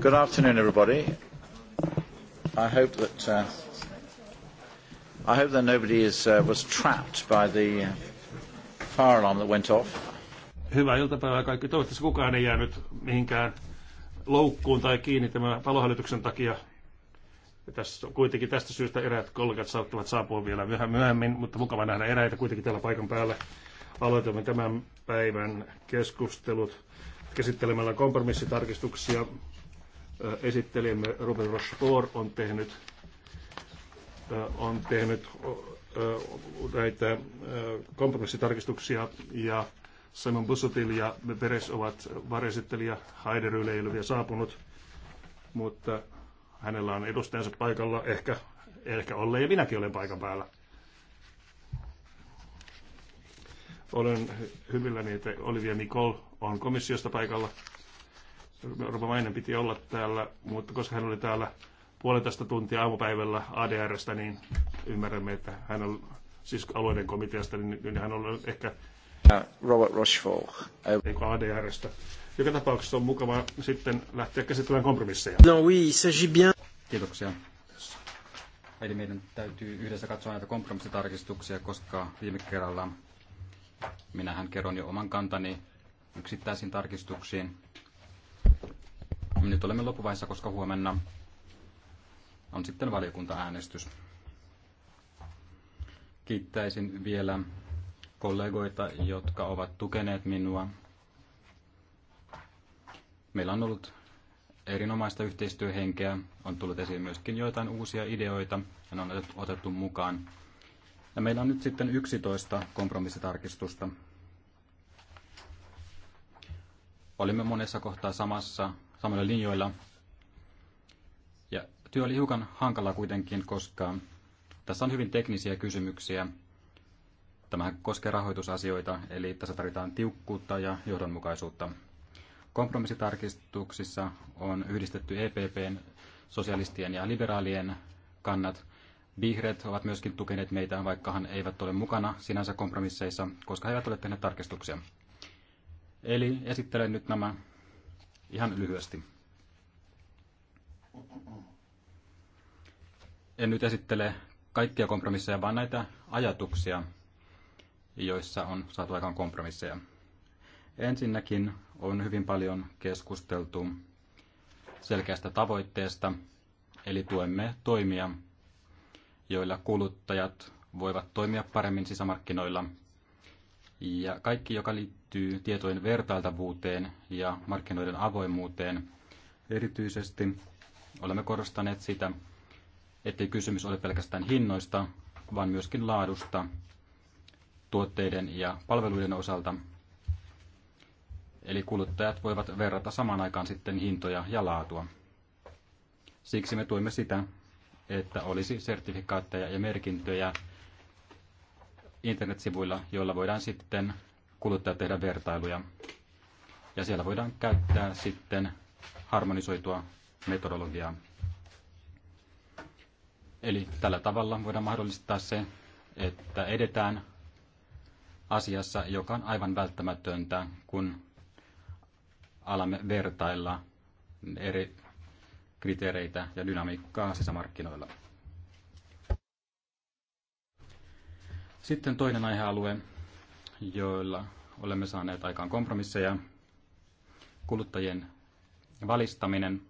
Good afternoon, everybody. I hope that uh, I hope that nobody is, uh, was trapped by the fire alarm that went off. Hyvää iltapäivää kaikki. Toivottavasti kukaan ei jäänyt mihinkään loukkuun tai kiinni tämän palohälytyksen takia. Tässä, kuitenkin tästä syystä eräät kollegat saattavat saapua vielä vähän myöhemmin, mutta mukava nähdä eräitä kuitenkin täällä paikan päällä. Aloitamme tämän päivän keskustelut käsittelemällä kompromissitarkistuksia esittelijämme Robert Rochefort on tehnyt, on tehnyt näitä kompromissitarkistuksia ja Simon Busutil ja Peres ovat varjesittelijä. Haiderylle ei ole vielä saapunut, mutta hänellä on edustajansa paikalla. Ehkä, ehkä olleen ja minäkin olen paikan päällä. Olen hyvillä että Olivia Nicole on komissiosta paikalla. Euroopan mainen piti olla täällä, mutta koska hän oli täällä puolitoista tuntia aamupäivällä ADRstä, niin ymmärrämme, että hän on siis alueiden komiteasta, niin, niin hän on ehkä Robert Rochefort. ADRstä. Joka tapauksessa on mukava sitten lähteä käsittelemään kompromisseja. No oui, s'agit bien. Kiitoksia. Eli meidän täytyy yhdessä katsoa näitä kompromissitarkistuksia, koska viime kerralla minähän kerron jo oman kantani yksittäisiin tarkistuksiin. Nyt olemme loppuvaiheessa, koska huomenna on sitten valiokuntaäänestys. Kiittäisin vielä kollegoita, jotka ovat tukeneet minua. Meillä on ollut erinomaista yhteistyöhenkeä, on tullut esiin myöskin joitain uusia ideoita ja ne on otettu mukaan. Ja meillä on nyt sitten 11 kompromissitarkistusta. Olimme monessa kohtaa samassa samoilla linjoilla. Ja työ oli hiukan hankala kuitenkin, koska tässä on hyvin teknisiä kysymyksiä. Tämähän koskee rahoitusasioita, eli tässä tarvitaan tiukkuutta ja johdonmukaisuutta. Kompromissitarkistuksissa on yhdistetty EPPn, sosialistien ja liberaalien kannat. Vihreät ovat myöskin tukeneet meitä, vaikkahan eivät ole mukana sinänsä kompromisseissa, koska he eivät ole tehneet tarkistuksia. Eli esittelen nyt nämä Ihan lyhyesti. En nyt esittele kaikkia kompromisseja, vaan näitä ajatuksia, joissa on saatu aikaan kompromisseja. Ensinnäkin on hyvin paljon keskusteltu selkeästä tavoitteesta, eli tuemme toimia, joilla kuluttajat voivat toimia paremmin sisämarkkinoilla – ja kaikki, joka liittyy tietojen vertailtavuuteen ja markkinoiden avoimuuteen, erityisesti olemme korostaneet sitä, ettei kysymys ole pelkästään hinnoista, vaan myöskin laadusta tuotteiden ja palveluiden osalta. Eli kuluttajat voivat verrata samaan aikaan sitten hintoja ja laatua. Siksi me tuemme sitä, että olisi sertifikaatteja ja merkintöjä internetsivuilla, joilla voidaan sitten kuluttaa tehdä vertailuja. Ja siellä voidaan käyttää sitten harmonisoitua metodologiaa. Eli tällä tavalla voidaan mahdollistaa se, että edetään asiassa, joka on aivan välttämätöntä, kun alamme vertailla eri kriteereitä ja dynamiikkaa sisämarkkinoilla. Sitten toinen aihealue, joilla olemme saaneet aikaan kompromisseja, kuluttajien valistaminen.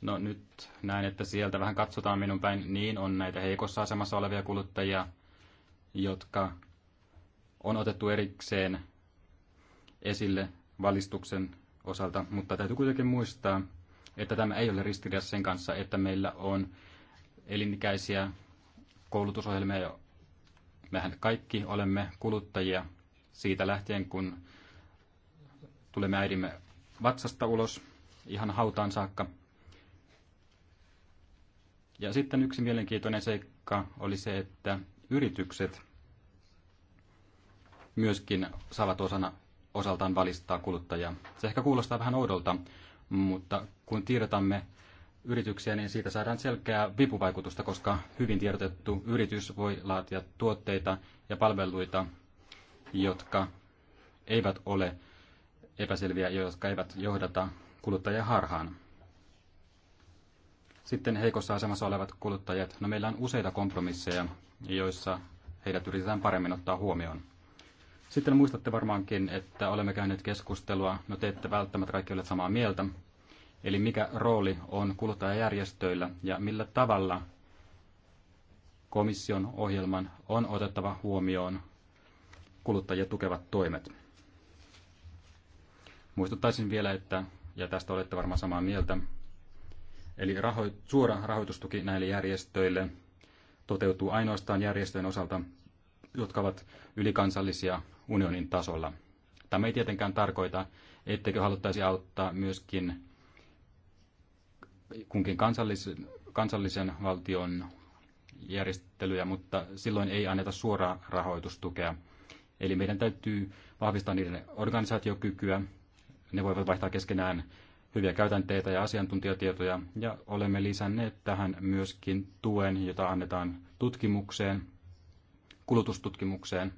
No nyt näen, että sieltä vähän katsotaan minun päin. Niin on näitä heikossa asemassa olevia kuluttajia, jotka on otettu erikseen esille valistuksen osalta, mutta täytyy kuitenkin muistaa, että tämä ei ole ristiriidassa sen kanssa, että meillä on elinikäisiä koulutusohjelmia jo. mehän kaikki olemme kuluttajia siitä lähtien, kun tulemme äidimme vatsasta ulos ihan hautaan saakka. Ja sitten yksi mielenkiintoinen seikka oli se, että yritykset myöskin saavat osana, osaltaan valistaa kuluttajia. Se ehkä kuulostaa vähän oudolta, mutta kun tiedotamme yrityksiä, niin siitä saadaan selkeää vipuvaikutusta, koska hyvin tiedotettu yritys voi laatia tuotteita ja palveluita, jotka eivät ole epäselviä ja jotka eivät johdata kuluttajia harhaan. Sitten heikossa asemassa olevat kuluttajat. No meillä on useita kompromisseja, joissa heidät yritetään paremmin ottaa huomioon. Sitten muistatte varmaankin, että olemme käyneet keskustelua. No te ette välttämättä kaikki ole samaa mieltä, Eli mikä rooli on kuluttajajärjestöillä ja millä tavalla komission ohjelman on otettava huomioon kuluttajia tukevat toimet. Muistuttaisin vielä, että, ja tästä olette varmaan samaa mieltä, eli raho- suora rahoitustuki näille järjestöille toteutuu ainoastaan järjestöjen osalta, jotka ovat ylikansallisia unionin tasolla. Tämä ei tietenkään tarkoita, etteikö haluttaisi auttaa myöskin kunkin kansallisen, kansallisen valtion järjestelyjä, mutta silloin ei anneta suoraa rahoitustukea. Eli meidän täytyy vahvistaa niiden organisaatiokykyä. Ne voivat vaihtaa keskenään hyviä käytänteitä ja asiantuntijatietoja, ja olemme lisänneet tähän myöskin tuen, jota annetaan tutkimukseen, kulutustutkimukseen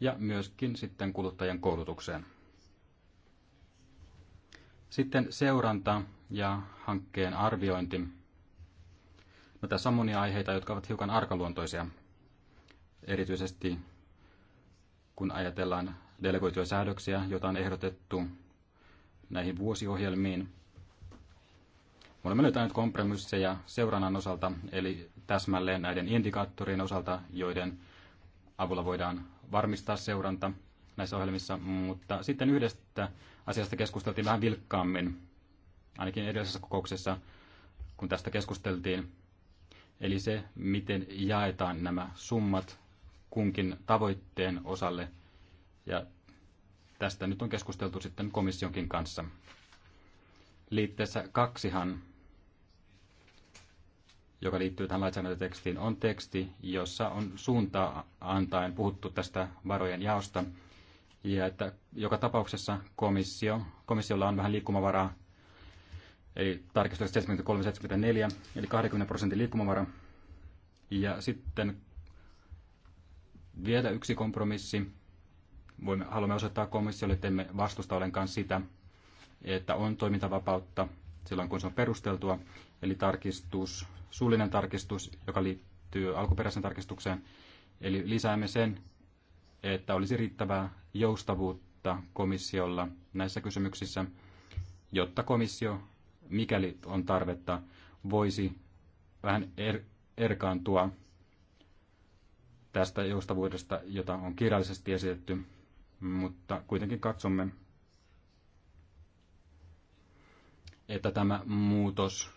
ja myöskin sitten kuluttajien koulutukseen. Sitten seuranta ja hankkeen arviointi. No, tässä on monia aiheita, jotka ovat hiukan arkaluontoisia, erityisesti kun ajatellaan delegoituja säädöksiä, joita on ehdotettu näihin vuosiohjelmiin. Me olemme löytäneet kompromisseja seurannan osalta, eli täsmälleen näiden indikaattorien osalta, joiden avulla voidaan varmistaa seuranta – näissä ohjelmissa, mutta sitten yhdestä asiasta keskusteltiin vähän vilkkaammin, ainakin edellisessä kokouksessa, kun tästä keskusteltiin. Eli se, miten jaetaan nämä summat kunkin tavoitteen osalle. Ja tästä nyt on keskusteltu sitten komissionkin kanssa. Liitteessä kaksihan, joka liittyy tähän lainsäädäntötekstiin, on teksti, jossa on suuntaa antaen puhuttu tästä varojen jaosta – ja että joka tapauksessa komissio, komissiolla on vähän liikkumavaraa, eli tarkistus 73-74, eli 20 prosentin liikkumavara. Ja sitten vielä yksi kompromissi. Voimme, haluamme osoittaa komissiolle, että emme vastusta ollenkaan sitä, että on toimintavapautta silloin, kun se on perusteltua. Eli tarkistus, suullinen tarkistus, joka liittyy alkuperäisen tarkistukseen. Eli lisäämme sen että olisi riittävää joustavuutta komissiolla näissä kysymyksissä, jotta komissio, mikäli on tarvetta, voisi vähän er, erkaantua tästä joustavuudesta, jota on kirjallisesti esitetty, mutta kuitenkin katsomme, että tämä muutos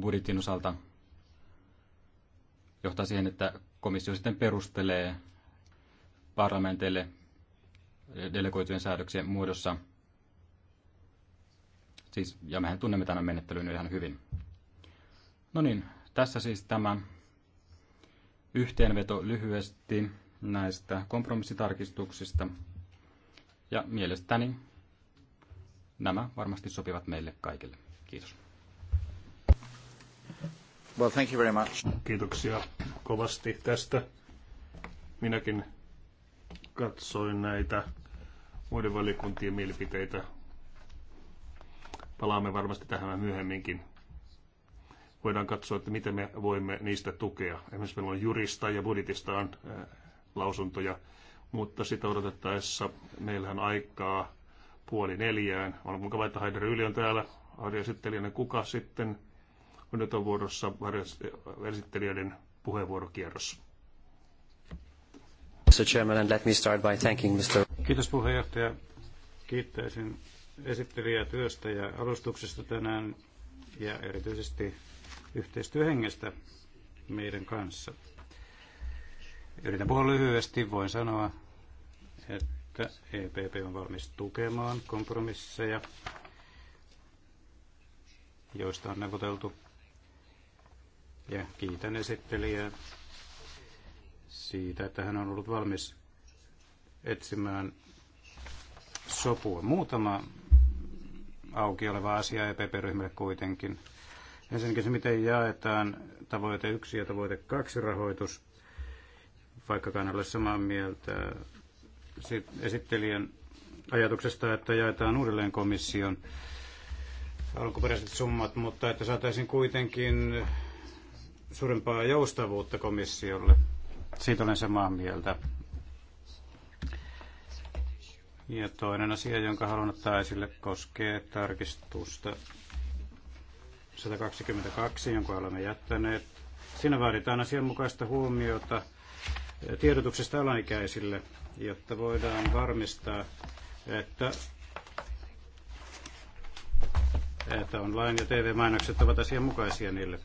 budjetin osalta johtaa siihen, että komissio sitten perustelee parlamenteille delegoitujen säädöksien muodossa. Siis, ja mehän tunnemme tämän menettelyn ihan hyvin. No niin, tässä siis tämä yhteenveto lyhyesti näistä kompromissitarkistuksista. Ja mielestäni nämä varmasti sopivat meille kaikille. Kiitos. Well, thank you very much. Kiitoksia kovasti tästä. Minäkin katsoin näitä muiden valiokuntien mielipiteitä. Palaamme varmasti tähän myöhemminkin. Voidaan katsoa, että miten me voimme niistä tukea. Esimerkiksi meillä on jurista ja budjetista on lausuntoja, mutta sitä odotettaessa meillähän aikaa puoli neljään. On mukava, että Haider Yli on täällä harjoesittelijänä. Kuka sitten nyt on vuorossa harjoesittelijöiden puheenvuorokierros? Mr. Chairman, and let me start by thanking Mr. Kiitos puheenjohtaja. Kiittäisin esittelijää työstä ja alustuksesta tänään ja erityisesti yhteistyöhengestä meidän kanssa. Yritän puhua lyhyesti. Voin sanoa, että EPP on valmis tukemaan kompromisseja, joista on neuvoteltu. Ja kiitän esittelijää siitä, että hän on ollut valmis etsimään sopua. Muutama auki oleva asia EPP-ryhmälle kuitenkin. Ensinnäkin se, miten jaetaan tavoite 1 ja tavoite 2 rahoitus, vaikka en ole samaa mieltä esittelijän ajatuksesta, että jaetaan uudelleen komission alkuperäiset summat, mutta että saataisiin kuitenkin suurempaa joustavuutta komissiolle siitä olen samaa mieltä. Ja toinen asia, jonka haluan ottaa esille, koskee tarkistusta 122, jonka olemme jättäneet. Siinä vaaditaan asianmukaista huomiota tiedotuksesta alaikäisille, jotta voidaan varmistaa, että, että online- ja TV-mainokset ovat asianmukaisia niille.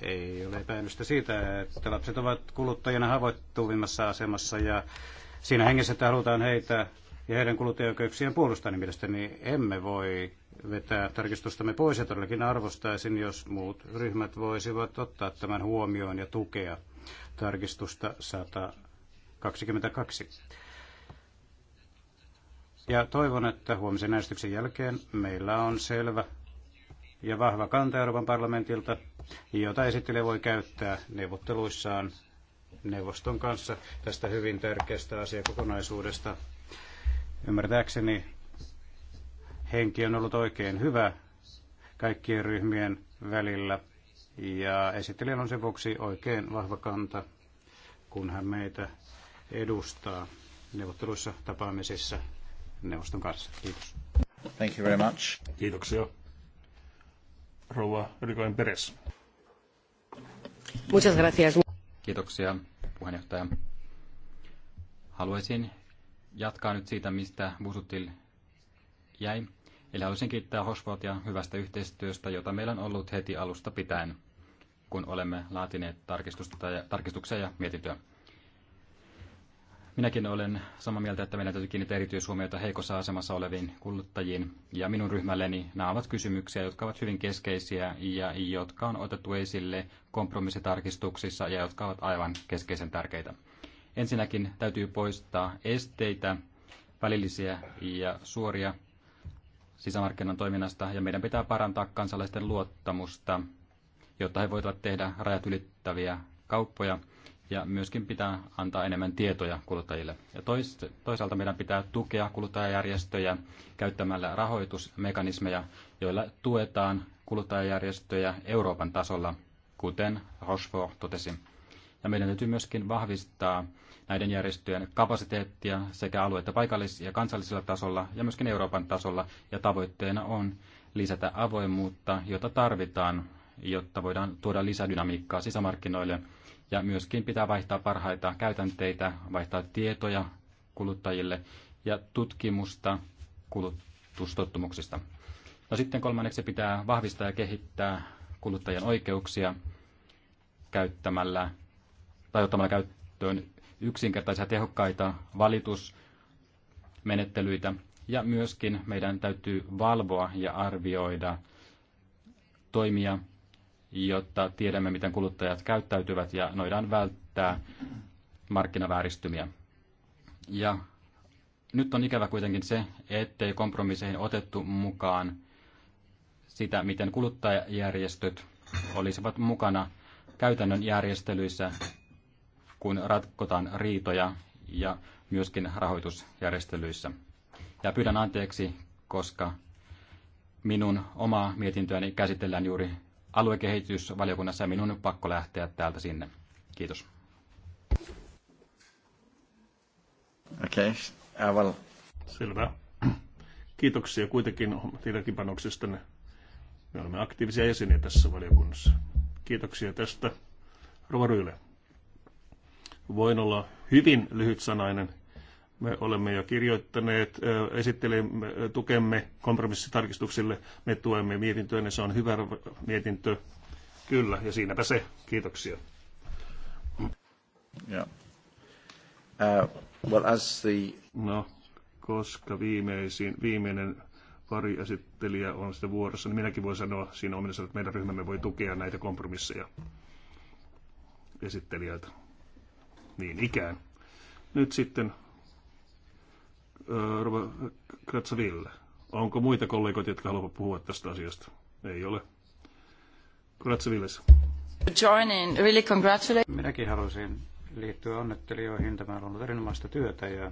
Ei ole epäilystä siitä, että lapset ovat kuluttajina havoittuvimmassa asemassa ja siinä hengessä, että halutaan heitä ja heidän kuluttajaoikeuksien puolustaa, niin mielestäni emme voi vetää tarkistustamme pois ja todellakin arvostaisin, jos muut ryhmät voisivat ottaa tämän huomioon ja tukea tarkistusta 122. Ja toivon, että huomisen äänestyksen jälkeen meillä on selvä ja vahva kanta Euroopan parlamentilta, jota esittelijä voi käyttää neuvotteluissaan neuvoston kanssa tästä hyvin tärkeästä asiakokonaisuudesta. Ymmärtääkseni henki on ollut oikein hyvä kaikkien ryhmien välillä ja esittelijän on sen vuoksi oikein vahva kanta, kun hän meitä edustaa neuvotteluissa tapaamisissa neuvoston kanssa. Kiitos. Thank you very much. Kiitoksia rouva Peres. Muchas gracias. Kiitoksia puheenjohtaja. Haluaisin jatkaa nyt siitä, mistä Busutil jäi. Eli haluaisin kiittää Hosvotia hyvästä yhteistyöstä, jota meillä on ollut heti alusta pitäen, kun olemme laatineet tarkistusta ja, tarkistuksia ja mietintöä. Minäkin olen samaa mieltä, että meidän täytyy kiinnittää erityishuomiota heikossa asemassa oleviin kuluttajiin. Ja minun ryhmälleni nämä ovat kysymyksiä, jotka ovat hyvin keskeisiä ja jotka on otettu esille kompromissitarkistuksissa ja jotka ovat aivan keskeisen tärkeitä. Ensinnäkin täytyy poistaa esteitä, välillisiä ja suoria sisämarkkinan toiminnasta ja meidän pitää parantaa kansalaisten luottamusta, jotta he voivat tehdä rajat ylittäviä kauppoja – ja myöskin pitää antaa enemmän tietoja kuluttajille. Ja toisaalta meidän pitää tukea kuluttajajärjestöjä käyttämällä rahoitusmekanismeja, joilla tuetaan kuluttajajärjestöjä Euroopan tasolla, kuten Rochefort totesi. Ja meidän täytyy myöskin vahvistaa näiden järjestöjen kapasiteettia sekä alueita paikallis- ja kansallisella tasolla ja myöskin Euroopan tasolla. Ja tavoitteena on lisätä avoimuutta, jota tarvitaan, jotta voidaan tuoda lisädynamiikkaa sisämarkkinoille – ja myöskin pitää vaihtaa parhaita käytänteitä, vaihtaa tietoja kuluttajille ja tutkimusta kulutustottumuksista. No sitten kolmanneksi pitää vahvistaa ja kehittää kuluttajien oikeuksia käyttämällä tai ottamalla käyttöön yksinkertaisia tehokkaita valitusmenettelyitä. Ja myöskin meidän täytyy valvoa ja arvioida toimia, jotta tiedämme, miten kuluttajat käyttäytyvät ja noidaan välttää markkinavääristymiä. Ja nyt on ikävä kuitenkin se, ettei kompromisseihin otettu mukaan sitä, miten kuluttajajärjestöt olisivat mukana käytännön järjestelyissä, kun ratkotaan riitoja ja myöskin rahoitusjärjestelyissä. Ja pyydän anteeksi, koska minun omaa mietintöäni käsitellään juuri aluekehitysvaliokunnassa ja minun on pakko lähteä täältä sinne. Kiitos. Okei, okay. aivan. Selvä. Kiitoksia kuitenkin teidänkin panoksestanne. Me olemme aktiivisia jäseniä tässä valiokunnassa. Kiitoksia tästä. Rova Ryyle. Voin olla hyvin lyhytsanainen me olemme jo kirjoittaneet, esittelemme, tukemme kompromissitarkistuksille. Me tuemme mietintöä, niin se on hyvä mietintö. Kyllä, ja siinäpä se. Kiitoksia. Yeah. Uh, well, as the... No, koska viimeisin, viimeinen pari esittelijä on sitten vuorossa, niin minäkin voin sanoa siinä ominaisuudessa, että meidän ryhmämme voi tukea näitä kompromisseja esittelijältä. Niin ikään. Nyt sitten Rova Kratsaville. Onko muita kollegoita, jotka haluavat puhua tästä asiasta? Ei ole. Kratsavilles. Joining, really congratulate. Minäkin haluaisin liittyä onnettelijoihin. Tämä on ollut erinomaista työtä ja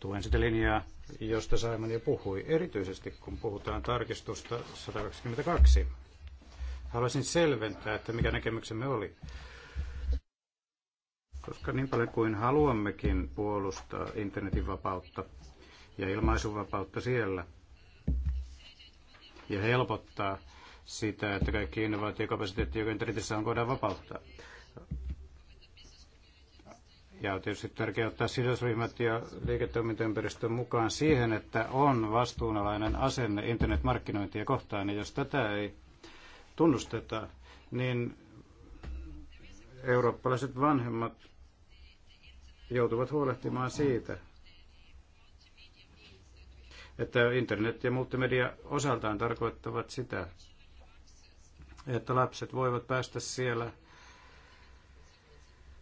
tuen sitä linjaa, josta Simon jo puhui, erityisesti kun puhutaan tarkistusta 122. Haluaisin selventää, että mikä näkemyksemme oli koska niin paljon kuin haluammekin puolustaa internetin vapautta ja ilmaisuvapautta siellä ja helpottaa sitä, että kaikki innovaatiokapasiteetti, joka internetissä on, voidaan vapauttaa. Ja on tietysti tärkeää ottaa sidosryhmät ja liiketoimintaympäristön mukaan siihen, että on vastuunalainen asenne internetmarkkinointia kohtaan. Ja jos tätä ei tunnusteta, niin eurooppalaiset vanhemmat joutuvat huolehtimaan siitä, että internet ja multimedia osaltaan tarkoittavat sitä, että lapset voivat päästä siellä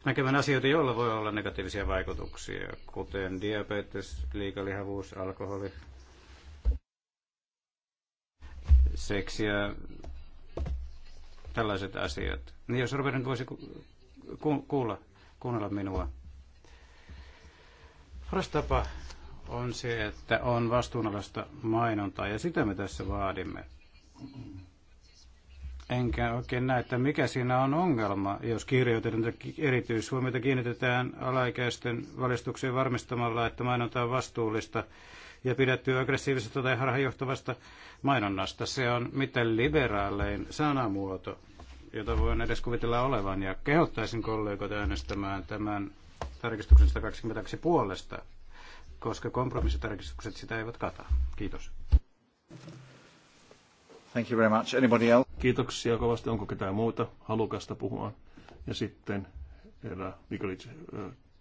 näkemään asioita, joilla voi olla negatiivisia vaikutuksia, kuten diabetes, liikalihavuus, alkoholi, seksi ja tällaiset asiat. Niin jos Robert voisi ku- ku- kuulla, kuunnella minua. Paras tapa on se, että on vastuunalaista mainontaa ja sitä me tässä vaadimme. Enkä oikein näe, että mikä siinä on ongelma, jos kirjoitetaan erityishuomiota kiinnitetään alaikäisten valistukseen varmistamalla, että mainonta on vastuullista ja pidettyä aggressiivisesta tai harhajohtavasta mainonnasta. Se on miten liberaalein sanamuoto, jota voin edes kuvitella olevan, ja kehottaisin kollegoita äänestämään tämän tarkistuksen 122 puolesta, koska kompromissitarkistukset sitä eivät kata. Kiitos. Thank you very much. Anybody else? Kiitoksia kovasti. Onko ketään muuta halukasta puhua? Ja sitten herra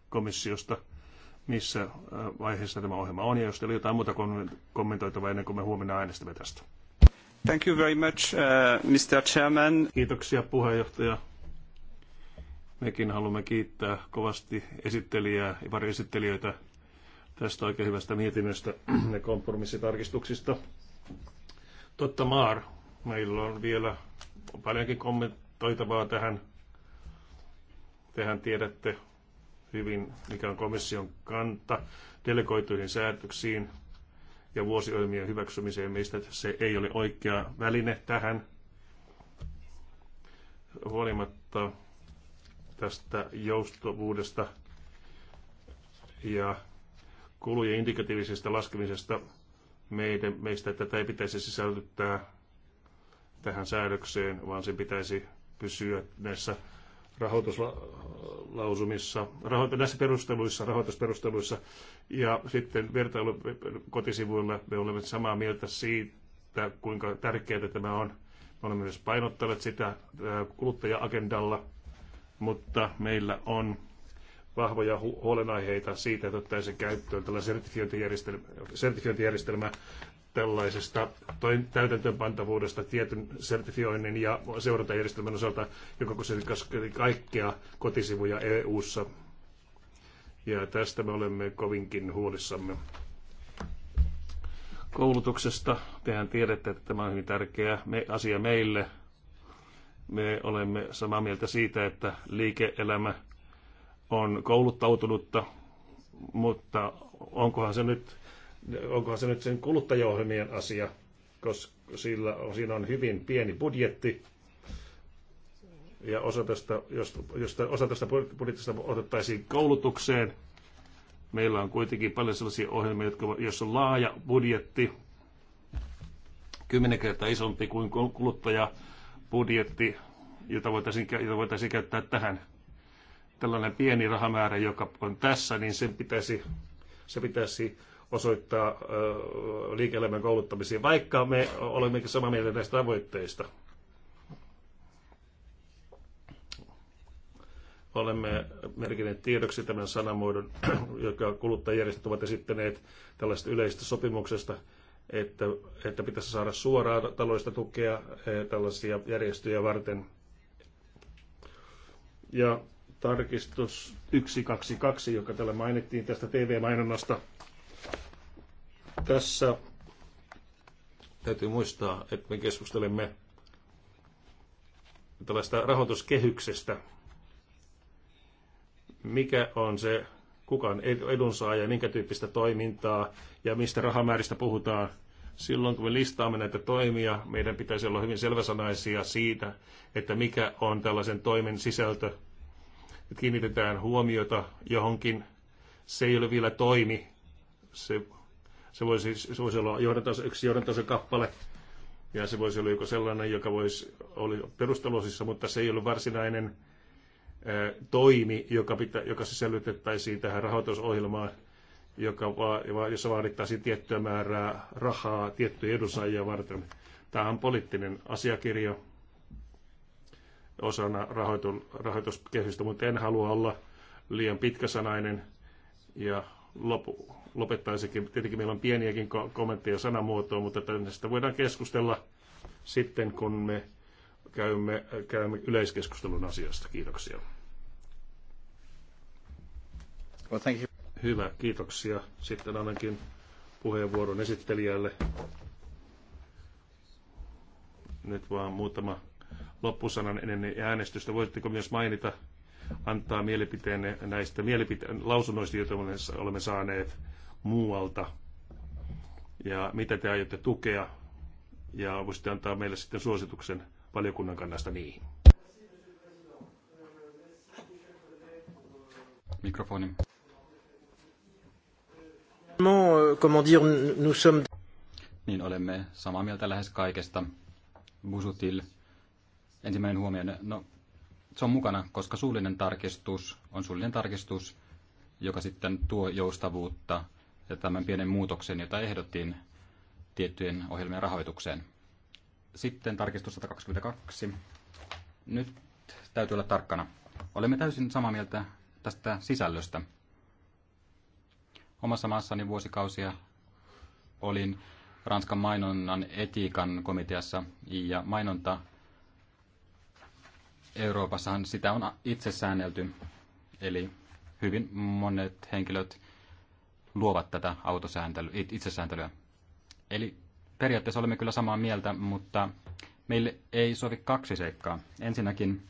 komissiosta, missä vaiheessa tämä ohjelma on, ja jos teillä jotain muuta kommentoitavaa ennen kuin me huomenna äänestämme tästä. Thank you very much, uh, Mr. Chairman. Kiitoksia puheenjohtaja. Mekin haluamme kiittää kovasti esittelijää ja pari esittelijöitä tästä oikein hyvästä mietinnöstä ja kompromissitarkistuksista. Totta maar, meillä on vielä paljonkin kommentoitavaa tähän. Tehän tiedätte hyvin, mikä on komission kanta delegoituihin säätöksiin ja vuosiohjelmien hyväksymiseen, mistä se ei ole oikea väline tähän huolimatta tästä joustavuudesta ja kulujen indikatiivisesta laskemisesta meidän, meistä tätä ei pitäisi sisällyttää tähän säädökseen, vaan sen pitäisi pysyä näissä rahoituslausumissa, raho, näissä perusteluissa, rahoitusperusteluissa. Ja sitten vertailu kotisivuilla me olemme samaa mieltä siitä, kuinka tärkeää tämä on. Me olemme myös painottaneet sitä kuluttaja-agendalla – mutta meillä on vahvoja hu- huolenaiheita siitä, että ottaisiin käyttöön tällainen sertifiointijärjestelmä, sertifiointijärjestelmä tällaisesta toi, täytäntöönpantavuudesta tietyn sertifioinnin ja seurantajärjestelmän osalta, joka koskee kaikkea kotisivuja EU-ssa. Ja tästä me olemme kovinkin huolissamme. Koulutuksesta, tehän tiedätte, että tämä on hyvin tärkeä asia meille – me olemme samaa mieltä siitä, että liike-elämä on kouluttautunutta, mutta onkohan se nyt, onkohan se nyt sen kuluttajaohjelmien asia, koska sillä, siinä on hyvin pieni budjetti, ja osa tästä, jos, jos osa tästä budjetista otettaisiin koulutukseen, meillä on kuitenkin paljon sellaisia ohjelmia, jotka, jos on laaja budjetti, kymmenen kertaa isompi kuin kuluttaja budjetti, jota voitaisiin, jota voitaisiin käyttää tähän. Tällainen pieni rahamäärä, joka on tässä, niin sen pitäisi, se pitäisi osoittaa liike-elämän kouluttamiseen, vaikka me olemme samaa mieltä näistä tavoitteista. Olemme merkineet tiedoksi tämän sanamuodon, joka kuluttajajärjestöt ovat esittäneet tällaista yleistä sopimuksesta – että, että pitäisi saada suoraa taloudellista tukea eh, tällaisia järjestöjä varten. Ja tarkistus 122, joka täällä mainittiin tästä TV-mainonnasta. Tässä täytyy muistaa, että me keskustelemme tällaista rahoituskehyksestä. Mikä on se kuka on edunsaaja, minkä tyyppistä toimintaa ja mistä rahamääristä puhutaan. Silloin kun me listaamme näitä toimia, meidän pitäisi olla hyvin selväsanaisia siitä, että mikä on tällaisen toimen sisältö. Että kiinnitetään huomiota johonkin. Se ei ole vielä toimi. Se, se, voisi, se voisi olla johdantaso, yksi johdantason kappale. Ja se voisi olla joku sellainen, joka voisi olla perustelusissa, mutta se ei ole varsinainen toimi, joka, pitä, joka selvitettäisiin tähän rahoitusohjelmaan, joka va, jossa vaadittaisiin tiettyä määrää rahaa tiettyjä edunsaajia varten. Tämä on poliittinen asiakirja osana rahoitu, rahoituskehystä, mutta en halua olla liian pitkäsanainen ja lopu, lopettaisikin. Tietenkin meillä on pieniäkin kommentteja sanamuotoa, mutta tästä voidaan keskustella sitten, kun me käymme, käymme yleiskeskustelun asiasta. Kiitoksia. Well, thank you. Hyvä, kiitoksia. Sitten annankin puheenvuoron esittelijälle. Nyt vaan muutama loppusanan ennen äänestystä. Voitteko myös mainita, antaa mielipiteen näistä mielipite- lausunnoista, joita olemme saaneet muualta? Ja mitä te aiotte tukea? Ja voisitte antaa meille sitten suosituksen valiokunnan kannasta niihin. Mikrofoni. Euh, comment dire, nous sommes... Niin olemme samaa mieltä lähes kaikesta. Busutil, ensimmäinen huomio, no se on mukana, koska suullinen tarkistus on suullinen tarkistus, joka sitten tuo joustavuutta ja tämän pienen muutoksen, jota ehdottiin tiettyjen ohjelmien rahoitukseen. Sitten tarkistus 122. Nyt täytyy olla tarkkana. Olemme täysin samaa mieltä tästä sisällöstä. Omassa maassani vuosikausia olin Ranskan mainonnan etiikan komiteassa ja mainonta Euroopassahan sitä on itse säännelty. Eli hyvin monet henkilöt luovat tätä autosääntelyä, itsesääntelyä. Eli periaatteessa olemme kyllä samaa mieltä, mutta meille ei sovi kaksi seikkaa. Ensinnäkin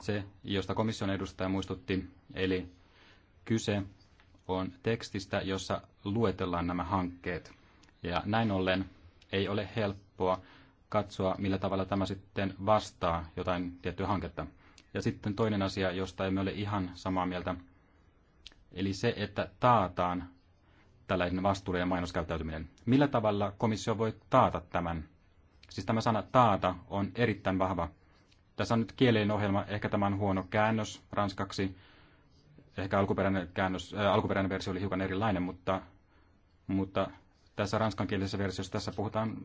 se, josta komission edustaja muistutti, eli kyse on tekstistä, jossa luetellaan nämä hankkeet. Ja näin ollen ei ole helppoa katsoa, millä tavalla tämä sitten vastaa jotain tiettyä hanketta. Ja sitten toinen asia, josta emme ole ihan samaa mieltä, eli se, että taataan tällainen vastuullinen ja mainoskäyttäytyminen. Millä tavalla komissio voi taata tämän? Siis tämä sana taata on erittäin vahva. Tässä on nyt kielellinen ohjelma, ehkä tämä on huono käännös ranskaksi. Ehkä alkuperäinen, käännös, äh, alkuperäinen versio oli hiukan erilainen, mutta, mutta tässä ranskankielisessä versiossa tässä puhutaan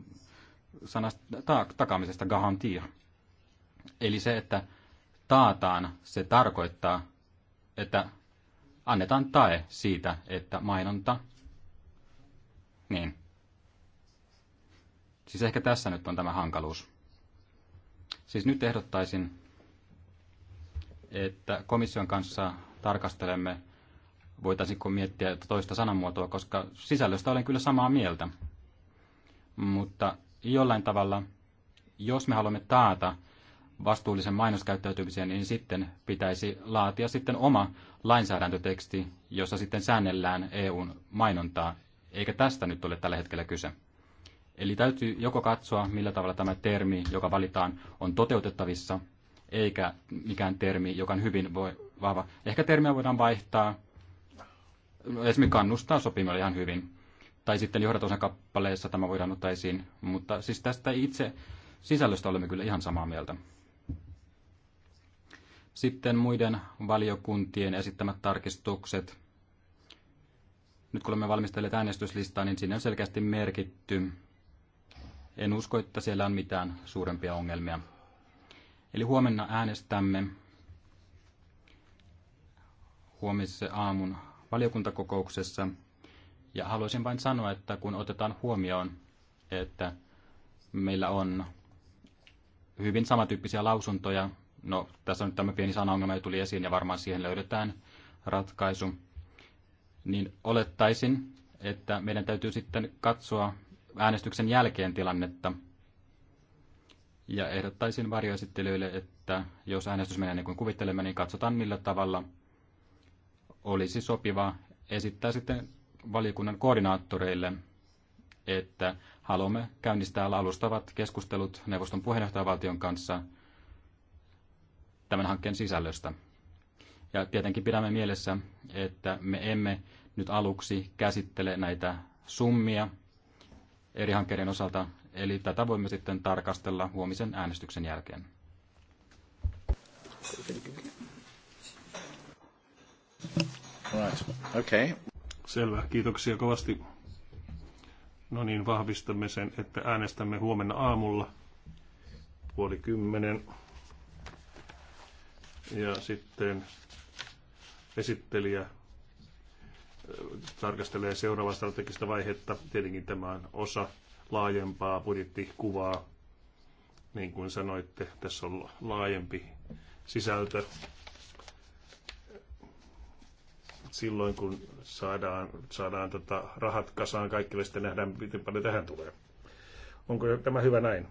sanasta ta- takaamisesta garantia. Eli se, että taataan, se tarkoittaa, että annetaan tae siitä, että mainonta niin. Siis ehkä tässä nyt on tämä hankaluus. Siis nyt ehdottaisin, että komission kanssa tarkastelemme, voitaisiinko miettiä toista sanamuotoa, koska sisällöstä olen kyllä samaa mieltä. Mutta jollain tavalla, jos me haluamme taata vastuullisen mainoskäyttäytymisen, niin sitten pitäisi laatia sitten oma lainsäädäntöteksti, jossa sitten säännellään EUn mainontaa eikä tästä nyt ole tällä hetkellä kyse. Eli täytyy joko katsoa, millä tavalla tämä termi, joka valitaan, on toteutettavissa, eikä mikään termi, joka on hyvin voi, vahva. Ehkä termiä voidaan vaihtaa, no, esimerkiksi kannustaa sopimalla ihan hyvin. Tai sitten johdatosan kappaleessa tämä voidaan ottaa esiin, mutta siis tästä itse sisällöstä olemme kyllä ihan samaa mieltä. Sitten muiden valiokuntien esittämät tarkistukset nyt kun olemme valmistelleet äänestyslistaa, niin sinne on selkeästi merkitty. En usko, että siellä on mitään suurempia ongelmia. Eli huomenna äänestämme huomisen aamun valiokuntakokouksessa. Ja haluaisin vain sanoa, että kun otetaan huomioon, että meillä on hyvin samantyyppisiä lausuntoja, no tässä nyt tämä pieni sanaongelma tuli esiin ja varmaan siihen löydetään ratkaisu niin olettaisin, että meidän täytyy sitten katsoa äänestyksen jälkeen tilannetta. Ja ehdottaisin varjoesittelyille, että jos äänestys menee niin kuin kuvittelemme, niin katsotaan millä tavalla olisi sopiva esittää sitten valiokunnan koordinaattoreille, että haluamme käynnistää alustavat keskustelut neuvoston puheenjohtajavaltion kanssa tämän hankkeen sisällöstä. Ja tietenkin pidämme mielessä, että me emme nyt aluksi käsittele näitä summia eri hankkeiden osalta, eli tätä voimme sitten tarkastella huomisen äänestyksen jälkeen. Right. Okay. Selvä, kiitoksia kovasti. No niin, vahvistamme sen, että äänestämme huomenna aamulla puoli kymmenen. Ja sitten esittelijä tarkastelee seuraavaa strategista vaihetta. Tietenkin tämä on osa laajempaa budjettikuvaa. Niin kuin sanoitte, tässä on laajempi sisältö. Silloin kun saadaan, saadaan tota rahat kasaan kaikille, sitten nähdään, miten paljon tähän tulee. Onko tämä hyvä näin?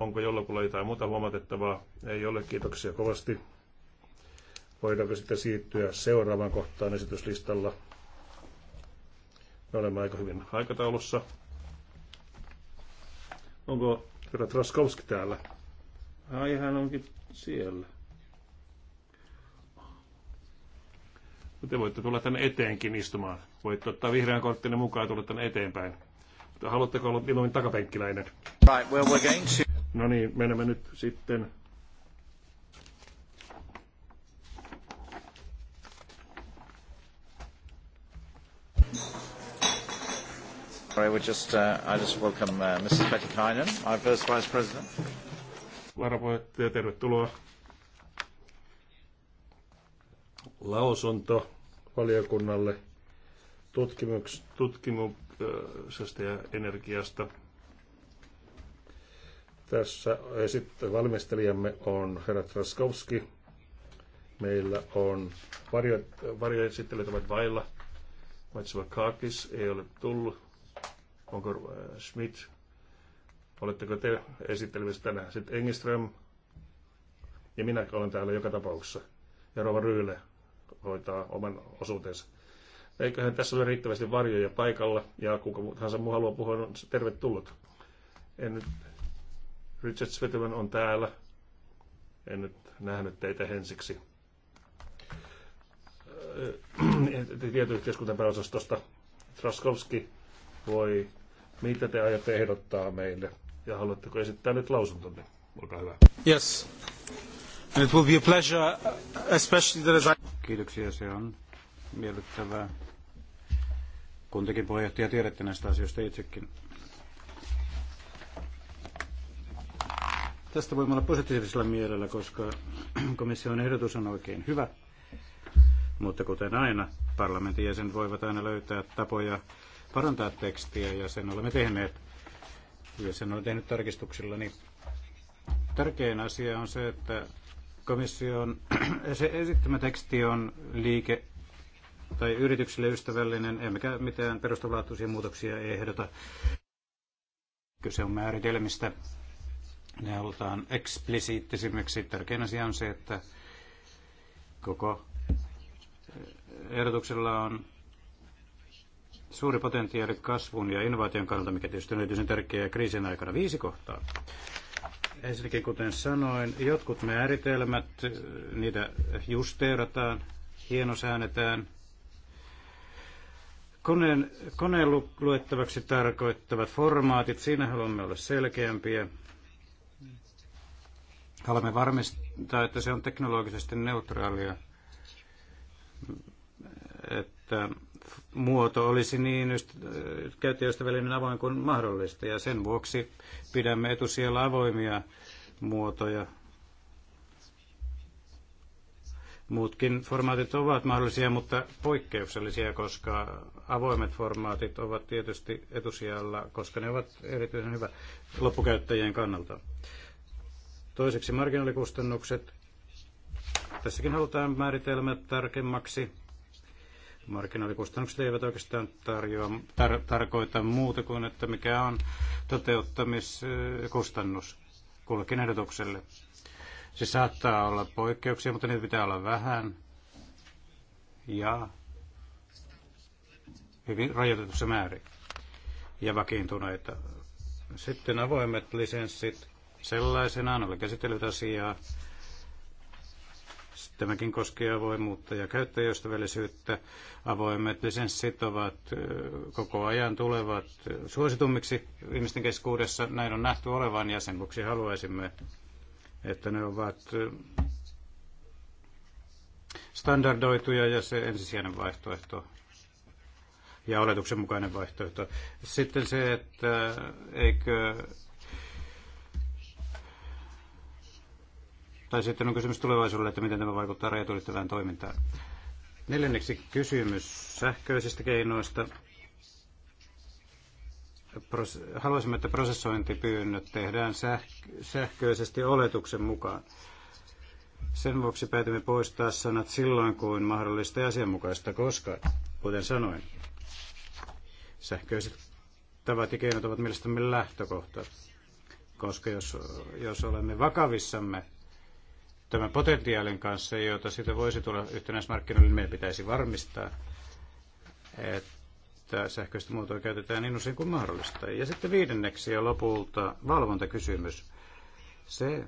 Onko jollakulla jotain muuta huomatettavaa? Ei ole, kiitoksia kovasti. Voidaanko sitten siirtyä seuraavaan kohtaan esityslistalla? Me olemme aika hyvin aikataulussa. Onko herra Traskowski täällä? Ai hän onkin siellä. Te voitte tulla tänne eteenkin istumaan. Voitte ottaa vihreän korttinne mukaan ja tulla tänne eteenpäin. Mutta haluatteko olla minun takapenkkiläinen? Right, well, we're going to... No niin, menemme nyt sitten Sorry, we just, uh, I just welcome uh, Mrs. Mrs. Petikainen, our first vice president. Varapuheenjohtaja, tervetuloa. Lausunto valiokunnalle tutkimuksesta ja energiasta. Tässä sitten valmistelijamme on herra Traskowski. Meillä on varjoesittelijät ovat vailla. Matsava Kaakis ei ole tullut Onko äh, Schmidt, oletteko te esittelemässä tänään? Sitten Engström ja minä olen täällä joka tapauksessa. Ja Rova Ryyle hoitaa oman osuutensa. Eiköhän tässä ole riittävästi varjoja paikalla ja kuka tahansa muu haluaa puhua, on tervetullut. En nyt, Richard Svetelman on täällä. En nyt nähnyt teitä ensiksi äh, tietoyhteiskunnan pääosastosta Traskovski voi mitä te aiotte ehdottaa meille? Ja haluatteko esittää nyt lausuntonne? Olkaa hyvä. Yes. And it will be a pleasure, especially the design. Kiitoksia, se on miellyttävää. Kun tekin puheenjohtaja tiedätte näistä asioista itsekin. Tästä voimme olla positiivisella mielellä, koska komission ehdotus on oikein hyvä. Mutta kuten aina, parlamentin jäsenet voivat aina löytää tapoja parantaa tekstiä ja sen olemme tehneet. Ja sen olen tehnyt tarkistuksilla. Niin tärkein asia on se, että komission se esittämä teksti on liike tai yrityksille ystävällinen, emmekä mitään perustavanlaatuisia muutoksia ehdota. Kyse on määritelmistä. Ne halutaan eksplisiittisimmiksi. Tärkein asia on se, että koko ehdotuksella on suuri potentiaali kasvun ja innovaation kannalta, mikä tietysti on erityisen tärkeää kriisin aikana. Viisi kohtaa. Ensinnäkin, kuten sanoin, jotkut määritelmät, niitä justeerataan, hienosäännetään. Koneen, koneen luettavaksi tarkoittavat formaatit, siinä haluamme olla selkeämpiä. Haluamme varmistaa, että se on teknologisesti neutraalia, että muoto olisi niin äh, käyttäjäystävällinen avoin kuin mahdollista. Ja sen vuoksi pidämme etusijalla avoimia muotoja. Muutkin formaatit ovat mahdollisia, mutta poikkeuksellisia, koska avoimet formaatit ovat tietysti etusijalla, koska ne ovat erityisen hyvä loppukäyttäjien kannalta. Toiseksi marginaalikustannukset. Tässäkin halutaan määritelmät tarkemmaksi Marginaalikustannukset eivät oikeastaan tarjoa, tar- tarkoita muuta kuin, että mikä on toteuttamiskustannus kullekin ehdotukselle. Se saattaa olla poikkeuksia, mutta niitä pitää olla vähän ja hyvin rajoitetussa määrin ja vakiintuneita. Sitten avoimet lisenssit sellaisenaan, oli käsitellyt asiaa Tämäkin koskee avoimuutta ja käyttäjäystävällisyyttä. Avoimet lisenssit ovat koko ajan tulevat suositummiksi ihmisten keskuudessa. Näin on nähty olevan ja sen vuoksi haluaisimme, että ne ovat standardoituja ja se ensisijainen vaihtoehto ja oletuksen mukainen vaihtoehto. Sitten se, että eikö Tai sitten on kysymys tulevaisuudelle, että miten tämä vaikuttaa rajatulittavään toimintaan. Neljänneksi kysymys sähköisistä keinoista. Haluaisimme, että prosessointipyynnöt tehdään sähköisesti oletuksen mukaan. Sen vuoksi päätimme poistaa sanat silloin, kuin mahdollista ja asianmukaista, koska, kuten sanoin, sähköiset tavat ja keinot ovat mielestämme lähtökohta. Koska jos, jos olemme vakavissamme tämän potentiaalin kanssa, jota siitä voisi tulla yhtenäismarkkinoille, niin meidän pitäisi varmistaa, että sähköistä muotoa käytetään niin usein kuin mahdollista. Ja sitten viidenneksi ja lopulta valvontakysymys. Se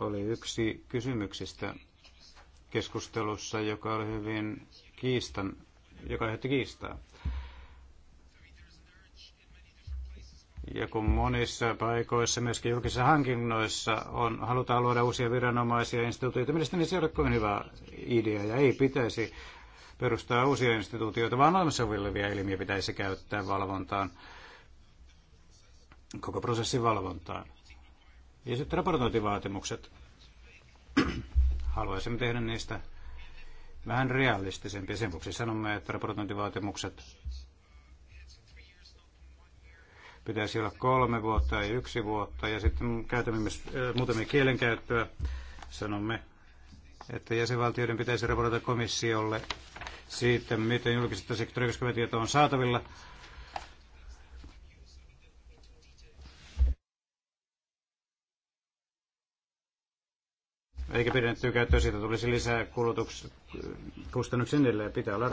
oli yksi kysymyksistä keskustelussa, joka oli hyvin kiistan, joka aiheutti kiistaa. Ja kun monissa paikoissa, myöskin julkisissa hankinnoissa, on, halutaan luoda uusia viranomaisia instituutioita, mielestäni se ei ole kovin hyvä idea ja ei pitäisi perustaa uusia instituutioita, vaan olemassa olevia elimiä pitäisi käyttää valvontaan, koko prosessin valvontaan. Ja sitten raportointivaatimukset. Haluaisimme tehdä niistä vähän realistisempia. Sen vuoksi sanomme, että raportointivaatimukset Pitäisi olla kolme vuotta ja yksi vuotta ja sitten käytämme myös muutamia kielenkäyttöä. Sanomme, että jäsenvaltioiden pitäisi raportoida komissiolle siitä, miten julkisesta sektorin koskeva on saatavilla. eikä pidennettyä käyttöä, siitä tulisi lisää kulutuksen kustannuksia edelleen. Pitää olla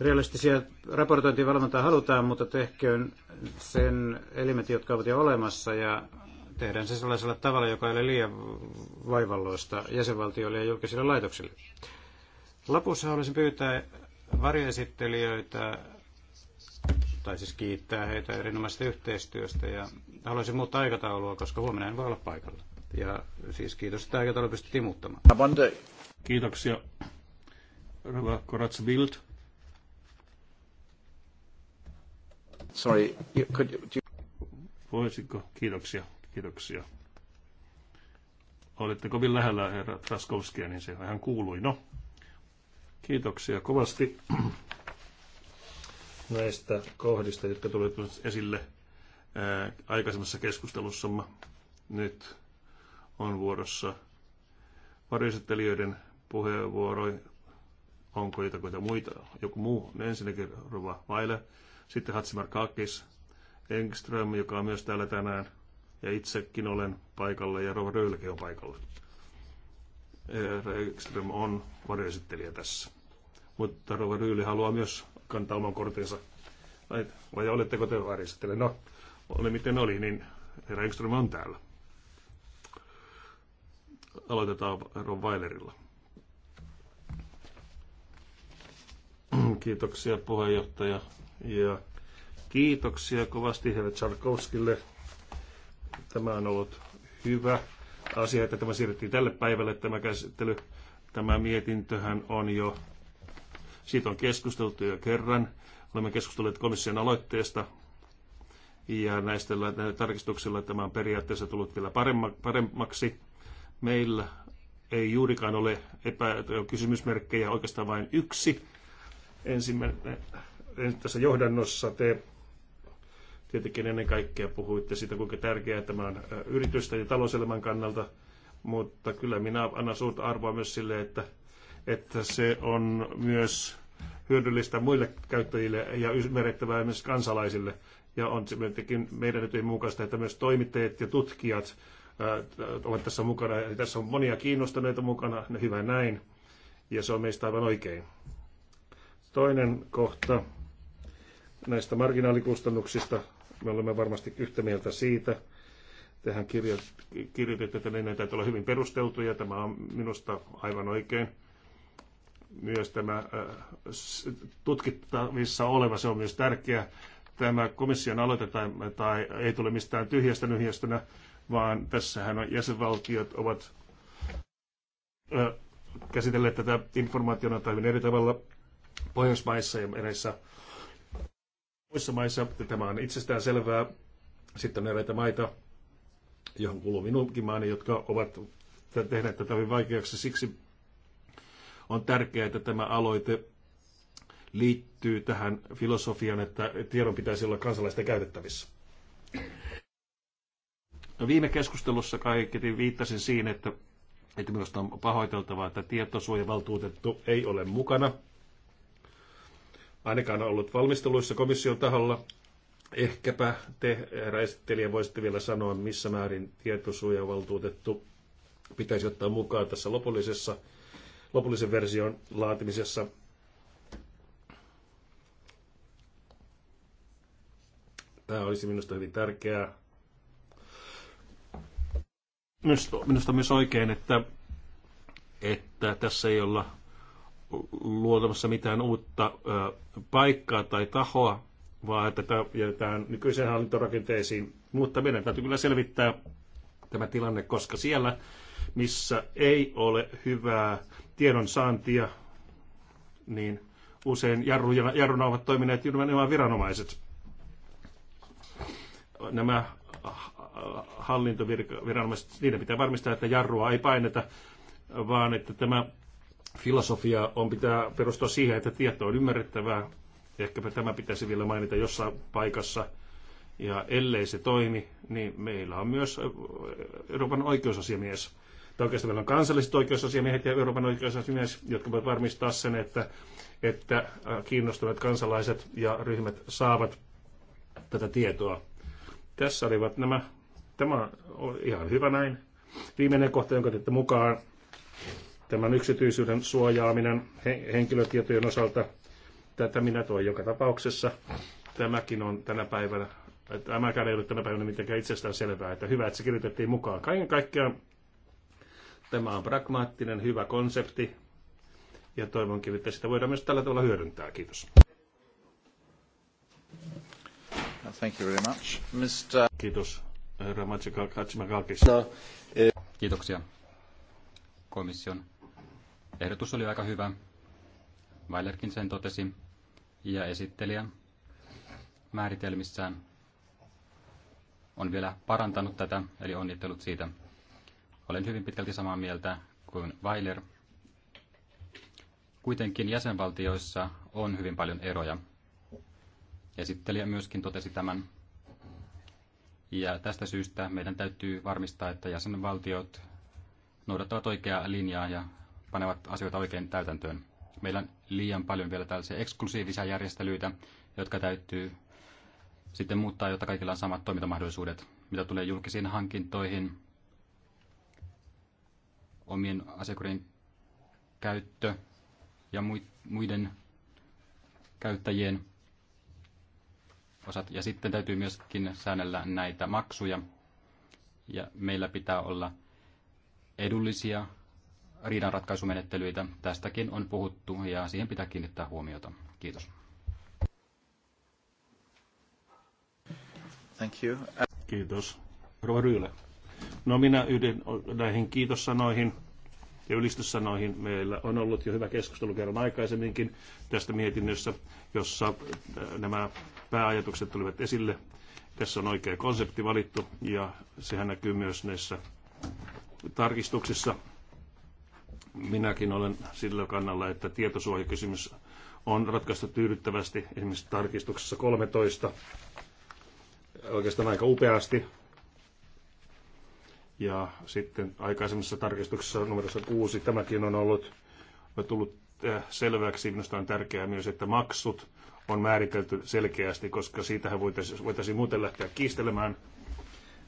realistisia raportointivalvontaa halutaan, mutta tehköön sen elimet, jotka ovat jo olemassa ja tehdään se sellaisella tavalla, joka ei ole liian vaivalloista jäsenvaltioille ja julkisille laitoksille. Lopussa haluaisin pyytää varjoesittelijöitä, tai siis kiittää heitä erinomaisesta yhteistyöstä ja haluaisin muuttaa aikataulua, koska huomenna en voi olla paikalla. Ja siis kiitos, että aikataulu pystyttiin muuttamaan. Kiitoksia. Rava Koratsa Bild. Sorry, could you, Voisiko? Kiitoksia, kiitoksia. Olette kovin lähellä herra Traskowskia, niin se vähän kuului. No, kiitoksia kovasti näistä kohdista, jotka tulivat esille aikaisemmassa keskustelussamme. Nyt on vuorossa varjoesittelijöiden puheenvuoroja. Onko jotakin muita? Joku muu? Ensinnäkin Rova Vaile sitten Hatsimar Kakis, Engström, joka on myös täällä tänään, ja itsekin olen paikalla, ja Rova Röylke on paikalla. Engström on varjoesittelijä tässä. Mutta Rova Ryyli haluaa myös kantaa oman kortinsa. Vai, vai oletteko te varjoesittelijä? No, oli miten oli, niin herra Engström on täällä. Aloitetaan Ron Weilerilla. Kiitoksia puheenjohtaja. Ja kiitoksia kovasti Hele Tsarkovskille. Tämä on ollut hyvä asia, että tämä siirrettiin tälle päivälle tämä käsittely. Tämä mietintöhän on jo, siitä on keskusteltu jo kerran. Olemme keskustelleet komission aloitteesta ja näistä tarkistuksilla tämä on periaatteessa tullut vielä paremmaksi. Meillä ei juurikaan ole epä- kysymysmerkkejä, oikeastaan vain yksi. Ensimmäinen Eh, tässä johdannossa te tietenkin ennen kaikkea puhuitte siitä, kuinka tärkeää tämä on eh, yritystä ja talouselämän kannalta, mutta kyllä minä annan suurta arvoa myös sille, että, että se on myös hyödyllistä muille käyttäjille ja ymmärrettävää myös kansalaisille. Ja on tietenkin meidän etujen mukaista, että myös toimittajat ja tutkijat eh, ovat tässä mukana. Eli tässä on monia kiinnostuneita mukana, hyvä näin. Ja se on meistä aivan oikein. Toinen kohta näistä marginaalikustannuksista. Me olemme varmasti yhtä mieltä siitä. tehän kirjoititte, että ne täytyy olla hyvin perusteltuja. Tämä on minusta aivan oikein. Myös tämä äh, tutkittavissa oleva, se on myös tärkeä. Tämä komission aloite tai, tai ei tule mistään tyhjästä nyhjästönä, vaan tässähän on, jäsenvaltiot ovat ö, äh, käsitelleet tätä informaationa tai eri tavalla Pohjoismaissa ja eräissä Muissa maissa tämä on itsestään selvää. Sitten on eräitä maita, johon kuuluu minunkin maani, jotka ovat tehneet tätä hyvin vaikeaksi. Siksi on tärkeää, että tämä aloite liittyy tähän filosofiaan, että tiedon pitäisi olla kansalaisten käytettävissä. No, viime keskustelussa kaikki viittasin siihen, että, että minusta on pahoiteltavaa, että tietosuojavaltuutettu ei ole mukana – ainakaan ollut valmisteluissa komission taholla. Ehkäpä te, herra voisitte vielä sanoa, missä määrin tietosuojavaltuutettu pitäisi ottaa mukaan tässä lopullisessa, lopullisen version laatimisessa. Tämä olisi minusta hyvin tärkeää. Minusta, minusta myös oikein, että, että tässä ei olla luotamassa mitään uutta paikkaa tai tahoa, vaan että jätetään nykyiseen hallintorakenteisiin. Mutta meidän täytyy kyllä selvittää tämä tilanne, koska siellä, missä ei ole hyvää tiedonsaantia, niin usein jarru, jarruna ovat toimineet nimenomaan viranomaiset. Nämä hallintoviranomaiset, niiden pitää varmistaa, että jarrua ei paineta, vaan että tämä filosofia on pitää perustua siihen, että tieto on ymmärrettävää. Ehkäpä tämä pitäisi vielä mainita jossain paikassa. Ja ellei se toimi, niin meillä on myös Euroopan oikeusasiamies. Tai oikeastaan meillä on kansalliset oikeusasiamiehet ja Euroopan oikeusasiamies, jotka voivat varmistaa sen, että, että kiinnostuneet kansalaiset ja ryhmät saavat tätä tietoa. Tässä olivat nämä. Tämä on ihan hyvä näin. Viimeinen kohta, jonka teette mukaan, tämän yksityisyyden suojaaminen henkilötietojen osalta, tätä minä toin joka tapauksessa. Tämäkin on tänä päivänä, tämäkään ei ole tänä päivänä mitenkään itsestään selvää, että hyvä, että se kirjoitettiin mukaan. Kaiken kaikkiaan tämä on pragmaattinen, hyvä konsepti, ja toivonkin, että sitä voidaan myös tällä tavalla hyödyntää. Kiitos. Thank you very much. Mr. Kiitos, herra Kiitoksia komission Ehdotus oli aika hyvä. Weilerkin sen totesi ja esittelijä määritelmissään on vielä parantanut tätä, eli onnittelut siitä. Olen hyvin pitkälti samaa mieltä kuin Weiler. Kuitenkin jäsenvaltioissa on hyvin paljon eroja. Esittelijä myöskin totesi tämän. Ja tästä syystä meidän täytyy varmistaa, että jäsenvaltiot noudattavat oikeaa linjaa ja panevat asioita oikein täytäntöön. Meillä on liian paljon vielä tällaisia eksklusiivisia järjestelyitä, jotka täytyy sitten muuttaa, jotta kaikilla on samat toimintamahdollisuudet. Mitä tulee julkisiin hankintoihin, omien asiakurien käyttö ja muiden käyttäjien osat. Ja sitten täytyy myöskin säännellä näitä maksuja. Ja meillä pitää olla edullisia riidanratkaisumenettelyitä. Tästäkin on puhuttu ja siihen pitää kiinnittää huomiota. Kiitos. Thank you. Kiitos. Rova Ryyle. No minä yhden näihin kiitossanoihin ja ylistyssanoihin. Meillä on ollut jo hyvä keskustelu kerran aikaisemminkin tästä mietinnössä, jossa äh, nämä pääajatukset tulivat esille. Tässä on oikea konsepti valittu ja sehän näkyy myös näissä tarkistuksissa, Minäkin olen sillä kannalla, että tietosuojakysymys on ratkaistu tyydyttävästi esimerkiksi tarkistuksessa 13 oikeastaan aika upeasti. Ja sitten aikaisemmassa tarkistuksessa numerossa 6 tämäkin on ollut on tullut äh, selväksi. Minusta on tärkeää myös, että maksut on määritelty selkeästi, koska siitähän voitaisiin, voitaisi muuten lähteä kiistelemään.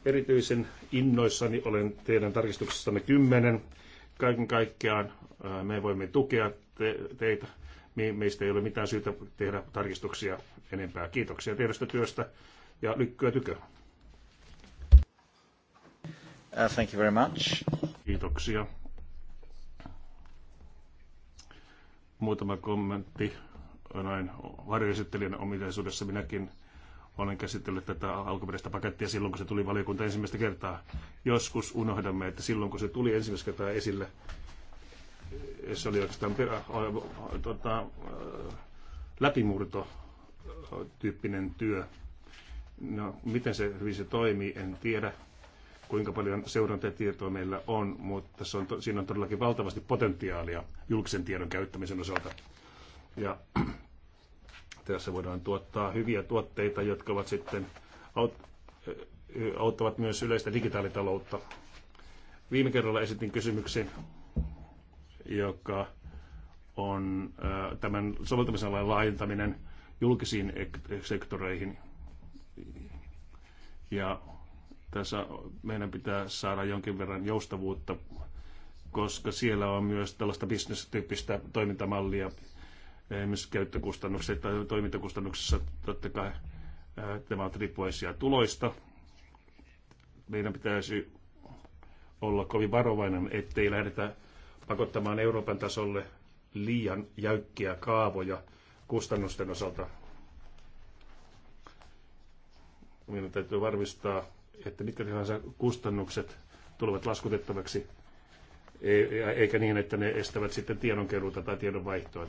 Erityisen innoissani olen teidän tarkistuksessanne 10, kaiken kaikkiaan me voimme tukea te, teitä. Meistä ei ole mitään syytä tehdä tarkistuksia enempää. Kiitoksia tiedosta työstä ja lykkyä tykö. Uh, thank you very much. Kiitoksia. Muutama kommentti näin varjoesittelijän ominaisuudessa minäkin olen käsitellyt tätä alkuperäistä pakettia silloin, kun se tuli valiokunta ensimmäistä kertaa. Joskus unohdamme, että silloin, kun se tuli ensimmäistä kertaa esille, se oli oikeastaan perä, tota, läpimurto tyyppinen työ. No, miten se hyvin se toimii, en tiedä kuinka paljon seurantatietoa meillä on, mutta se on, siinä on todellakin valtavasti potentiaalia julkisen tiedon käyttämisen osalta. Ja tässä voidaan tuottaa hyviä tuotteita, jotka ovat sitten aut- auttavat myös yleistä digitaalitaloutta. Viime kerralla esitin kysymyksen, joka on tämän soveltamisalan laajentaminen julkisiin sektoreihin. Ja tässä meidän pitää saada jonkin verran joustavuutta, koska siellä on myös tällaista bisnestyyppistä toimintamallia, esimerkiksi käyttökustannuksissa tai toimintakustannuksissa totta kai tämä on riippuvaisia tuloista. Meidän pitäisi olla kovin varovainen, ettei lähdetä pakottamaan Euroopan tasolle liian jäykkiä kaavoja kustannusten osalta. Meidän täytyy varmistaa, että mitkä tahansa kustannukset tulevat laskutettavaksi, e- eikä niin, että ne estävät sitten tiedonkeruuta tai tiedonvaihtoa.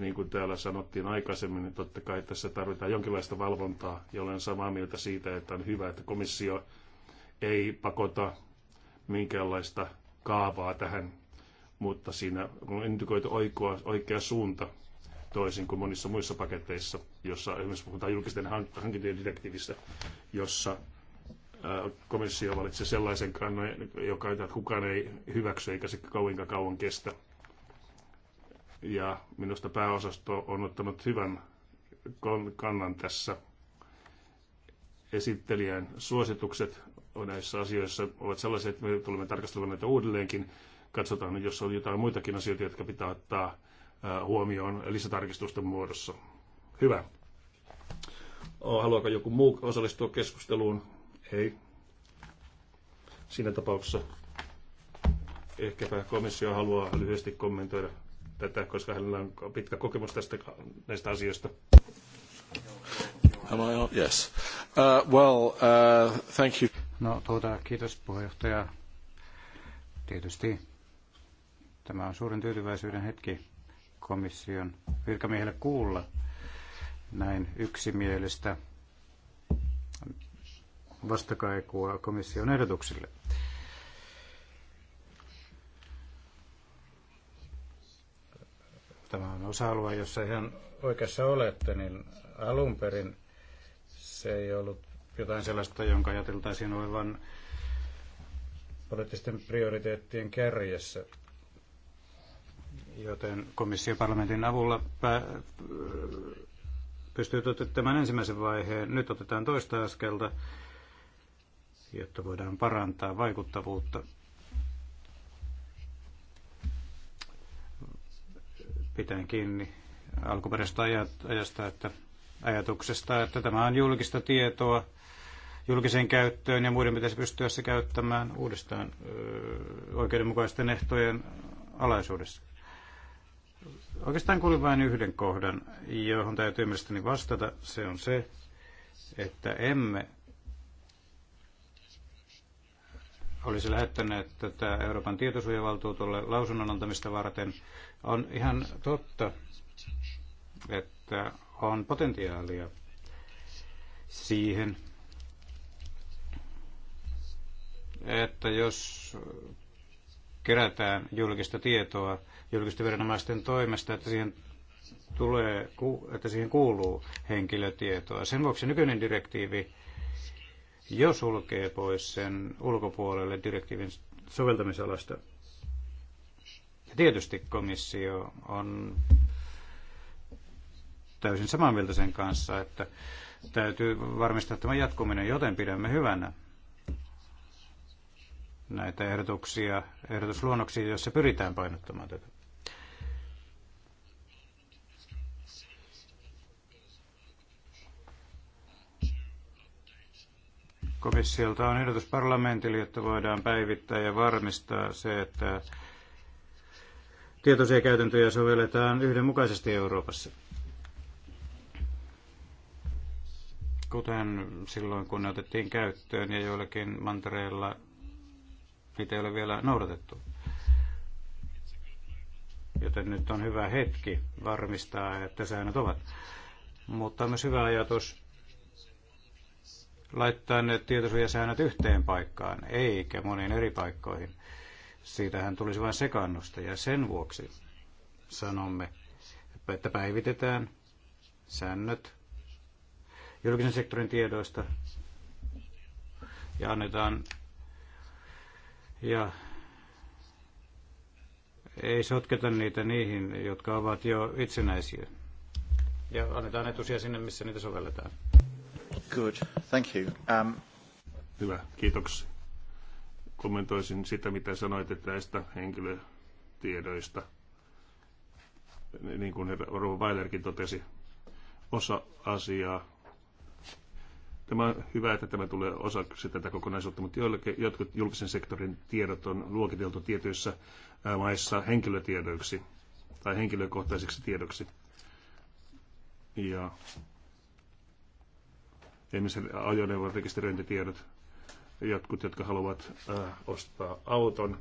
Niin kuin täällä sanottiin aikaisemmin, niin totta kai tässä tarvitaan jonkinlaista valvontaa, ja olen samaa mieltä siitä, että on hyvä, että komissio ei pakota minkäänlaista kaavaa tähän, mutta siinä on indikoitu oikea, oikea suunta toisin kuin monissa muissa paketeissa, jossa esimerkiksi puhutaan julkisten hankintojen direktiivistä, jossa komissio valitsee sellaisen kannan, joka kukaan ei hyväksy eikä se kauinkaan kauan kestä ja minusta pääosasto on ottanut hyvän kannan tässä. Esittelijän suositukset näissä asioissa ovat sellaisia, että me tulemme tarkastelemaan näitä uudelleenkin. Katsotaan, jos on jotain muitakin asioita, jotka pitää ottaa huomioon lisätarkistusten muodossa. Hyvä. Oh, haluaako joku muu osallistua keskusteluun? Ei. Siinä tapauksessa ehkäpä komissio haluaa lyhyesti kommentoida tätä, koska hänellä on pitkä kokemus tästä, näistä asioista. Am I on? Yes. Uh, well, uh, thank you. No tuota, kiitos puheenjohtaja. Tietysti tämä on suuren tyytyväisyyden hetki komission virkamiehelle kuulla näin yksimielistä vastakaikua komission ehdotuksille. osa-alue, jossa ihan oikeassa olette, niin alun perin se ei ollut jotain sellaista, jonka ajateltaisiin olevan poliittisten prioriteettien kärjessä. Joten komission parlamentin avulla pä- pystyy toteuttamaan ensimmäisen vaiheen. Nyt otetaan toista askelta, jotta voidaan parantaa vaikuttavuutta pitäen kiinni alkuperäisestä ajasta, että ajatuksesta, että tämä on julkista tietoa julkiseen käyttöön ja muiden pitäisi pystyä se käyttämään uudestaan oikeudenmukaisten ehtojen alaisuudessa. Oikeastaan kuulin vain yhden kohdan, johon täytyy mielestäni vastata. Se on se, että emme olisi lähettäneet tätä Euroopan tietosuojavaltuutolle lausunnon antamista varten, on ihan totta, että on potentiaalia siihen, että jos kerätään julkista tietoa julkisten viranomaisten toimesta, että siihen, tulee, että siihen kuuluu henkilötietoa. Sen vuoksi nykyinen direktiivi jo sulkee pois sen ulkopuolelle direktiivin soveltamisalasta – ja tietysti komissio on täysin samaa mieltä sen kanssa, että täytyy varmistaa tämä jatkuminen, joten pidämme hyvänä näitä ehdotuksia, ehdotusluonnoksia, joissa pyritään painottamaan tätä. Komissiolta on ehdotus parlamentille, jotta voidaan päivittää ja varmistaa se, että tietoisia käytäntöjä sovelletaan yhdenmukaisesti Euroopassa. Kuten silloin, kun ne otettiin käyttöön ja joillakin mantereilla niitä ei ole vielä noudatettu. Joten nyt on hyvä hetki varmistaa, että säännöt ovat. Mutta on myös hyvä ajatus laittaa ne tietosuojasäännöt yhteen paikkaan, eikä moniin eri paikkoihin. Siitähän tulisi vain sekannusta ja sen vuoksi sanomme, että päivitetään säännöt julkisen sektorin tiedoista ja annetaan ja ei sotketa niitä niihin, jotka ovat jo itsenäisiä. Ja annetaan etusia sinne, missä niitä sovelletaan. Good, thank you. Um... Hyvä, kiitoksia kommentoisin sitä, mitä että näistä henkilötiedoista. Niin kuin Rova Weilerkin totesi, osa asiaa. Tämä on hyvä, että tämä tulee osaksi tätä kokonaisuutta, mutta joillekin, jotkut julkisen sektorin tiedot on luokiteltu tietyissä maissa henkilötiedoiksi tai henkilökohtaisiksi tiedoksi. Ja esimerkiksi ajoneuvon rekisteröintitiedot jotkut, jotka haluavat äh, ostaa auton,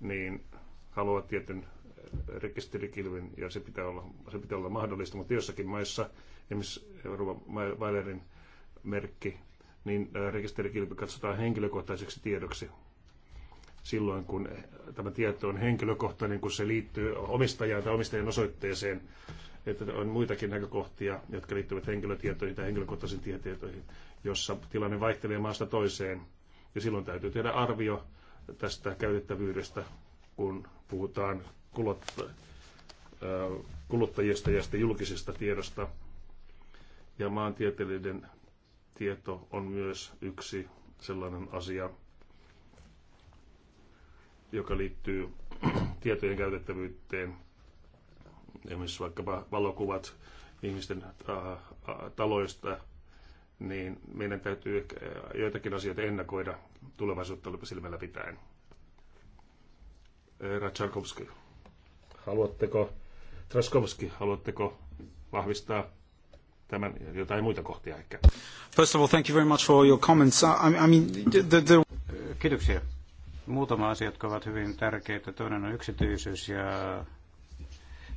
niin haluavat tietyn äh, rekisterikilvin ja se pitää olla, se pitää olla mahdollista, mutta jossakin maissa, esimerkiksi Euroopan Valerin merkki, niin äh, rekisterikilpi katsotaan henkilökohtaiseksi tiedoksi. Silloin kun äh, tämä tieto on henkilökohtainen, kun se liittyy omistajaan tai omistajan osoitteeseen, että on muitakin näkökohtia, jotka liittyvät henkilötietoihin tai henkilökohtaisiin tietoihin, jossa tilanne vaihtelee maasta toiseen. Ja silloin täytyy tehdä arvio tästä käytettävyydestä, kun puhutaan äh, kuluttajista ja julkisesta tiedosta. Ja maantieteellinen tieto on myös yksi sellainen asia, joka liittyy tietojen käytettävyyteen. Esimerkiksi vaikkapa valokuvat ihmisten äh, äh, taloista niin meidän täytyy ehkä joitakin asioita ennakoida tulevaisuutta silmällä pitäen. Ratsarkovski, haluatteko, Traskovski, haluatteko vahvistaa tämän jotain muita kohtia ehkä? First of all, thank you very much for your comments. I, I mean, the, the... Kiitoksia. Muutama asia, jotka ovat hyvin tärkeitä. Toinen on yksityisyys ja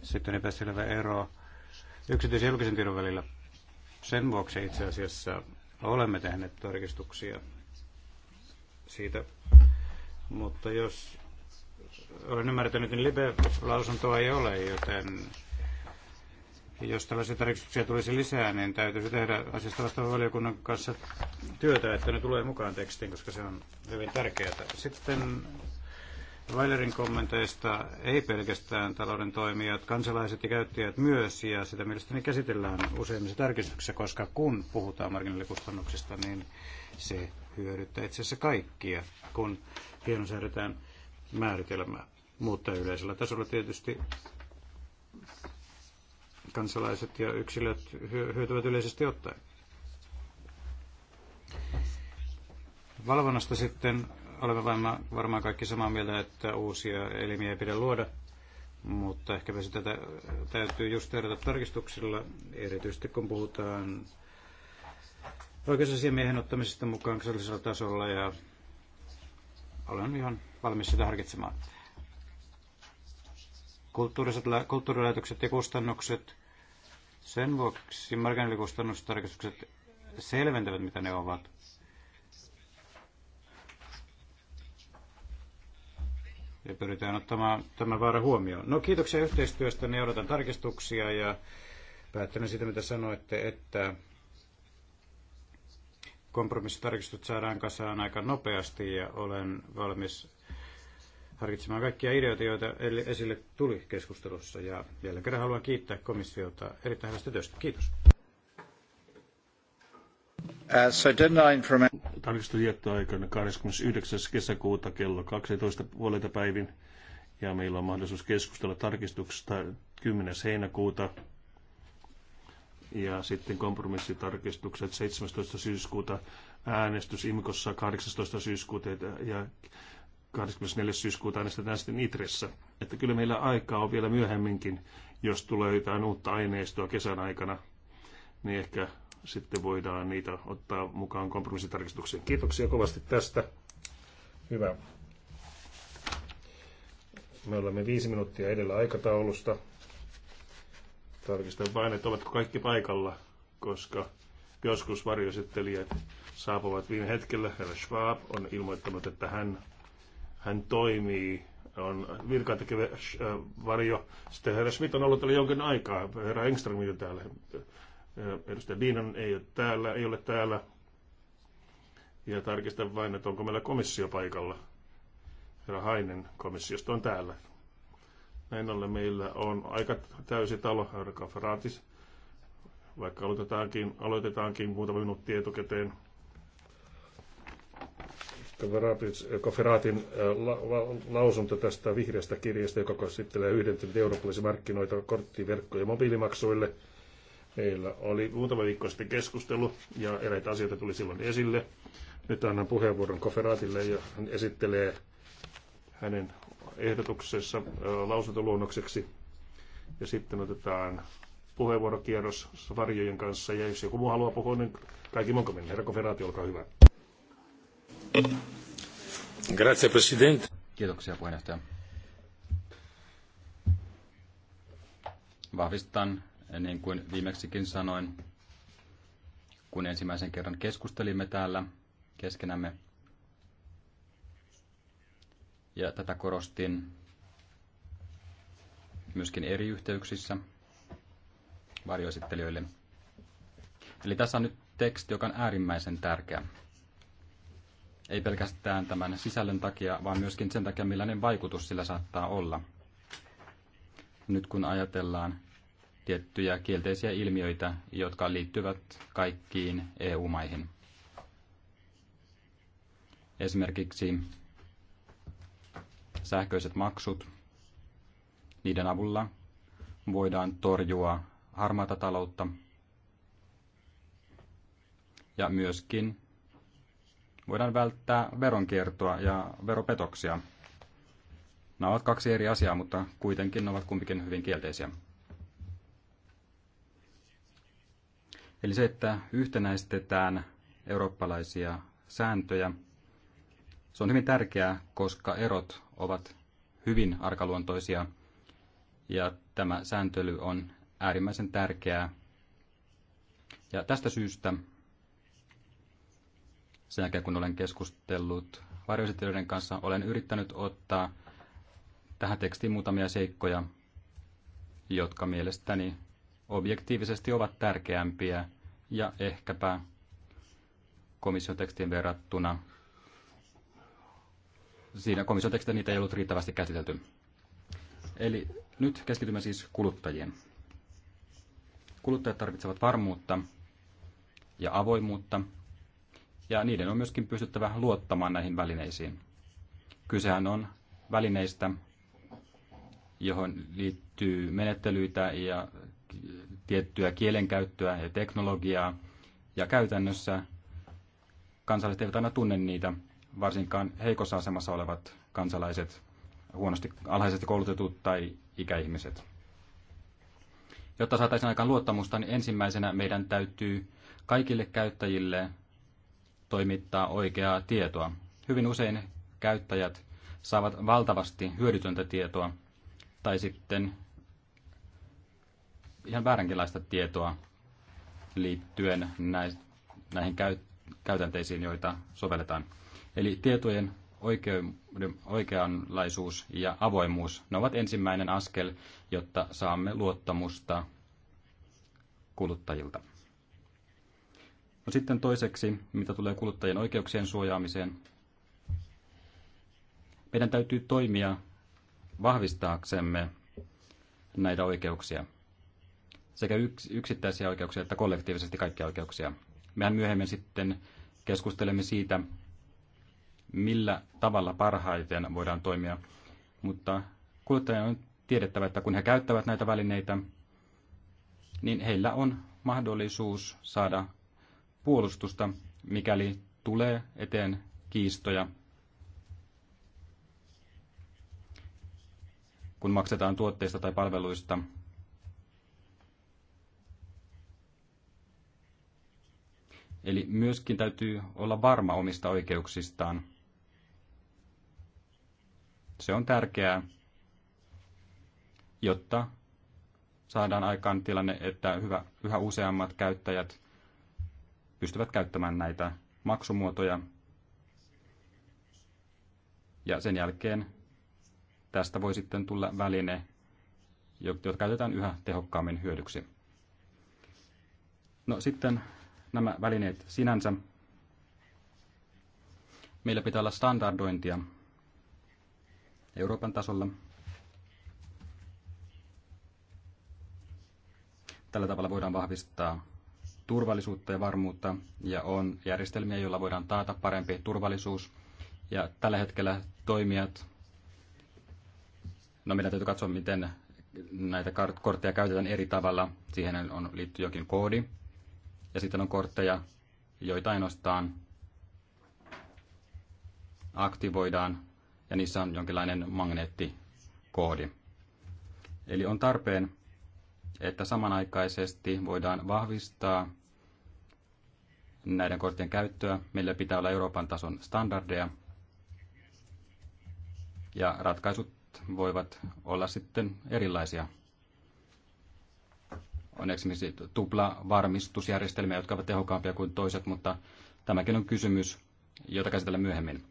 sitten epäselvä ero yksityisen ja julkisen tiedon välillä sen vuoksi itse asiassa olemme tehneet tarkistuksia siitä. Mutta jos olen ymmärtänyt, niin Libe-lausuntoa ei ole, joten jos tällaisia tarkistuksia tulisi lisää, niin täytyisi tehdä asiasta vastaavan valiokunnan kanssa työtä, että ne tulee mukaan tekstiin, koska se on hyvin tärkeää. Sitten Weilerin kommenteista ei pelkästään talouden toimijat, kansalaiset ja käyttäjät myös, ja sitä mielestäni käsitellään useimmissa tarkistuksissa, koska kun puhutaan marginaalikustannuksista, niin se hyödyttää itse asiassa kaikkia, kun säädetään määritelmää. Mutta yleisellä tasolla tietysti kansalaiset ja yksilöt hyötyvät yleisesti ottaen. Valvonnasta sitten olemme varmaan kaikki samaa mieltä, että uusia elimiä ei pidä luoda, mutta ehkäpä sitä täytyy just tehdä tarkistuksilla, erityisesti kun puhutaan oikeusasiamiehen ottamisesta mukaan kansallisella tasolla ja olen ihan valmis sitä harkitsemaan. Kulttuuriset, kulttuurilaitokset ja kustannukset. Sen vuoksi marginaalikustannustarkistukset selventävät, mitä ne ovat ja pyritään ottamaan tämä vaara huomioon. No kiitoksia yhteistyöstä, niin odotan tarkistuksia ja päättelen siitä, mitä sanoitte, että kompromissitarkistut saadaan kasaan aika nopeasti ja olen valmis harkitsemaan kaikkia ideoita, joita esille tuli keskustelussa. Ja jälleen kerran haluan kiittää komissiota erittäin hyvästä työstä. Kiitos. Uh, so deadline from tarkistusjättöaikana 29. kesäkuuta kello 12 puolelta päivin ja meillä on mahdollisuus keskustella tarkistuksesta 10. heinäkuuta ja sitten kompromissitarkistukset 17. syyskuuta, äänestys IMKossa 18. syyskuuta ja 24. syyskuuta äänestetään sitten Itressä. Että kyllä meillä aikaa on vielä myöhemminkin, jos tulee jotain uutta aineistoa kesän aikana, niin ehkä sitten voidaan niitä ottaa mukaan kompromissitarkistukseen. Kiitoksia kovasti tästä. Hyvä. Me olemme viisi minuuttia edellä aikataulusta. Tarkistan vain, että ovatko kaikki paikalla, koska joskus varjoesittelijät saapuvat viime hetkellä. Herra Schwab on ilmoittanut, että hän, hän toimii on virkaan tekevä äh, varjo. Sitten herra Schmidt on ollut täällä jonkin aikaa. Herra Engström on täällä. Edustaja Biinan ei ole täällä, ei ole täällä. Ja tarkistan vain, että onko meillä komissio paikalla. Herra Hainen komissiosta on täällä. Näin ollen meillä on aika täysi talo, herra Kaferaatis. Vaikka aloitetaankin, aloitetaankin muutama minuutti etukäteen. kafferatin lausunto tästä vihreästä kirjasta, joka käsittelee yhdentynyt eurooppalaisia markkinoita korttiverkko- ja mobiilimaksuille – Meillä oli muutama viikko sitten keskustelu ja eräitä asioita tuli silloin esille. Nyt annan puheenvuoron Koferaatille ja hän esittelee hänen ehdotuksessa lausuntoluonnokseksi. Ja sitten otetaan puheenvuorokierros varjojen kanssa. Ja jos joku muu haluaa puhua, niin kaikki monko mennä. Herra Koferaati, olkaa hyvä. Grazie, Presidente. Kiitoksia, puheenjohtaja. Vahvistan ja niin kuin viimeksikin sanoin, kun ensimmäisen kerran keskustelimme täällä keskenämme, ja tätä korostin myöskin eri yhteyksissä varjoesittelijöille. Eli tässä on nyt teksti, joka on äärimmäisen tärkeä. Ei pelkästään tämän sisällön takia, vaan myöskin sen takia, millainen vaikutus sillä saattaa olla. Nyt kun ajatellaan tiettyjä kielteisiä ilmiöitä, jotka liittyvät kaikkiin EU-maihin. Esimerkiksi sähköiset maksut, niiden avulla voidaan torjua harmaata taloutta ja myöskin voidaan välttää veronkiertoa ja veropetoksia. Nämä ovat kaksi eri asiaa, mutta kuitenkin ne ovat kumpikin hyvin kielteisiä. Eli se, että yhtenäistetään eurooppalaisia sääntöjä, se on hyvin tärkeää, koska erot ovat hyvin arkaluontoisia ja tämä sääntely on äärimmäisen tärkeää. Ja tästä syystä, sen jälkeen kun olen keskustellut varjoesittelijöiden kanssa, olen yrittänyt ottaa tähän tekstiin muutamia seikkoja, jotka mielestäni objektiivisesti ovat tärkeämpiä ja ehkäpä komission verrattuna siinä komission niitä ei ollut riittävästi käsitelty. Eli nyt keskitymme siis kuluttajien. Kuluttajat tarvitsevat varmuutta ja avoimuutta, ja niiden on myöskin pystyttävä luottamaan näihin välineisiin. Kysehän on välineistä, johon liittyy menettelyitä ja tiettyä kielenkäyttöä ja teknologiaa, ja käytännössä kansalaiset eivät aina tunne niitä, varsinkaan heikossa asemassa olevat kansalaiset, huonosti alhaisesti koulutetut tai ikäihmiset. Jotta saataisiin aikaan luottamusta, niin ensimmäisenä meidän täytyy kaikille käyttäjille toimittaa oikeaa tietoa. Hyvin usein käyttäjät saavat valtavasti hyödytöntä tietoa, tai sitten ihan vääränkinlaista tietoa liittyen näihin käytänteisiin, joita sovelletaan. Eli tietojen oikeanlaisuus ja avoimuus, ne ovat ensimmäinen askel, jotta saamme luottamusta kuluttajilta. No sitten toiseksi, mitä tulee kuluttajien oikeuksien suojaamiseen. Meidän täytyy toimia vahvistaaksemme näitä oikeuksia sekä yksittäisiä oikeuksia että kollektiivisesti kaikkia oikeuksia. Mehän myöhemmin sitten keskustelemme siitä, millä tavalla parhaiten voidaan toimia, mutta kuluttajien on tiedettävä, että kun he käyttävät näitä välineitä, niin heillä on mahdollisuus saada puolustusta, mikäli tulee eteen kiistoja, kun maksetaan tuotteista tai palveluista – Eli myöskin täytyy olla varma omista oikeuksistaan. Se on tärkeää, jotta saadaan aikaan tilanne, että hyvä, yhä useammat käyttäjät pystyvät käyttämään näitä maksumuotoja. Ja sen jälkeen tästä voi sitten tulla väline, jota käytetään yhä tehokkaammin hyödyksi. No sitten nämä välineet sinänsä. Meillä pitää olla standardointia Euroopan tasolla. Tällä tavalla voidaan vahvistaa turvallisuutta ja varmuutta ja on järjestelmiä, joilla voidaan taata parempi turvallisuus. Ja tällä hetkellä toimijat, no meidän täytyy katsoa, miten näitä kortteja käytetään eri tavalla. Siihen on liittynyt jokin koodi, ja sitten on kortteja, joita ainoastaan aktivoidaan ja niissä on jonkinlainen magneettikoodi. Eli on tarpeen, että samanaikaisesti voidaan vahvistaa näiden korttien käyttöä. Meillä pitää olla Euroopan tason standardeja ja ratkaisut voivat olla sitten erilaisia on esimerkiksi tuplavarmistusjärjestelmiä, jotka ovat tehokkaampia kuin toiset, mutta tämäkin on kysymys, jota käsitellään myöhemmin.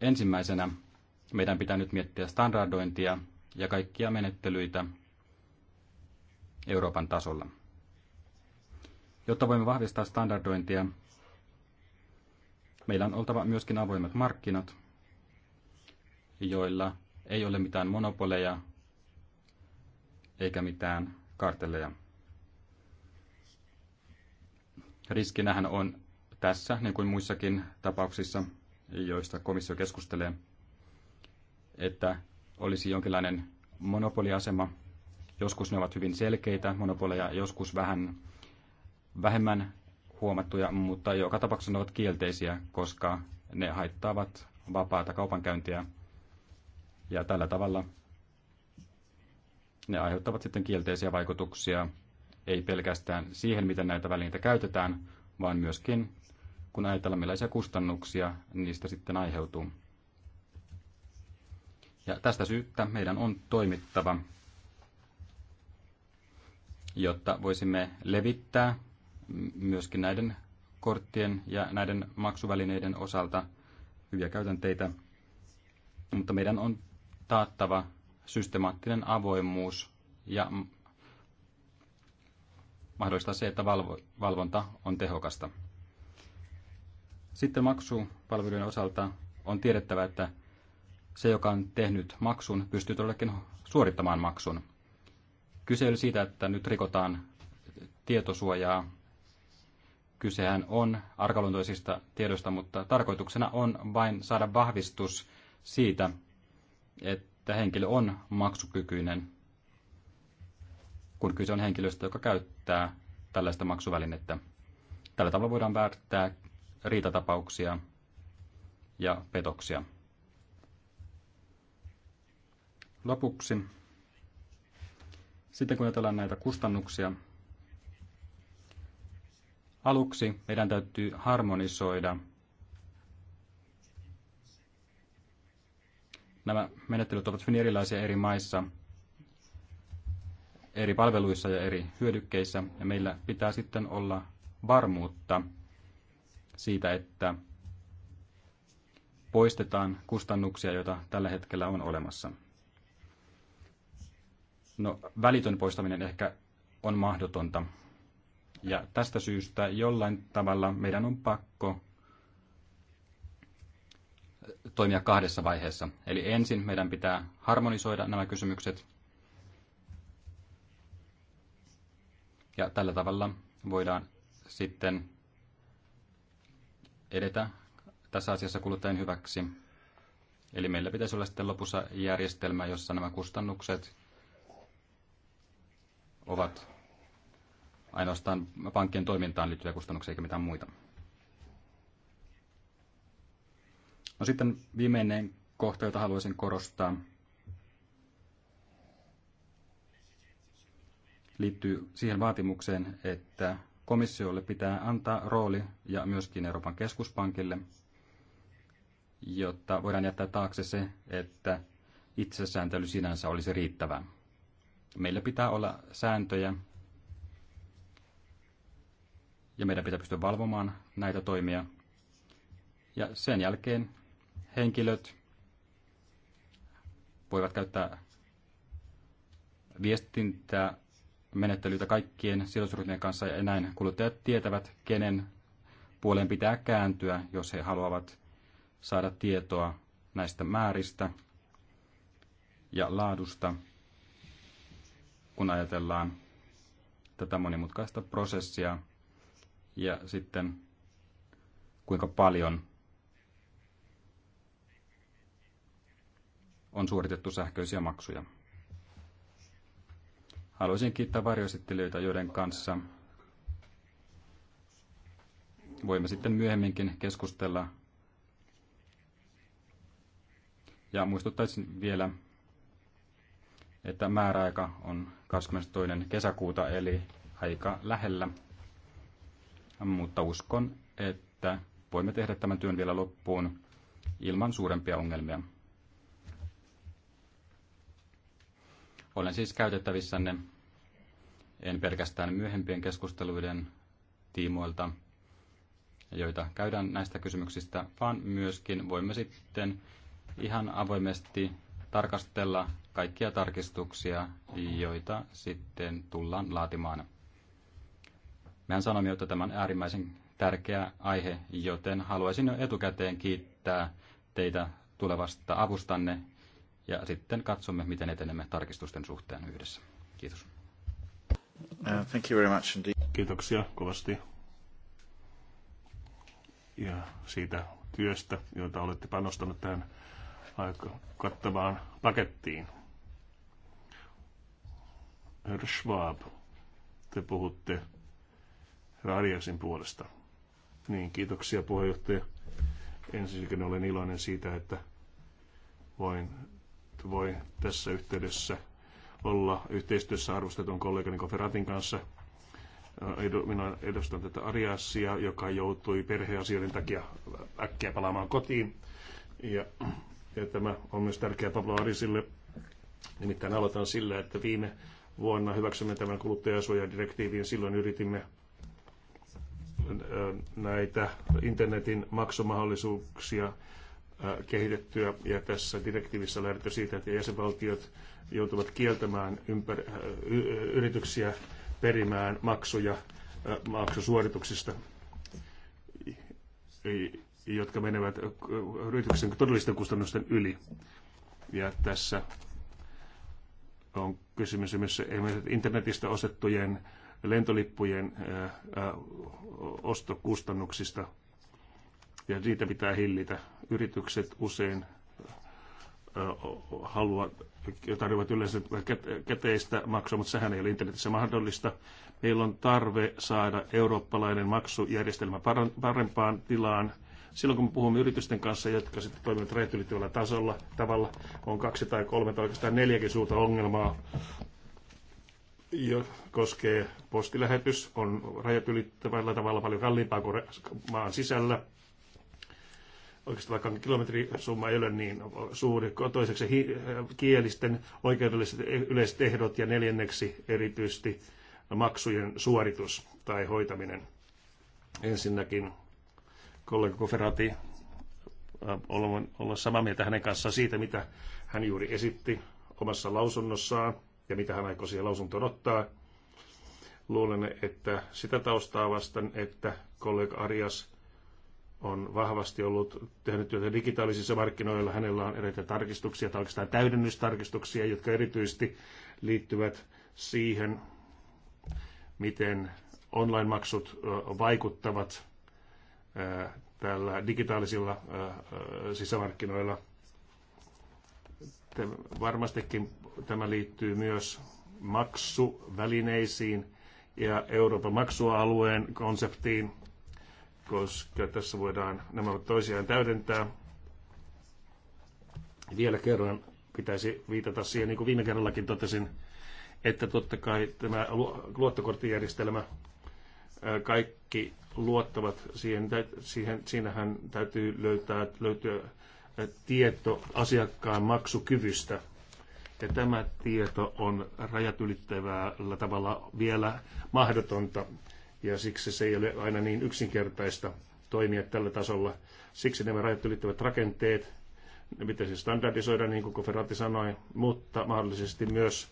Ensimmäisenä meidän pitää nyt miettiä standardointia ja kaikkia menettelyitä Euroopan tasolla. Jotta voimme vahvistaa standardointia, meillä on oltava myöskin avoimet markkinat, joilla ei ole mitään monopoleja eikä mitään kartelleja. Riskinähän on tässä, niin kuin muissakin tapauksissa, joista komissio keskustelee, että olisi jonkinlainen monopoliasema. Joskus ne ovat hyvin selkeitä monopoleja, joskus vähän vähemmän huomattuja, mutta joka tapauksessa ne ovat kielteisiä, koska ne haittaavat vapaata kaupankäyntiä. Ja tällä tavalla ne aiheuttavat sitten kielteisiä vaikutuksia ei pelkästään siihen, miten näitä välineitä käytetään, vaan myöskin kun ajatellaan, millaisia kustannuksia niistä sitten aiheutuu. Ja tästä syystä meidän on toimittava, jotta voisimme levittää myöskin näiden korttien ja näiden maksuvälineiden osalta hyviä käytänteitä, mutta meidän on taattava systemaattinen avoimuus ja mahdollistaa se, että valvo, valvonta on tehokasta. Sitten maksupalvelujen osalta on tiedettävä, että se, joka on tehnyt maksun, pystyy todellakin suorittamaan maksun. Kyse oli siitä, että nyt rikotaan tietosuojaa. Kysehän on arkaluontoisista tiedoista, mutta tarkoituksena on vain saada vahvistus siitä, että että henkilö on maksukykyinen, kun kyse on henkilöstä, joka käyttää tällaista maksuvälinettä. Tällä tavalla voidaan välttää riitatapauksia ja petoksia. Lopuksi, sitten kun ajatellaan näitä kustannuksia, aluksi meidän täytyy harmonisoida – Nämä menettelyt ovat hyvin erilaisia eri maissa, eri palveluissa ja eri hyödykkeissä, ja meillä pitää sitten olla varmuutta siitä, että poistetaan kustannuksia, joita tällä hetkellä on olemassa. No, välitön poistaminen ehkä on mahdotonta. Ja tästä syystä jollain tavalla meidän on pakko toimia kahdessa vaiheessa. Eli ensin meidän pitää harmonisoida nämä kysymykset. Ja tällä tavalla voidaan sitten edetä tässä asiassa kuluttajien hyväksi. Eli meillä pitäisi olla sitten lopussa järjestelmä, jossa nämä kustannukset ovat ainoastaan pankkien toimintaan liittyviä kustannuksia eikä mitään muita. No sitten viimeinen kohta, jota haluaisin korostaa, liittyy siihen vaatimukseen, että komissiolle pitää antaa rooli ja myöskin Euroopan keskuspankille, jotta voidaan jättää taakse se, että itsesääntely sinänsä olisi riittävää. Meillä pitää olla sääntöjä ja meidän pitää pystyä valvomaan näitä toimia. Ja sen jälkeen henkilöt voivat käyttää viestintää menettelyitä kaikkien sidosryhmien kanssa ja näin kuluttajat tietävät, kenen puoleen pitää kääntyä, jos he haluavat saada tietoa näistä määristä ja laadusta, kun ajatellaan tätä monimutkaista prosessia ja sitten kuinka paljon on suoritettu sähköisiä maksuja. Haluaisin kiittää varjoesittelijöitä, joiden kanssa voimme sitten myöhemminkin keskustella. Ja muistuttaisin vielä, että määräaika on 22. kesäkuuta, eli aika lähellä. Mutta uskon, että voimme tehdä tämän työn vielä loppuun ilman suurempia ongelmia. Olen siis käytettävissänne, en pelkästään myöhempien keskusteluiden tiimoilta, joita käydään näistä kysymyksistä, vaan myöskin voimme sitten ihan avoimesti tarkastella kaikkia tarkistuksia, joita sitten tullaan laatimaan. Mehän sanomme, että tämä on äärimmäisen tärkeä aihe, joten haluaisin jo etukäteen kiittää teitä tulevasta avustanne ja sitten katsomme, miten etenemme tarkistusten suhteen yhdessä. Kiitos. Uh, thank you very much indeed. Kiitoksia kovasti ja siitä työstä, jota olette panostanut tähän aika kattavaan pakettiin. Herr Schwab, te puhutte Radiasin puolesta. Niin, kiitoksia puheenjohtaja. Ensinnäkin olen iloinen siitä, että voin voi tässä yhteydessä olla yhteistyössä arvostetun kollegani Koferatin kanssa. Äh, minä edustan tätä Ariassia, joka joutui perheasioiden takia äkkiä palaamaan kotiin. Ja, ja tämä on myös tärkeä Pablo Arisille. Nimittäin aloitan sillä, että viime vuonna hyväksymme tämän kuluttajasuojadirektiivin. Silloin yritimme äh, näitä internetin maksumahdollisuuksia kehitettyä ja tässä direktiivissä lähdetty siitä, että jäsenvaltiot joutuvat kieltämään ympär- yrityksiä perimään maksuja maksusuorituksista, jotka menevät yrityksen todellisten kustannusten yli. Ja tässä on kysymys myös internetistä ostettujen lentolippujen ostokustannuksista, ja niitä pitää hillitä yritykset usein halua, tarjoavat yleensä käteistä maksua, mutta sehän ei ole internetissä mahdollista. Meillä on tarve saada eurooppalainen maksujärjestelmä parempaan tilaan. Silloin kun me puhumme yritysten kanssa, jotka sitten toimivat rajat tasolla, tavalla on kaksi tai kolme tai oikeastaan neljäkin suurta ongelmaa. Jo, koskee postilähetys, on rajat ylittävällä tavalla paljon kalliimpaa kuin maan sisällä – oikeastaan vaikka kilometrisumma ei ole niin suuri. Toiseksi hi, kielisten oikeudelliset e-, yleiset ehdot ja neljänneksi erityisesti maksujen suoritus tai hoitaminen. Ensinnäkin kollega Koferati äh, on olla samaa mieltä hänen kanssaan siitä, mitä hän juuri esitti omassa lausunnossaan ja mitä hän aikoo siihen lausuntoon ottaa. Luulen, että sitä taustaa vasten, että kollega Arias on vahvasti ollut tehnyt työtä digitaalisissa markkinoilla. Hänellä on eräitä tarkistuksia tai oikeastaan täydennystarkistuksia, jotka erityisesti liittyvät siihen, miten online-maksut vaikuttavat tällä digitaalisilla sisämarkkinoilla. Varmastikin tämä liittyy myös maksuvälineisiin ja Euroopan maksualueen konseptiin – koska tässä voidaan nämä toisiaan täydentää. Vielä kerran pitäisi viitata siihen, niin kuin viime kerrallakin totesin, että totta kai tämä luottokorttijärjestelmä, kaikki luottavat siihen, siihen siinähän täytyy löytää, löytyä tieto asiakkaan maksukyvystä. Ja tämä tieto on rajat ylittävällä tavalla vielä mahdotonta ja siksi se ei ole aina niin yksinkertaista toimia tällä tasolla. Siksi nämä rajat ylittävät rakenteet, ne pitäisi standardisoida, niin kuin Ferrati sanoi, mutta mahdollisesti myös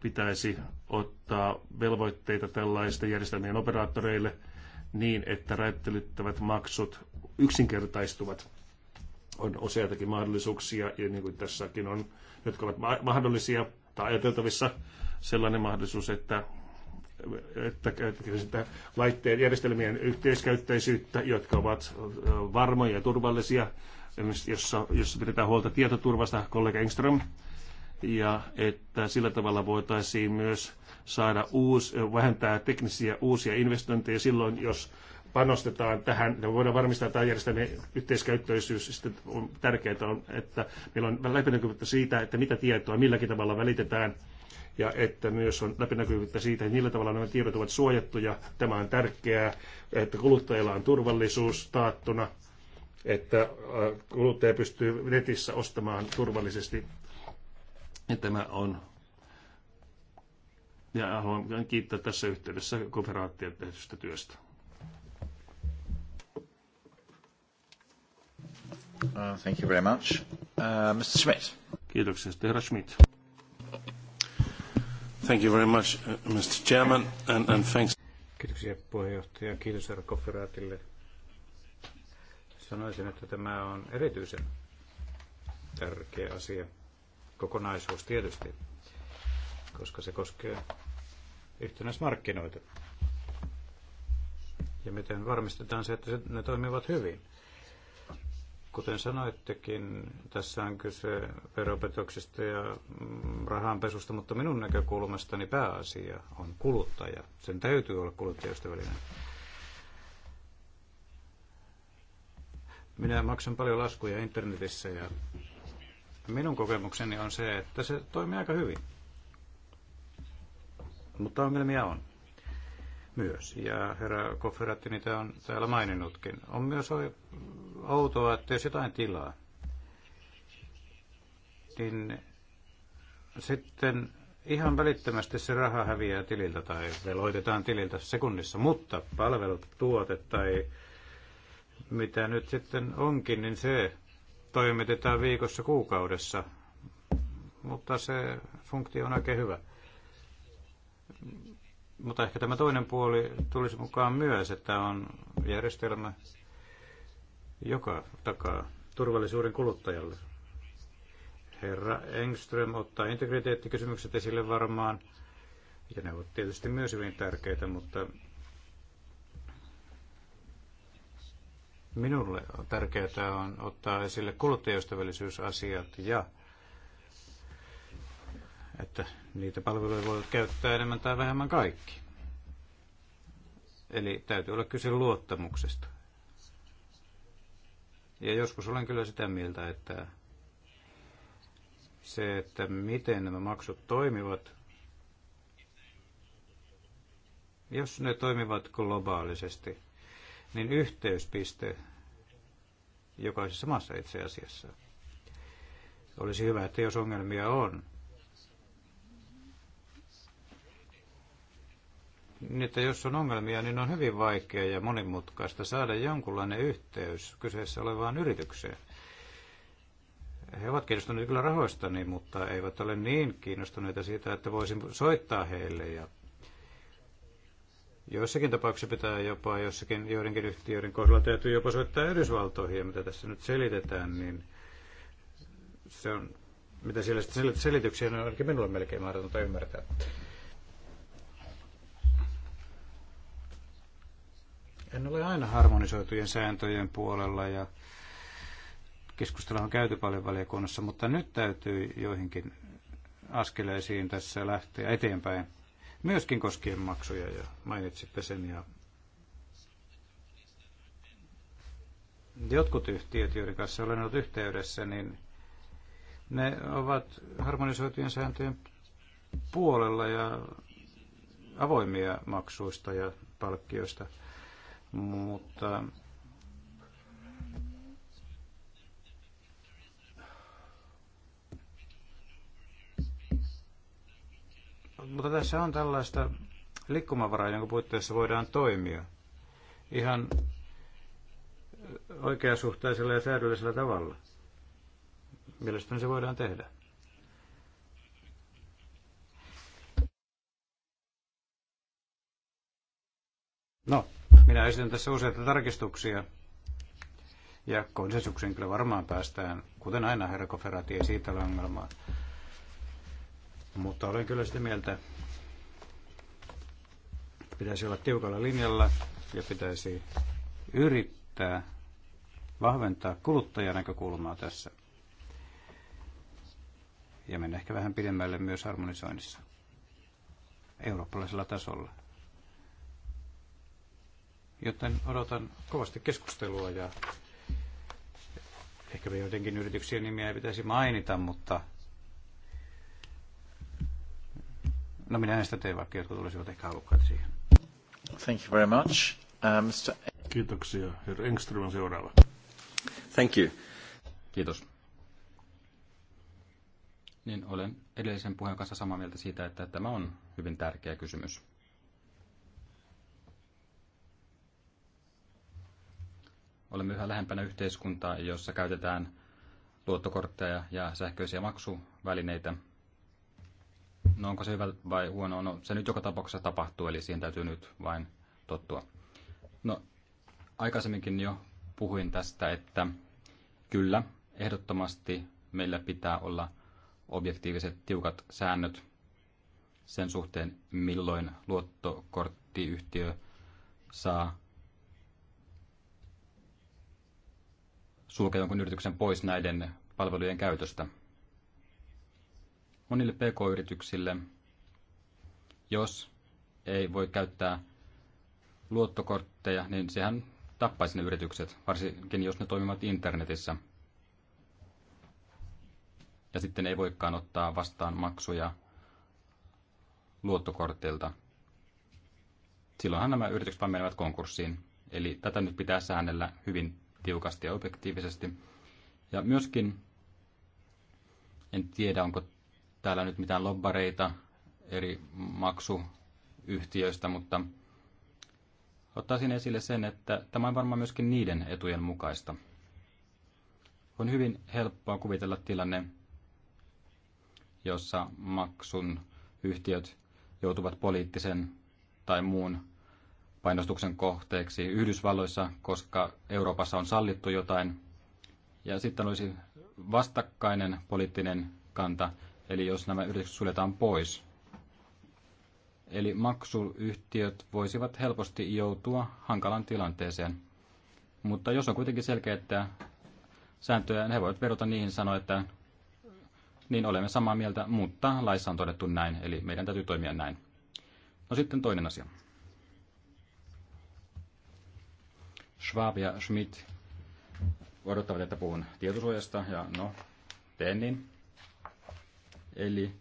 pitäisi ottaa velvoitteita tällaisten järjestelmien operaattoreille niin, että räjähtelyttävät maksut yksinkertaistuvat. On useitakin mahdollisuuksia, ja niin kuin tässäkin on, jotka ovat mahdollisia tai ajateltavissa, sellainen mahdollisuus, että että, että laitteen järjestelmien yhteiskäyttäisyyttä, jotka ovat varmoja ja turvallisia, jossa, jossa pidetään huolta tietoturvasta, kollega Engström, ja että sillä tavalla voitaisiin myös saada uusi, vähentää teknisiä uusia investointeja silloin, jos panostetaan tähän, ja voidaan varmistaa tämä järjestelmien yhteiskäyttöisyys, sitten on tärkeää on, että meillä on läpinäkyvyyttä siitä, että mitä tietoa milläkin tavalla välitetään, ja että myös on läpinäkyvyyttä siitä, että millä tavalla nämä tiedot ovat suojattuja. Tämä on tärkeää, että kuluttajilla on turvallisuus taattuna, että äh, kuluttaja pystyy netissä ostamaan turvallisesti. Ja tämä on ja haluan kiittää tässä yhteydessä konferaattia tehdystä työstä. Uh, thank you very much. Uh, Mr. Schmidt. Kiitoksia, herra Schmidt. Thank you very much, uh, Mr. Chairman, and, and thanks. Kiitoksia puheenjohtaja. Kiitos herra Kofferaatille. Sanoisin, että tämä on erityisen tärkeä asia, kokonaisuus tietysti, koska se koskee yhtenäismarkkinoita. Ja miten varmistetaan se, että ne toimivat hyvin. Kuten sanoittekin, tässä on kyse veropetoksista ja rahanpesusta, mutta minun näkökulmastani pääasia on kuluttaja. Sen täytyy olla kuluttajaystävällinen. Minä maksan paljon laskuja internetissä ja minun kokemukseni on se, että se toimii aika hyvin. Mutta ongelmia on myös. Ja herra Kofferatti niitä on täällä maininnutkin. On myös outoa, että jos jotain tilaa, niin sitten ihan välittömästi se raha häviää tililtä tai veloitetaan tililtä sekunnissa, mutta palvelut, tuote tai mitä nyt sitten onkin, niin se toimitetaan viikossa, kuukaudessa, mutta se funktio on oikein hyvä. Mutta ehkä tämä toinen puoli tulisi mukaan myös, että on järjestelmä, joka takaa turvallisuuden kuluttajalle. Herra Engström ottaa integriteettikysymykset esille varmaan, ja ne ovat tietysti myös hyvin tärkeitä, mutta minulle on tärkeää on ottaa esille kuluttajaystävällisyysasiat ja että niitä palveluja voi käyttää enemmän tai vähemmän kaikki. Eli täytyy olla kyse luottamuksesta. Ja joskus olen kyllä sitä mieltä, että se, että miten nämä maksut toimivat, jos ne toimivat globaalisesti, niin yhteyspiste jokaisessa maassa itse asiassa. Olisi hyvä, että jos ongelmia on, niin että jos on ongelmia, niin on hyvin vaikea ja monimutkaista saada jonkunlainen yhteys kyseessä olevaan yritykseen. He ovat kiinnostuneet kyllä rahoistani, mutta eivät ole niin kiinnostuneita siitä, että voisin soittaa heille. Ja joissakin tapauksissa pitää jopa jossakin joidenkin yhtiöiden kohdalla täytyy jopa soittaa Yhdysvaltoihin, ja mitä tässä nyt selitetään, niin se on, mitä siellä selityksiä on niin ainakin minulle melkein mahdotonta ymmärtää. En ole aina harmonisoitujen sääntöjen puolella ja keskustelua on käyty paljon valiokunnassa, mutta nyt täytyy joihinkin askeleisiin tässä lähteä eteenpäin. Myöskin koskien maksuja ja mainitsitte sen ja jotkut yhtiöt, joiden kanssa olen ollut yhteydessä, niin ne ovat harmonisoitujen sääntöjen puolella ja avoimia maksuista ja palkkioista mutta mutta tässä on tällaista liikkumavaraa, jonka puitteissa voidaan toimia ihan oikeasuhtaisella ja säädöllisellä tavalla. Mielestäni se voidaan tehdä. No, minä esitän tässä useita tarkistuksia. Ja konsensukseen kyllä varmaan päästään, kuten aina herra Koferati, ei siitä ole ongelmaa. Mutta olen kyllä sitä mieltä, että pitäisi olla tiukalla linjalla ja pitäisi yrittää vahventaa kuluttajanäkökulmaa tässä. Ja mennä ehkä vähän pidemmälle myös harmonisoinnissa eurooppalaisella tasolla. Joten odotan kovasti keskustelua ja ehkä me joidenkin yrityksien nimiä ei pitäisi mainita, mutta no minä sitä tee, vaikka, jotkut tulisivat ehkä halukkaat siihen. Thank you very much. Um, uh, so... Kiitoksia. Herra Engström on seuraava. Thank you. Kiitos. Niin olen edellisen puheen kanssa samaa mieltä siitä, että tämä on hyvin tärkeä kysymys. olemme yhä lähempänä yhteiskuntaa, jossa käytetään luottokortteja ja sähköisiä maksuvälineitä. No onko se hyvä vai huono? No se nyt joka tapauksessa tapahtuu, eli siihen täytyy nyt vain tottua. No aikaisemminkin jo puhuin tästä, että kyllä, ehdottomasti meillä pitää olla objektiiviset tiukat säännöt sen suhteen, milloin luottokorttiyhtiö saa sulkea jonkun yrityksen pois näiden palvelujen käytöstä. Monille pk-yrityksille, jos ei voi käyttää luottokortteja, niin sehän tappaisi ne yritykset, varsinkin jos ne toimivat internetissä. Ja sitten ei voikaan ottaa vastaan maksuja luottokortilta. Silloinhan nämä yritykset vaan menevät konkurssiin. Eli tätä nyt pitää säännellä hyvin tiukasti ja objektiivisesti. Ja myöskin, en tiedä onko täällä nyt mitään lobbareita eri maksuyhtiöistä, mutta ottaisin esille sen, että tämä on varmaan myöskin niiden etujen mukaista. On hyvin helppoa kuvitella tilanne, jossa maksun yhtiöt joutuvat poliittisen tai muun painostuksen kohteeksi Yhdysvalloissa, koska Euroopassa on sallittu jotain. Ja sitten olisi vastakkainen poliittinen kanta, eli jos nämä yritykset suljetaan pois. Eli maksuyhtiöt voisivat helposti joutua hankalan tilanteeseen. Mutta jos on kuitenkin selkeä, että sääntöjä, he voivat vedota niihin sanoa, että niin olemme samaa mieltä, mutta laissa on todettu näin, eli meidän täytyy toimia näin. No sitten toinen asia. Schwab ja Schmidt odottavat, että puhun tietosuojasta, ja no, teen niin. Eli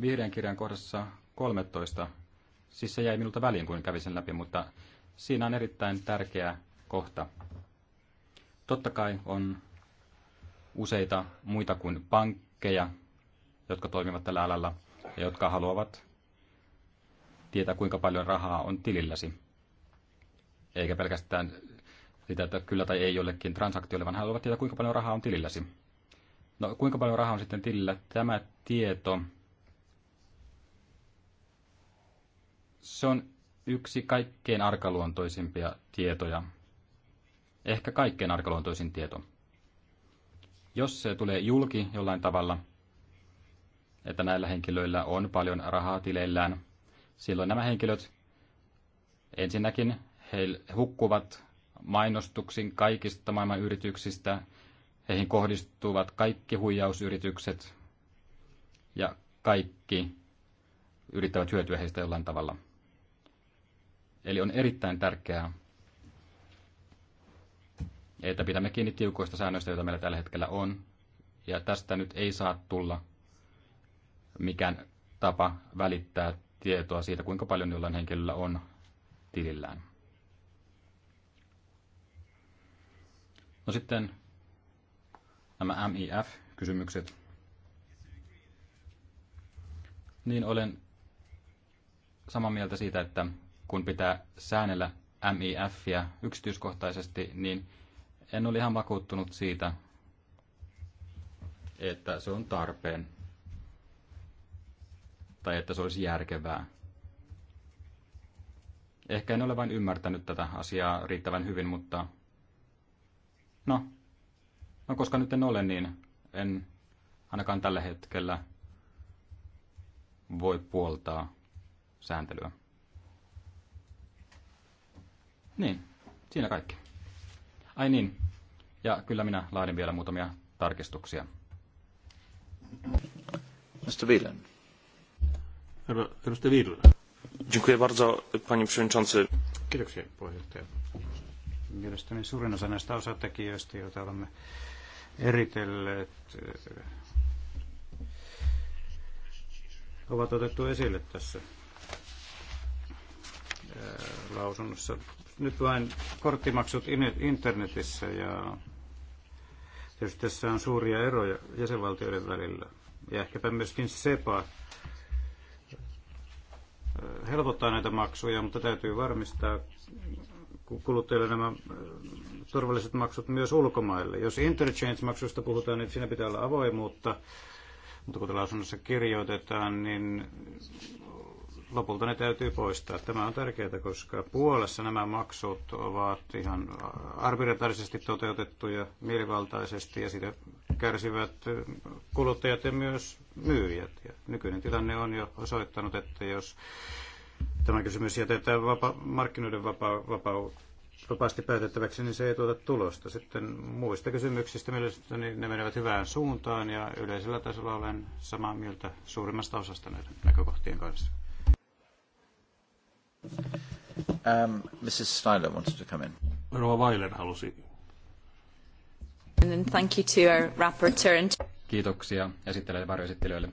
vihreän kirjan kohdassa 13, siis se jäi minulta väliin, kun kävin sen läpi, mutta siinä on erittäin tärkeä kohta. Totta kai on useita muita kuin pankkeja, jotka toimivat tällä alalla ja jotka haluavat tietää, kuinka paljon rahaa on tililläsi. Eikä pelkästään sitä kyllä tai ei jollekin transaktiolle, vaan haluavat tietää, kuinka paljon rahaa on tililläsi. No, kuinka paljon rahaa on sitten tilillä? Tämä tieto, se on yksi kaikkein arkaluontoisimpia tietoja. Ehkä kaikkein arkaluontoisin tieto. Jos se tulee julki jollain tavalla, että näillä henkilöillä on paljon rahaa tileillään, silloin nämä henkilöt ensinnäkin he hukkuvat mainostuksin kaikista maailman yrityksistä. Heihin kohdistuvat kaikki huijausyritykset ja kaikki yrittävät hyötyä heistä jollain tavalla. Eli on erittäin tärkeää, että pidämme kiinni tiukoista säännöistä, joita meillä tällä hetkellä on. Ja tästä nyt ei saa tulla mikään tapa välittää tietoa siitä, kuinka paljon jollain henkilöllä on tilillään. No sitten nämä MIF-kysymykset. Niin olen samaa mieltä siitä, että kun pitää säännellä MIFiä yksityiskohtaisesti, niin en ole ihan vakuuttunut siitä, että se on tarpeen tai että se olisi järkevää. Ehkä en ole vain ymmärtänyt tätä asiaa riittävän hyvin, mutta No, no koska nyt en ole, niin en ainakaan tällä hetkellä voi puoltaa sääntelyä. Niin, siinä kaikki. Ai niin, ja kyllä minä laadin vielä muutamia tarkistuksia. Mr. Wieland. Herra, edustaja Dziękuję bardzo, panie przewodniczący. Kiitoksia, puheenjohtaja. Mielestäni suurin osa näistä osatekijöistä, joita olemme eritelleet, ovat otettu esille tässä lausunnossa. Nyt vain korttimaksut internetissä ja tietysti tässä on suuria eroja jäsenvaltioiden välillä. Ja ehkäpä myöskin SEPA helpottaa näitä maksuja, mutta täytyy varmistaa, kuluttajille nämä äh, turvalliset maksut myös ulkomaille. Jos interchange-maksusta puhutaan, niin siinä pitää olla avoimuutta, mutta kuten lausunnossa kirjoitetaan, niin lopulta ne täytyy poistaa. Tämä on tärkeää, koska Puolassa nämä maksut ovat ihan arbitraarisesti toteutettuja mielivaltaisesti ja siitä kärsivät kuluttajat ja myös myyjät. Ja nykyinen tilanne on jo osoittanut, että jos tämä kysymys jätetään vapa- markkinoiden vapa- vapa- vapaasti päätettäväksi, niin se ei tuota tulosta. Sitten muista kysymyksistä mielestäni niin ne menevät hyvään suuntaan ja yleisellä tasolla olen samaa mieltä suurimmasta osasta näiden näkökohtien kanssa. Um, Mrs. Steiner wanted to come in. Rova Weiler halusi. And then thank you to our rapporteur. And... Kiitoksia esittelijöille ja varjoesittelijöille.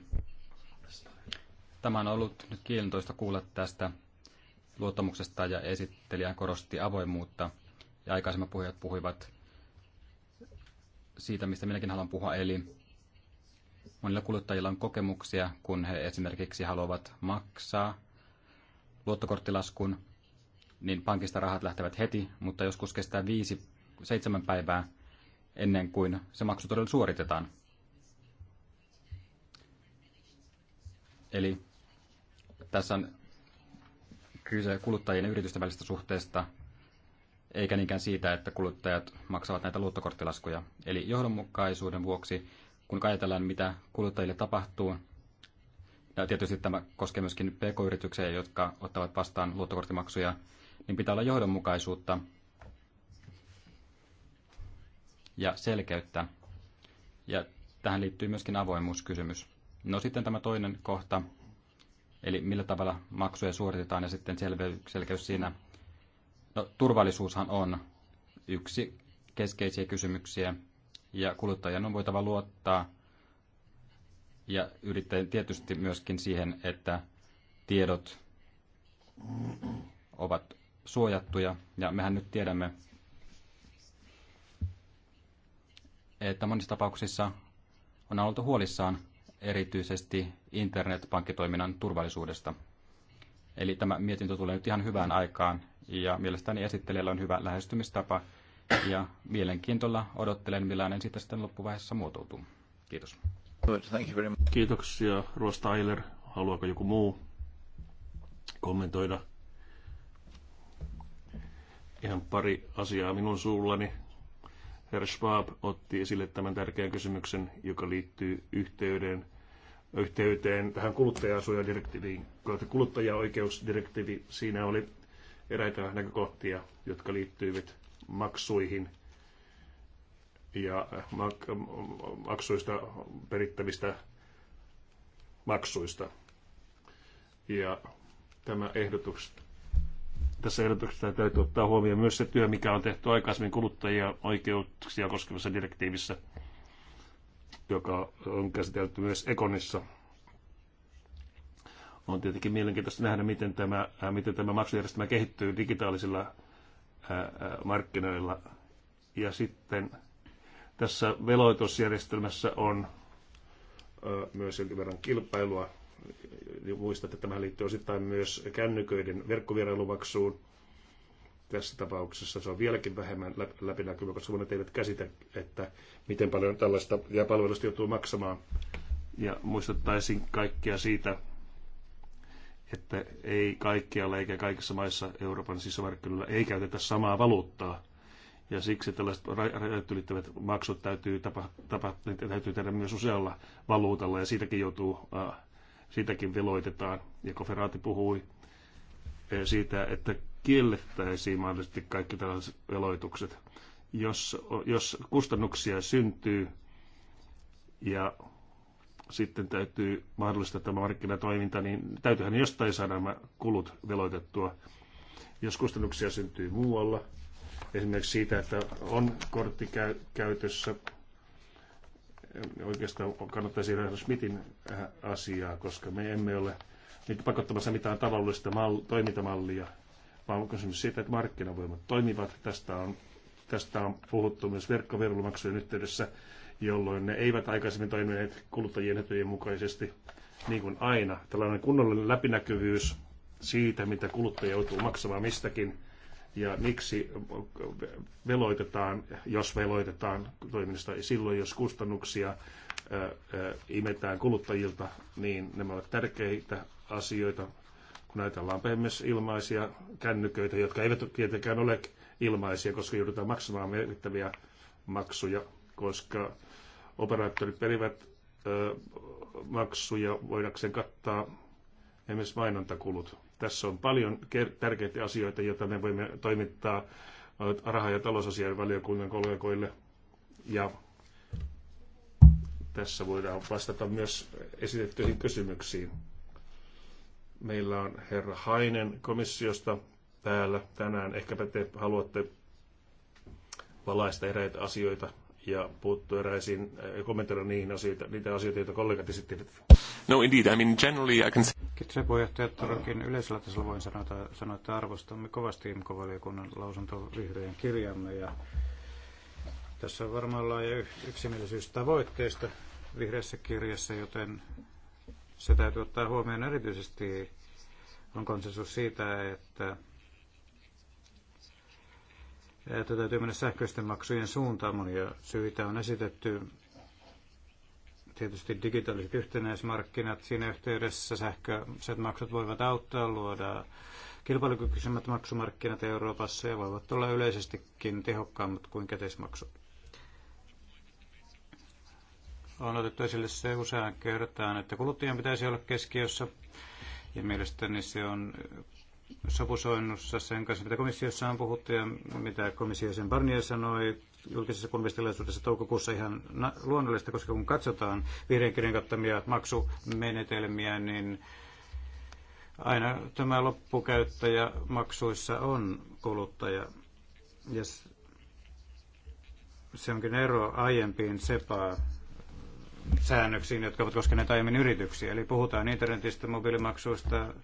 Tämä on ollut nyt kiinnostavaa kuulla tästä luottamuksesta ja esittelijä korosti avoimuutta. Ja aikaisemmat puhujat puhuivat siitä, mistä minäkin haluan puhua, eli monilla kuluttajilla on kokemuksia, kun he esimerkiksi haluavat maksaa luottokorttilaskun, niin pankista rahat lähtevät heti, mutta joskus kestää viisi, seitsemän päivää ennen kuin se maksu todella suoritetaan. Eli tässä on kyse kuluttajien ja yritysten välisestä suhteesta, eikä niinkään siitä, että kuluttajat maksavat näitä luottokorttilaskuja. Eli johdonmukaisuuden vuoksi, kun ajatellaan, mitä kuluttajille tapahtuu, ja tietysti tämä koskee myöskin pk-yrityksiä, jotka ottavat vastaan luottokorttimaksuja, niin pitää olla johdonmukaisuutta ja selkeyttä. Ja tähän liittyy myöskin avoimuuskysymys. No sitten tämä toinen kohta, eli millä tavalla maksuja suoritetaan ja sitten selkeys siinä. No, turvallisuushan on yksi keskeisiä kysymyksiä, ja kuluttajan on voitava luottaa ja yrittäen tietysti myöskin siihen, että tiedot ovat suojattuja, ja mehän nyt tiedämme, että monissa tapauksissa on oltu huolissaan erityisesti internetpankkitoiminnan turvallisuudesta. Eli tämä mietintö tulee nyt ihan hyvään aikaan ja mielestäni esittelijällä on hyvä lähestymistapa ja mielenkiintolla odottelen, millainen siitä sitten loppuvaiheessa muotoutuu. Kiitos. Kiitoksia, Ruos Tyler. Haluaako joku muu kommentoida? Ihan pari asiaa minun suullani. Herra Schwab otti esille tämän tärkeän kysymyksen, joka liittyy yhteyden, yhteyteen tähän kuluttaja-suojadirektiiviin. Kuluttajaoikeusdirektiivi, siinä oli eräitä näkökohtia, jotka liittyivät maksuihin ja maksuista perittävistä maksuista. Ja tämä ehdotus tässä ehdotuksessa täytyy ottaa huomioon myös se työ, mikä on tehty aikaisemmin kuluttajia oikeuksia koskevassa direktiivissä, joka on käsitelty myös Ekonissa. On tietenkin mielenkiintoista nähdä, miten tämä, äh, miten tämä maksujärjestelmä kehittyy digitaalisilla äh, äh, markkinoilla. Ja sitten tässä veloitusjärjestelmässä on myös jonkin verran kilpailua Muista, että tämä liittyy osittain myös kännyköiden verkkovierailumaksuun. Tässä tapauksessa se on vieläkin vähemmän läpinäkyvä, koska monet eivät käsitä, että miten paljon tällaista ja palvelusta joutuu maksamaan. Ja muistuttaisin kaikkia siitä, että ei kaikkialla eikä kaikissa maissa Euroopan sisämarkkinoilla ei käytetä samaa valuuttaa. Ja siksi tällaiset rajat ylittävät maksut täytyy, tapa, tapa, täytyy tehdä myös usealla valuutalla ja siitäkin joutuu äh, sitäkin veloitetaan. Ja Koferaati puhui eh, siitä, että kiellettäisiin mahdollisesti kaikki tällaiset veloitukset. Jos, jos kustannuksia syntyy ja sitten täytyy mahdollistaa tämä markkinatoiminta, niin täytyyhän jostain saada nämä kulut veloitettua. Jos kustannuksia syntyy muualla, esimerkiksi siitä, että on kortti käytössä Oikeastaan kannattaisi nähdä Smithin äh, asiaa, koska me emme ole nyt niin pakottamassa mitään tavallista mal- toimintamallia, vaan on kysymys siitä, että markkinavoimat toimivat. Tästä on, tästä on puhuttu myös verkkoverkkomaksujen yhteydessä, jolloin ne eivät aikaisemmin toimineet kuluttajien etujen mukaisesti, niin kuin aina. Tällainen kunnollinen läpinäkyvyys siitä, mitä kuluttaja joutuu maksamaan mistäkin, ja miksi veloitetaan, jos veloitetaan toiminnasta silloin, jos kustannuksia imetään kuluttajilta, niin nämä ovat tärkeitä asioita, kun ajatellaan esimerkiksi ilmaisia kännyköitä, jotka eivät tietenkään ole ilmaisia, koska joudutaan maksamaan merkittäviä maksuja, koska operaattorit perivät maksuja voidakseen kattaa esimerkiksi mainontakulut. Tässä on paljon tärkeitä asioita, joita me voimme toimittaa äh, raha- ja talousasian valiokunnan kollegoille. Ja tässä voidaan vastata myös esitettyihin kysymyksiin. Meillä on herra Hainen komissiosta täällä tänään. Ehkäpä te haluatte valaista eräitä asioita ja puuttua eräisiin ja äh, kommentoida niihin asioita, niitä asioita, joita kollegat esittivät. No indeed, I mean generally I can... Kitse puheenjohtaja Torokin yleisellä tasolla voin sanoa, sanoa että arvostamme kovasti IMCO-valiokunnan lausunto vihreän kirjamme ja tässä on varmaan laaja yksimielisyys tavoitteista vihreässä kirjassa, joten se täytyy ottaa huomioon erityisesti on konsensus siitä, että että täytyy mennä sähköisten maksujen suuntaan. Monia syitä on esitetty tietysti digitaaliset yhtenäismarkkinat siinä yhteydessä sähköiset maksut voivat auttaa luoda kilpailukykyisemmät maksumarkkinat Euroopassa ja voivat olla yleisestikin tehokkaammat kuin käteismaksut. On otettu esille se usean kertaan, että kuluttajan pitäisi olla keskiössä ja mielestäni se on sopusoinnussa sen kanssa, mitä komissiossa on puhuttu ja mitä komissio sen Barnier sanoi julkisessa kuulemistilaisuudessa toukokuussa ihan luonnollista, koska kun katsotaan vihreän kirjan kattamia maksumenetelmiä, niin aina tämä loppukäyttäjä maksuissa on kuluttaja. Ja se onkin ero aiempiin sepaa säännöksiin, jotka ovat koskeneet aiemmin yrityksiä. Eli puhutaan internetistä, mobiilimaksuista,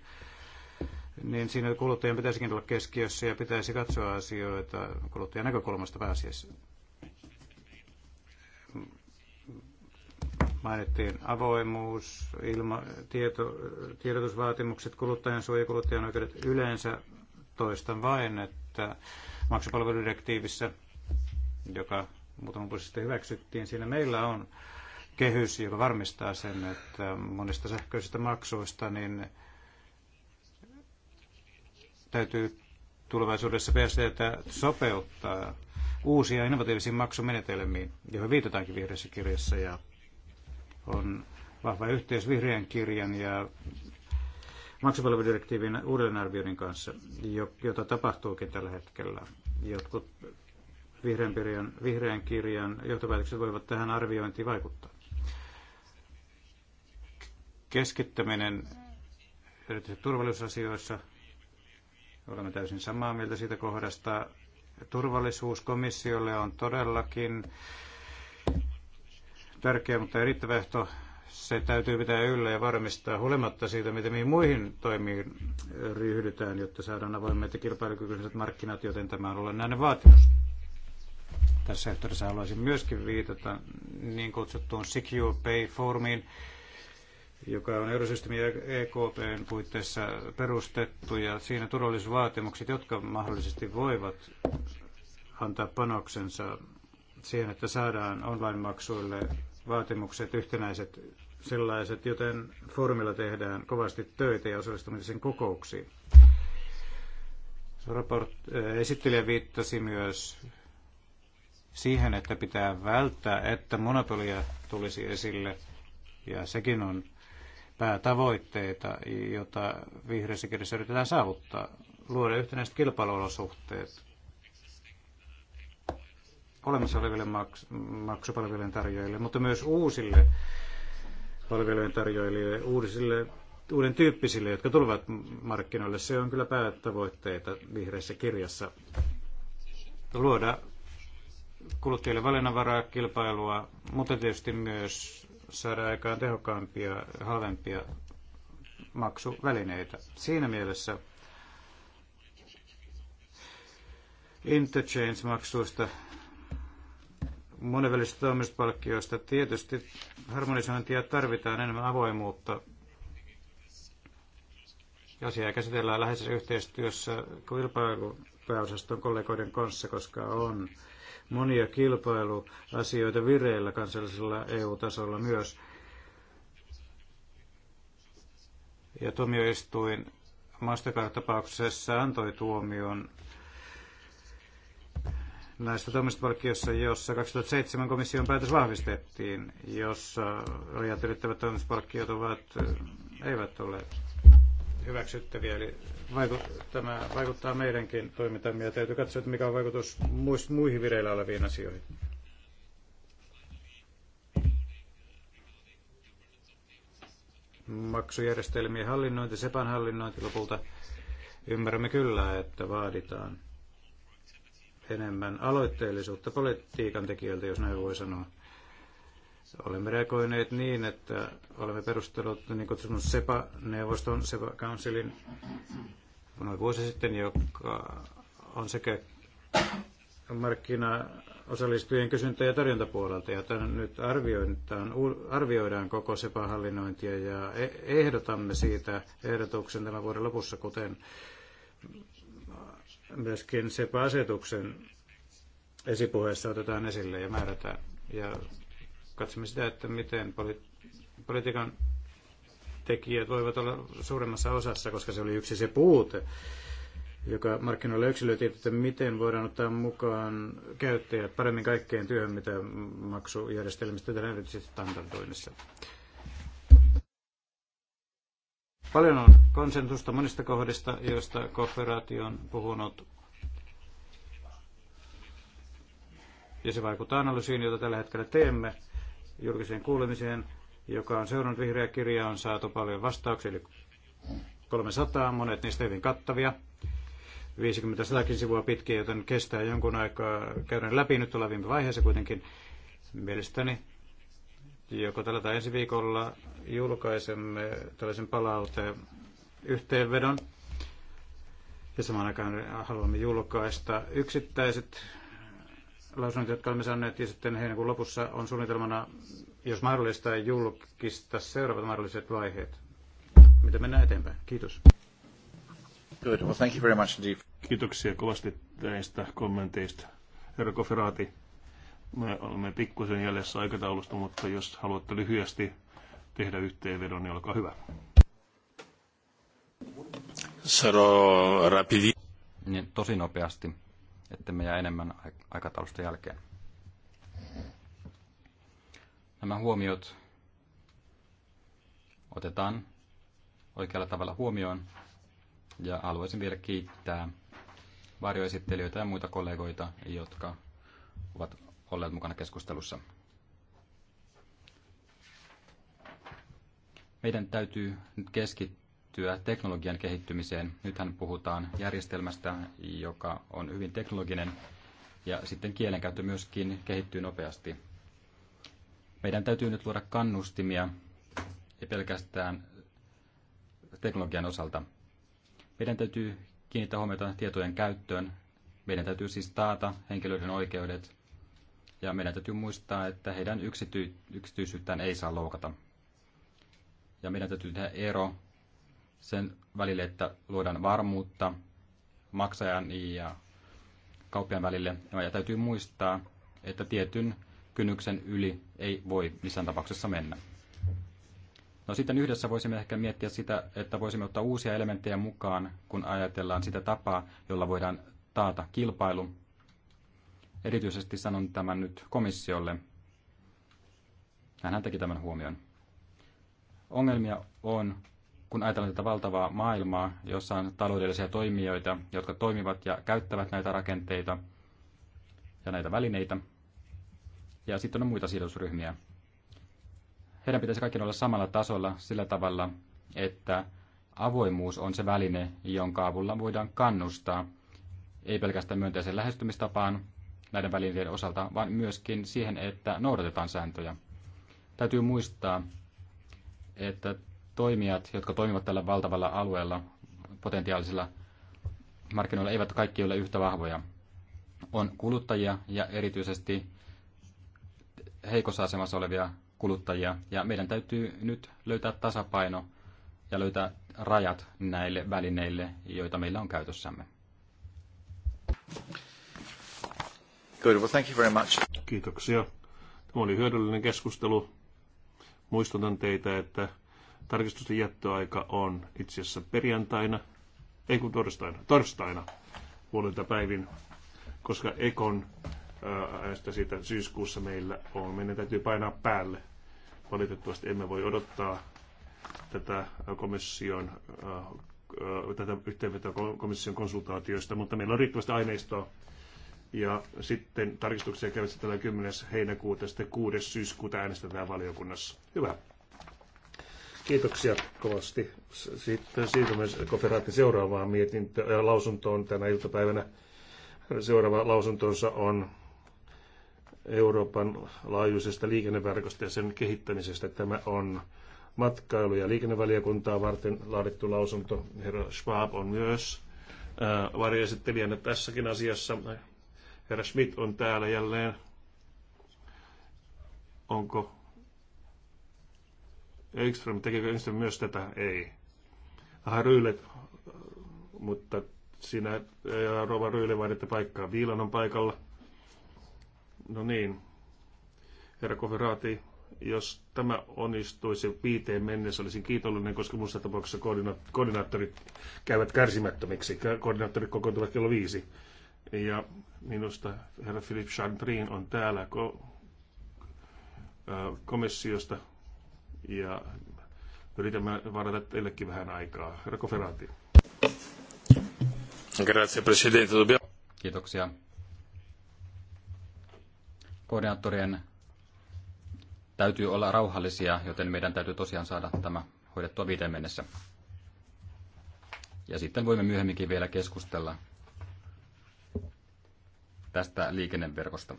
niin siinä kuluttajan pitäisikin olla keskiössä ja pitäisi katsoa asioita kuluttajan näkökulmasta pääasiassa. mainittiin avoimuus, ilma, tieto, tiedotusvaatimukset, suoja kuluttajan oikeudet yleensä. Toistan vain, että maksupalveludirektiivissä, joka muutama vuosi sitten hyväksyttiin, siinä meillä on kehys, joka varmistaa sen, että monista sähköisistä maksuista niin täytyy tulevaisuudessa PSDtä sopeuttaa uusia innovatiivisiin maksumenetelmiin, joihin viitataankin vihreässä kirjassa. Ja on vahva yhteys vihreän kirjan ja maksupalveludirektiivin uudelleenarvioinnin kanssa, jota tapahtuukin tällä hetkellä. Jotkut vihreän kirjan, vihreän kirjan johtopäätökset voivat tähän arviointiin vaikuttaa. Keskittäminen erityisesti turvallisuusasioissa, olemme täysin samaa mieltä siitä kohdasta. Turvallisuuskomissiolle on todellakin tärkeä, mutta ei riittävä ehto. Se täytyy pitää yllä ja varmistaa huolimatta siitä, miten mihin muihin toimiin ryhdytään, jotta saadaan avoimet ja kilpailukykyiset markkinat, joten tämä on olennainen vaatimus. Tässä yhteydessä haluaisin myöskin viitata niin kutsuttuun Secure Pay Formiin, joka on Eurosysteemi EKPn puitteissa perustettu, ja siinä turvallisuusvaatimukset, jotka mahdollisesti voivat antaa panoksensa siihen, että saadaan online-maksuille vaatimukset yhtenäiset sellaiset, joten foorumilla tehdään kovasti töitä ja osallistumisen kokouksiin. Raport, eh, esittelijä viittasi myös siihen, että pitää välttää, että monopolia tulisi esille, ja sekin on päätavoitteita, jota vihreässä kirjassa yritetään saavuttaa, luoda yhtenäiset kilpailuolosuhteet olemassa oleville maks- maksupalvelujen tarjoajille, mutta myös uusille palvelujen tarjoajille, uusille, uuden tyyppisille, jotka tulevat markkinoille. Se on kyllä päätavoitteita vihreässä kirjassa. Luoda kuluttajille valinnanvaraa, kilpailua, mutta tietysti myös saada aikaan tehokkaampia, halvempia maksuvälineitä. Siinä mielessä interchange-maksuista monenvälisistä toimistopalkkioista. Tietysti harmonisointia tarvitaan enemmän avoimuutta. Asiaa käsitellään läheisessä yhteistyössä kilpailupääosaston kollegoiden kanssa, koska on monia kilpailuasioita vireillä kansallisella EU-tasolla myös. Ja tuomioistuin Mastercard-tapauksessa antoi tuomion näistä toimistopalkkioissa, jossa 2007 komission päätös vahvistettiin, jossa rajat ylittävät toimistopalkkiot ovat, äh, eivät ole hyväksyttäviä. Eli vaiku- tämä vaikuttaa meidänkin toimintamme ja täytyy katsoa, että mikä on vaikutus muihin vireillä oleviin asioihin. Maksujärjestelmien hallinnointi, SEPän hallinnointi lopulta. Ymmärrämme kyllä, että vaaditaan enemmän aloitteellisuutta politiikan tekijöiltä, jos näin voi sanoa. Olemme reagoineet niin, että olemme perustellut niin kutsunut SEPA-neuvoston, SEPA-kanselin noin vuosi sitten, joka on sekä osallistujien kysyntä- ja tarjontapuolelta. Ja tämän nyt arvioidaan, arvioidaan koko SEPA-hallinnointia ja e-, ehdotamme siitä ehdotuksen tämän vuoden lopussa, kuten myöskin SEPA-asetuksen esipuheessa otetaan esille ja määrätään. Ja katsomme sitä, että miten poli- politiikan tekijät voivat olla suuremmassa osassa, koska se oli yksi se puute, joka markkinoilla yksilöitiin, että miten voidaan ottaa mukaan käyttäjät paremmin kaikkeen työhön, mitä maksujärjestelmistä tehdään erityisesti standardoinnissa. Paljon on konsentusta monista kohdista, joista kooperaatio on puhunut. Ja se vaikuttaa analyysiin, jota tällä hetkellä teemme, julkiseen kuulemiseen, joka on seurannut vihreä kirjaa, on saatu paljon vastauksia, eli 300, monet niistä hyvin kattavia. 50-100 sivua pitkiä, joten kestää jonkun aikaa käydä läpi. Nyt ollaan viime vaiheessa kuitenkin mielestäni joko tällä tai ensi viikolla julkaisemme tällaisen palauteen yhteenvedon. Ja samaan aikaan haluamme julkaista yksittäiset lausunnot, jotka olemme saaneet. Ja sitten heinäkuun lopussa on suunnitelmana, jos mahdollista, julkista seuraavat mahdolliset vaiheet. Miten mennään eteenpäin? Kiitos. Good. Well, thank you very much indeed. Kiitoksia kovasti näistä kommenteista. Herra Koferaati me olemme pikkusen jäljessä aikataulusta, mutta jos haluatte lyhyesti tehdä yhteenvedon, niin olkaa hyvä. Sano rapidi. Niin, tosi nopeasti, että me jää enemmän aikataulusta jälkeen. Nämä huomiot otetaan oikealla tavalla huomioon ja haluaisin vielä kiittää varjoesittelijöitä ja muita kollegoita, jotka ovat olleet mukana keskustelussa. Meidän täytyy nyt keskittyä teknologian kehittymiseen. Nythän puhutaan järjestelmästä, joka on hyvin teknologinen, ja sitten kielenkäyttö myöskin kehittyy nopeasti. Meidän täytyy nyt luoda kannustimia, ei pelkästään teknologian osalta. Meidän täytyy kiinnittää huomiota tietojen käyttöön. Meidän täytyy siis taata henkilöiden oikeudet ja meidän täytyy muistaa, että heidän yksity- yksityisyyttään ei saa loukata. Ja meidän täytyy tehdä ero sen välille, että luodaan varmuutta maksajan ja kauppiaan välille. Ja täytyy muistaa, että tietyn kynnyksen yli ei voi missään tapauksessa mennä. No sitten yhdessä voisimme ehkä miettiä sitä, että voisimme ottaa uusia elementtejä mukaan, kun ajatellaan sitä tapaa, jolla voidaan taata kilpailu Erityisesti sanon tämän nyt komissiolle. Hän teki tämän huomion. Ongelmia on, kun ajatellaan tätä valtavaa maailmaa, jossa on taloudellisia toimijoita, jotka toimivat ja käyttävät näitä rakenteita ja näitä välineitä. Ja sitten on muita sidosryhmiä. Heidän pitäisi kaikki olla samalla tasolla sillä tavalla, että avoimuus on se väline, jonka avulla voidaan kannustaa ei pelkästään myönteiseen lähestymistapaan, näiden välineiden osalta, vaan myöskin siihen, että noudatetaan sääntöjä. Täytyy muistaa, että toimijat, jotka toimivat tällä valtavalla alueella, potentiaalisilla markkinoilla, eivät kaikki ole yhtä vahvoja. On kuluttajia ja erityisesti heikossa asemassa olevia kuluttajia, ja meidän täytyy nyt löytää tasapaino ja löytää rajat näille välineille, joita meillä on käytössämme. Good. Well, thank you very much. Kiitoksia. Tämä oli hyödyllinen keskustelu. Muistutan teitä, että tarkistusten jättöaika on itse asiassa perjantaina, ei kun torstaina, torstaina puolilta päivin, koska Ekon äh, äänestä siitä syyskuussa meillä on. Meidän täytyy painaa päälle. Valitettavasti emme voi odottaa tätä komission äh, äh, tätä yhteenvetoa komission konsultaatioista, mutta meillä on riittävästi aineistoa ja sitten tarkistuksia tällä 10. heinäkuuta, sitten 6. syyskuuta äänestetään valiokunnassa. Hyvä. Kiitoksia kovasti. Sitten siirrymme koferaatti seuraavaan mietintöön ja äh, lausuntoon tänä iltapäivänä. Seuraava lausuntonsa on Euroopan laajuisesta liikenneverkosta ja sen kehittämisestä. Tämä on matkailu- ja liikennevaliokuntaa varten laadittu lausunto. Herra Schwab on myös äh, varjoesittelijänä tässäkin asiassa. Herra Schmidt on täällä jälleen. Onko Engström, tekikö Engström myös tätä? Ei. Aha, Ryylet, mutta sinä ja Rova Ryyle vaihdatte paikkaa. Viilan on paikalla. No niin. Herra Koferaati, jos tämä onnistuisi viiteen mennessä, olisin kiitollinen, koska muussa tapauksessa koordina- koordinaattorit käyvät kärsimättömiksi. Koordinaattorit kokoontuvat kello viisi. Ja Minusta herra Philip Chandrin on täällä ko- komissiosta ja yritämme varata teillekin vähän aikaa. Herra Koferaati. Grazie, Presidente. Kiitoksia. Koordinaattorien täytyy olla rauhallisia, joten meidän täytyy tosiaan saada tämä hoidettua viiteen mennessä. Ja sitten voimme myöhemminkin vielä keskustella tästä liikenneverkosta.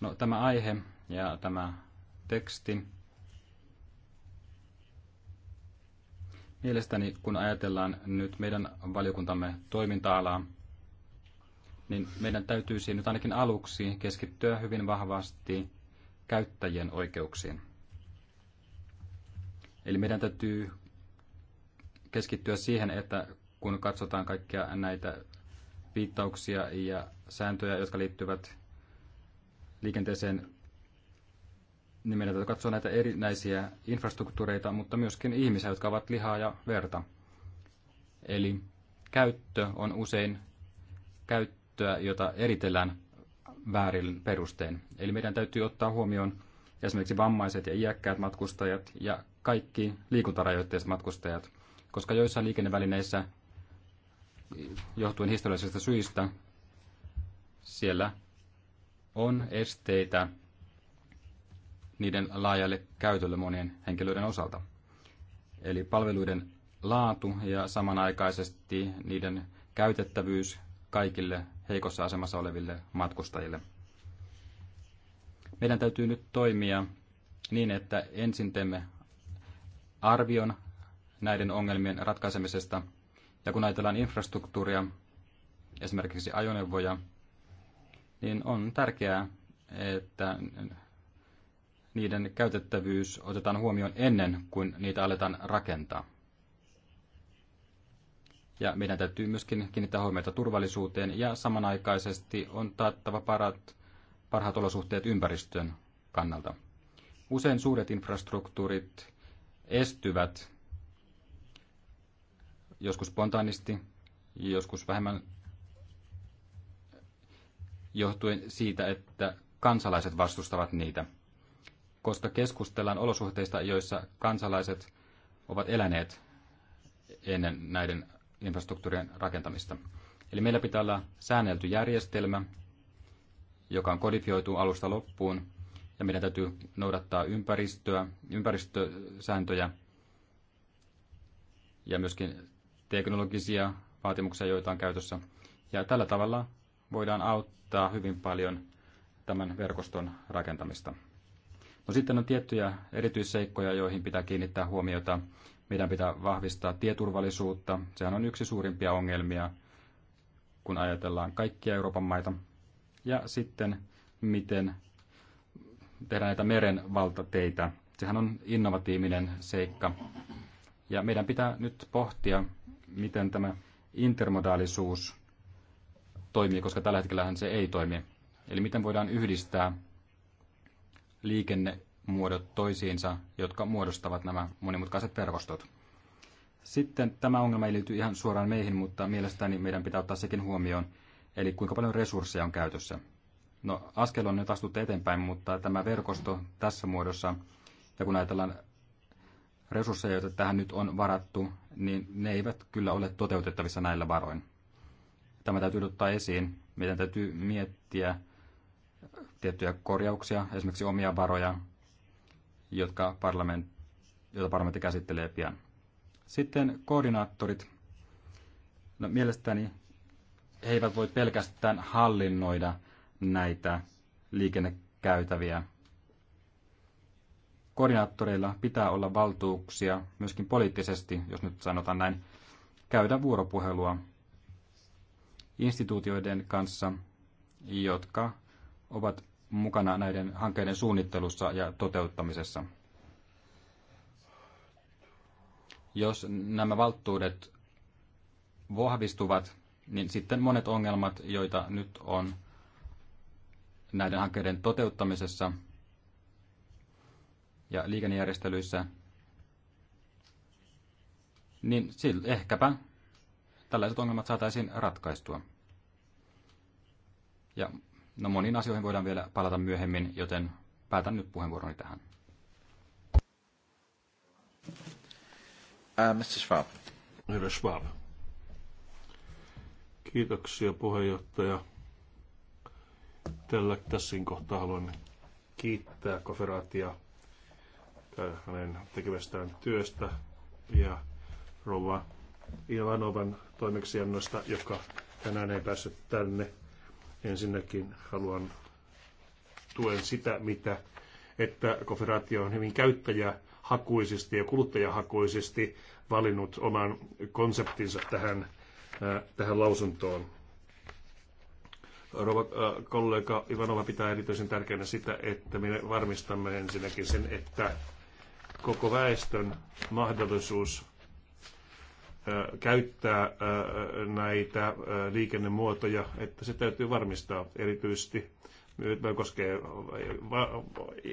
No, tämä aihe ja tämä teksti. Mielestäni, kun ajatellaan nyt meidän valiokuntamme toiminta-alaa, niin meidän täytyisi nyt ainakin aluksi keskittyä hyvin vahvasti käyttäjien oikeuksiin. Eli meidän täytyy keskittyä siihen, että kun katsotaan kaikkia näitä viittauksia ja sääntöjä, jotka liittyvät liikenteeseen, niin meidän täytyy katsoa näitä erinäisiä infrastruktuureita, mutta myöskin ihmisiä, jotka ovat lihaa ja verta. Eli käyttö on usein käyttöä, jota eritellään väärin perustein. Eli meidän täytyy ottaa huomioon esimerkiksi vammaiset ja iäkkäät matkustajat ja kaikki liikuntarajoitteiset matkustajat, koska joissain liikennevälineissä johtuen historiallisista syistä siellä on esteitä niiden laajalle käytölle monien henkilöiden osalta. Eli palveluiden laatu ja samanaikaisesti niiden käytettävyys kaikille heikossa asemassa oleville matkustajille. Meidän täytyy nyt toimia niin, että ensin teemme arvion näiden ongelmien ratkaisemisesta – ja kun ajatellaan infrastruktuuria, esimerkiksi ajoneuvoja, niin on tärkeää, että niiden käytettävyys otetaan huomioon ennen kuin niitä aletaan rakentaa. Ja meidän täytyy myöskin kiinnittää huomiota turvallisuuteen ja samanaikaisesti on taattava parat, parhaat olosuhteet ympäristön kannalta. Usein suuret infrastruktuurit estyvät joskus spontaanisti, joskus vähemmän johtuen siitä, että kansalaiset vastustavat niitä. Koska keskustellaan olosuhteista, joissa kansalaiset ovat eläneet ennen näiden infrastruktuurien rakentamista. Eli meillä pitää olla säännelty järjestelmä, joka on kodifioitu alusta loppuun, ja meidän täytyy noudattaa ympäristöä, ympäristösääntöjä ja myöskin teknologisia vaatimuksia, joita on käytössä. Ja tällä tavalla voidaan auttaa hyvin paljon tämän verkoston rakentamista. No sitten on tiettyjä erityisseikkoja, joihin pitää kiinnittää huomiota. Meidän pitää vahvistaa tieturvallisuutta. Sehän on yksi suurimpia ongelmia, kun ajatellaan kaikkia Euroopan maita. Ja sitten, miten tehdään näitä merenvaltateitä. Sehän on innovatiivinen seikka. Ja meidän pitää nyt pohtia, miten tämä intermodaalisuus toimii, koska tällä hetkellähän se ei toimi. Eli miten voidaan yhdistää liikennemuodot toisiinsa, jotka muodostavat nämä monimutkaiset verkostot. Sitten tämä ongelma ei liity ihan suoraan meihin, mutta mielestäni meidän pitää ottaa sekin huomioon, eli kuinka paljon resursseja on käytössä. No, askel on nyt astuttu eteenpäin, mutta tämä verkosto tässä muodossa, ja kun ajatellaan resursseja, joita tähän nyt on varattu, niin ne eivät kyllä ole toteutettavissa näillä varoin. Tämä täytyy ottaa esiin. Meidän täytyy miettiä tiettyjä korjauksia, esimerkiksi omia varoja, jotka parlament, joita parlamentti käsittelee pian. Sitten koordinaattorit. No, mielestäni he eivät voi pelkästään hallinnoida näitä liikennekäytäviä koordinaattoreilla pitää olla valtuuksia myöskin poliittisesti, jos nyt sanotaan näin, käydä vuoropuhelua instituutioiden kanssa, jotka ovat mukana näiden hankkeiden suunnittelussa ja toteuttamisessa. Jos nämä valtuudet vahvistuvat, niin sitten monet ongelmat, joita nyt on näiden hankkeiden toteuttamisessa, ja liikennejärjestelyissä, niin ehkäpä tällaiset ongelmat saataisiin ratkaistua. Ja no moniin asioihin voidaan vielä palata myöhemmin, joten päätän nyt puheenvuoroni tähän. Uh, Mr. Schwab. Herra Schwab. Kiitoksia puheenjohtaja. Tällä, tässä kohtaa haluan kiittää koferaatia hänen tekemästään työstä ja rouva Ilanovan toimeksiannosta, joka tänään ei päässyt tänne. Ensinnäkin haluan tuen sitä, mitä, että konferaatio on hyvin käyttäjähakuisesti ja kuluttajahakuisesti valinnut oman konseptinsa tähän, äh, tähän lausuntoon. Rova, äh, kollega Ivanova pitää erityisen tärkeänä sitä, että me varmistamme ensinnäkin sen, että koko väestön mahdollisuus käyttää näitä liikennemuotoja, että se täytyy varmistaa erityisesti. Tämä koskee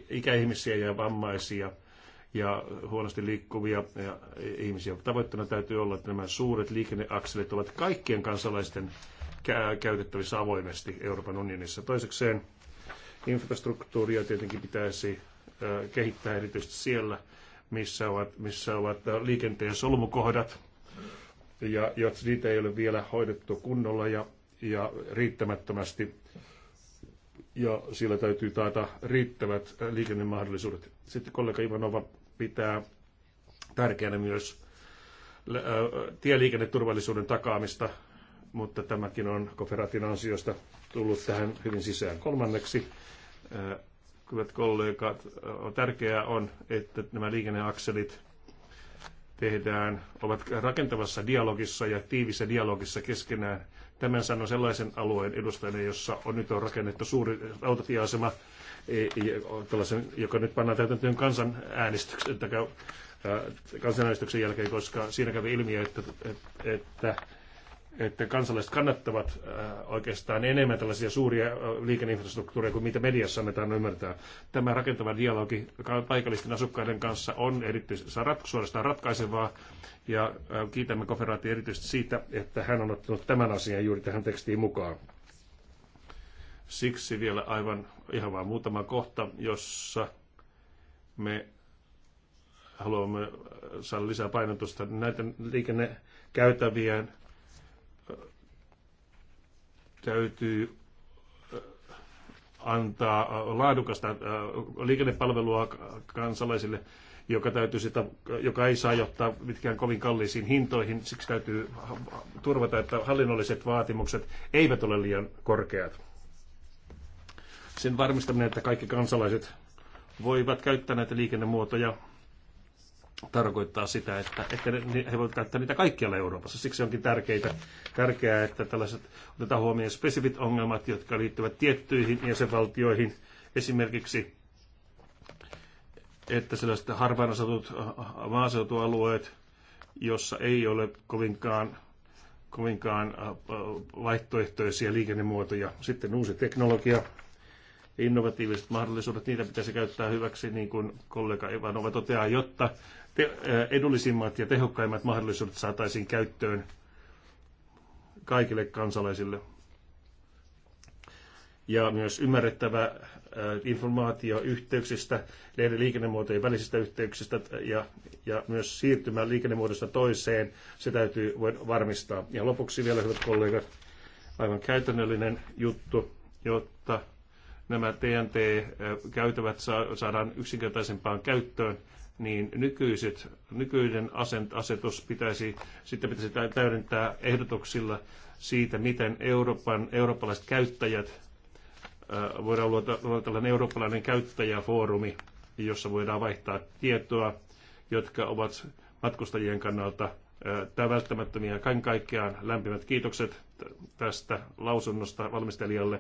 ikäihmisiä ja vammaisia ja huonosti liikkuvia ja ihmisiä. Tavoitteena täytyy olla, että nämä suuret liikenneakselit ovat kaikkien kansalaisten käytettävissä avoimesti Euroopan unionissa. Toisekseen infrastruktuuria tietenkin pitäisi kehittää erityisesti siellä, missä ovat, missä ovat liikenteen solmukohdat, ja jos niitä ei ole vielä hoidettu kunnolla ja, ja riittämättömästi, ja siellä täytyy taata riittävät liikennemahdollisuudet. Sitten kollega Ivanova pitää tärkeänä myös tieliikenneturvallisuuden takaamista, mutta tämäkin on Koferatin ansiosta tullut tähän hyvin sisään. Kolmanneksi hyvät kollegat, tärkeää on, että nämä liikenneakselit tehdään, ovat rakentavassa dialogissa ja tiivissä dialogissa keskenään. Tämän sanon sellaisen alueen edustajana, jossa on nyt on rakennettu suuri rautatieasema, e, e, joka nyt pannaan täytäntöön kansanäänestyksen, kansanäänestyksen jälkeen, koska siinä kävi ilmi, että, että että kansalaiset kannattavat äh, oikeastaan enemmän tällaisia suuria äh, liikenneinfrastruktuureja kuin mitä mediassa annetaan ymmärtää. Tämä rakentava dialogi paikallisten asukkaiden kanssa on erityisesti suorastaan ratkaisevaa, ja äh, kiitämme konferaatio erityisesti siitä, että hän on ottanut tämän asian juuri tähän tekstiin mukaan. Siksi vielä aivan ihan vain muutama kohta, jossa me haluamme saada lisää painotusta näiden liikennekäytävien täytyy äh, antaa äh, laadukasta äh, liikennepalvelua kansalaisille, joka, täytyy sitä, joka ei saa johtaa mitkään kovin kalliisiin hintoihin. Siksi täytyy turvata, että hallinnolliset vaatimukset eivät ole liian korkeat. Sen varmistaminen, että kaikki kansalaiset voivat käyttää näitä liikennemuotoja tarkoittaa sitä, että, että he voivat käyttää niitä kaikkialla Euroopassa. Siksi onkin tärkeää tärkeää, että tällaiset otetaan huomioon spesifit ongelmat, jotka liittyvät tiettyihin jäsenvaltioihin. Esimerkiksi, että sellaiset harvaan asutut äh, äh, maaseutualueet, jossa ei ole kovinkaan, kovinkaan äh, vaihtoehtoisia liikennemuotoja. Sitten uusi teknologia, innovatiiviset mahdollisuudet, niitä pitäisi käyttää hyväksi, niin kuin kollega Ivanova toteaa, jotta te, eh, edullisimmat ja tehokkaimmat mahdollisuudet saataisiin käyttöön kaikille kansalaisille. Ja myös ymmärrettävä eh, informaatio yhteyksistä, lehden liikennemuotojen välisistä yhteyksistä eh, ja, ja myös siirtymä liikennemuodosta toiseen, se täytyy varmistaa. Ja lopuksi vielä, hyvät kollegat, aivan käytännöllinen juttu, jotta nämä TNT-käytävät saadaan yksinkertaisempaan käyttöön niin nykyiset, nykyinen asetus pitäisi, sitten pitäisi täydentää ehdotuksilla siitä, miten Euroopan, eurooppalaiset käyttäjät, äh, voidaan luoda, luoda tällainen eurooppalainen käyttäjäfoorumi, jossa voidaan vaihtaa tietoa, jotka ovat matkustajien kannalta äh, tämä välttämättömiä. Kaiken kaikkiaan lämpimät kiitokset tästä lausunnosta valmistelijalle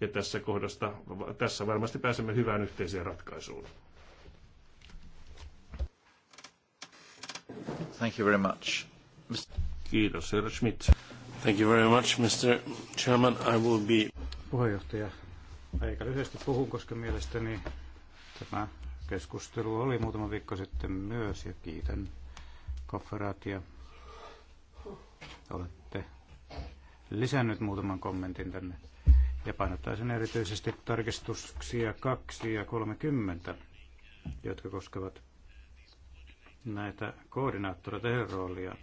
ja tässä kohdasta tässä varmasti pääsemme hyvään yhteiseen ratkaisuun. Thank you very much. Kiitos, herra Schmidt. Thank you very much, Mr. Chairman. I will be... Puheenjohtaja, aika lyhyesti puhun, koska mielestäni tämä keskustelu oli muutama viikko sitten myös ja kiitän konferaatia. Olette lisännyt muutaman kommentin tänne ja painottaisin erityisesti tarkistuksia 2 ja 30, jotka koskevat näitä koordinaattoreita ja roolia.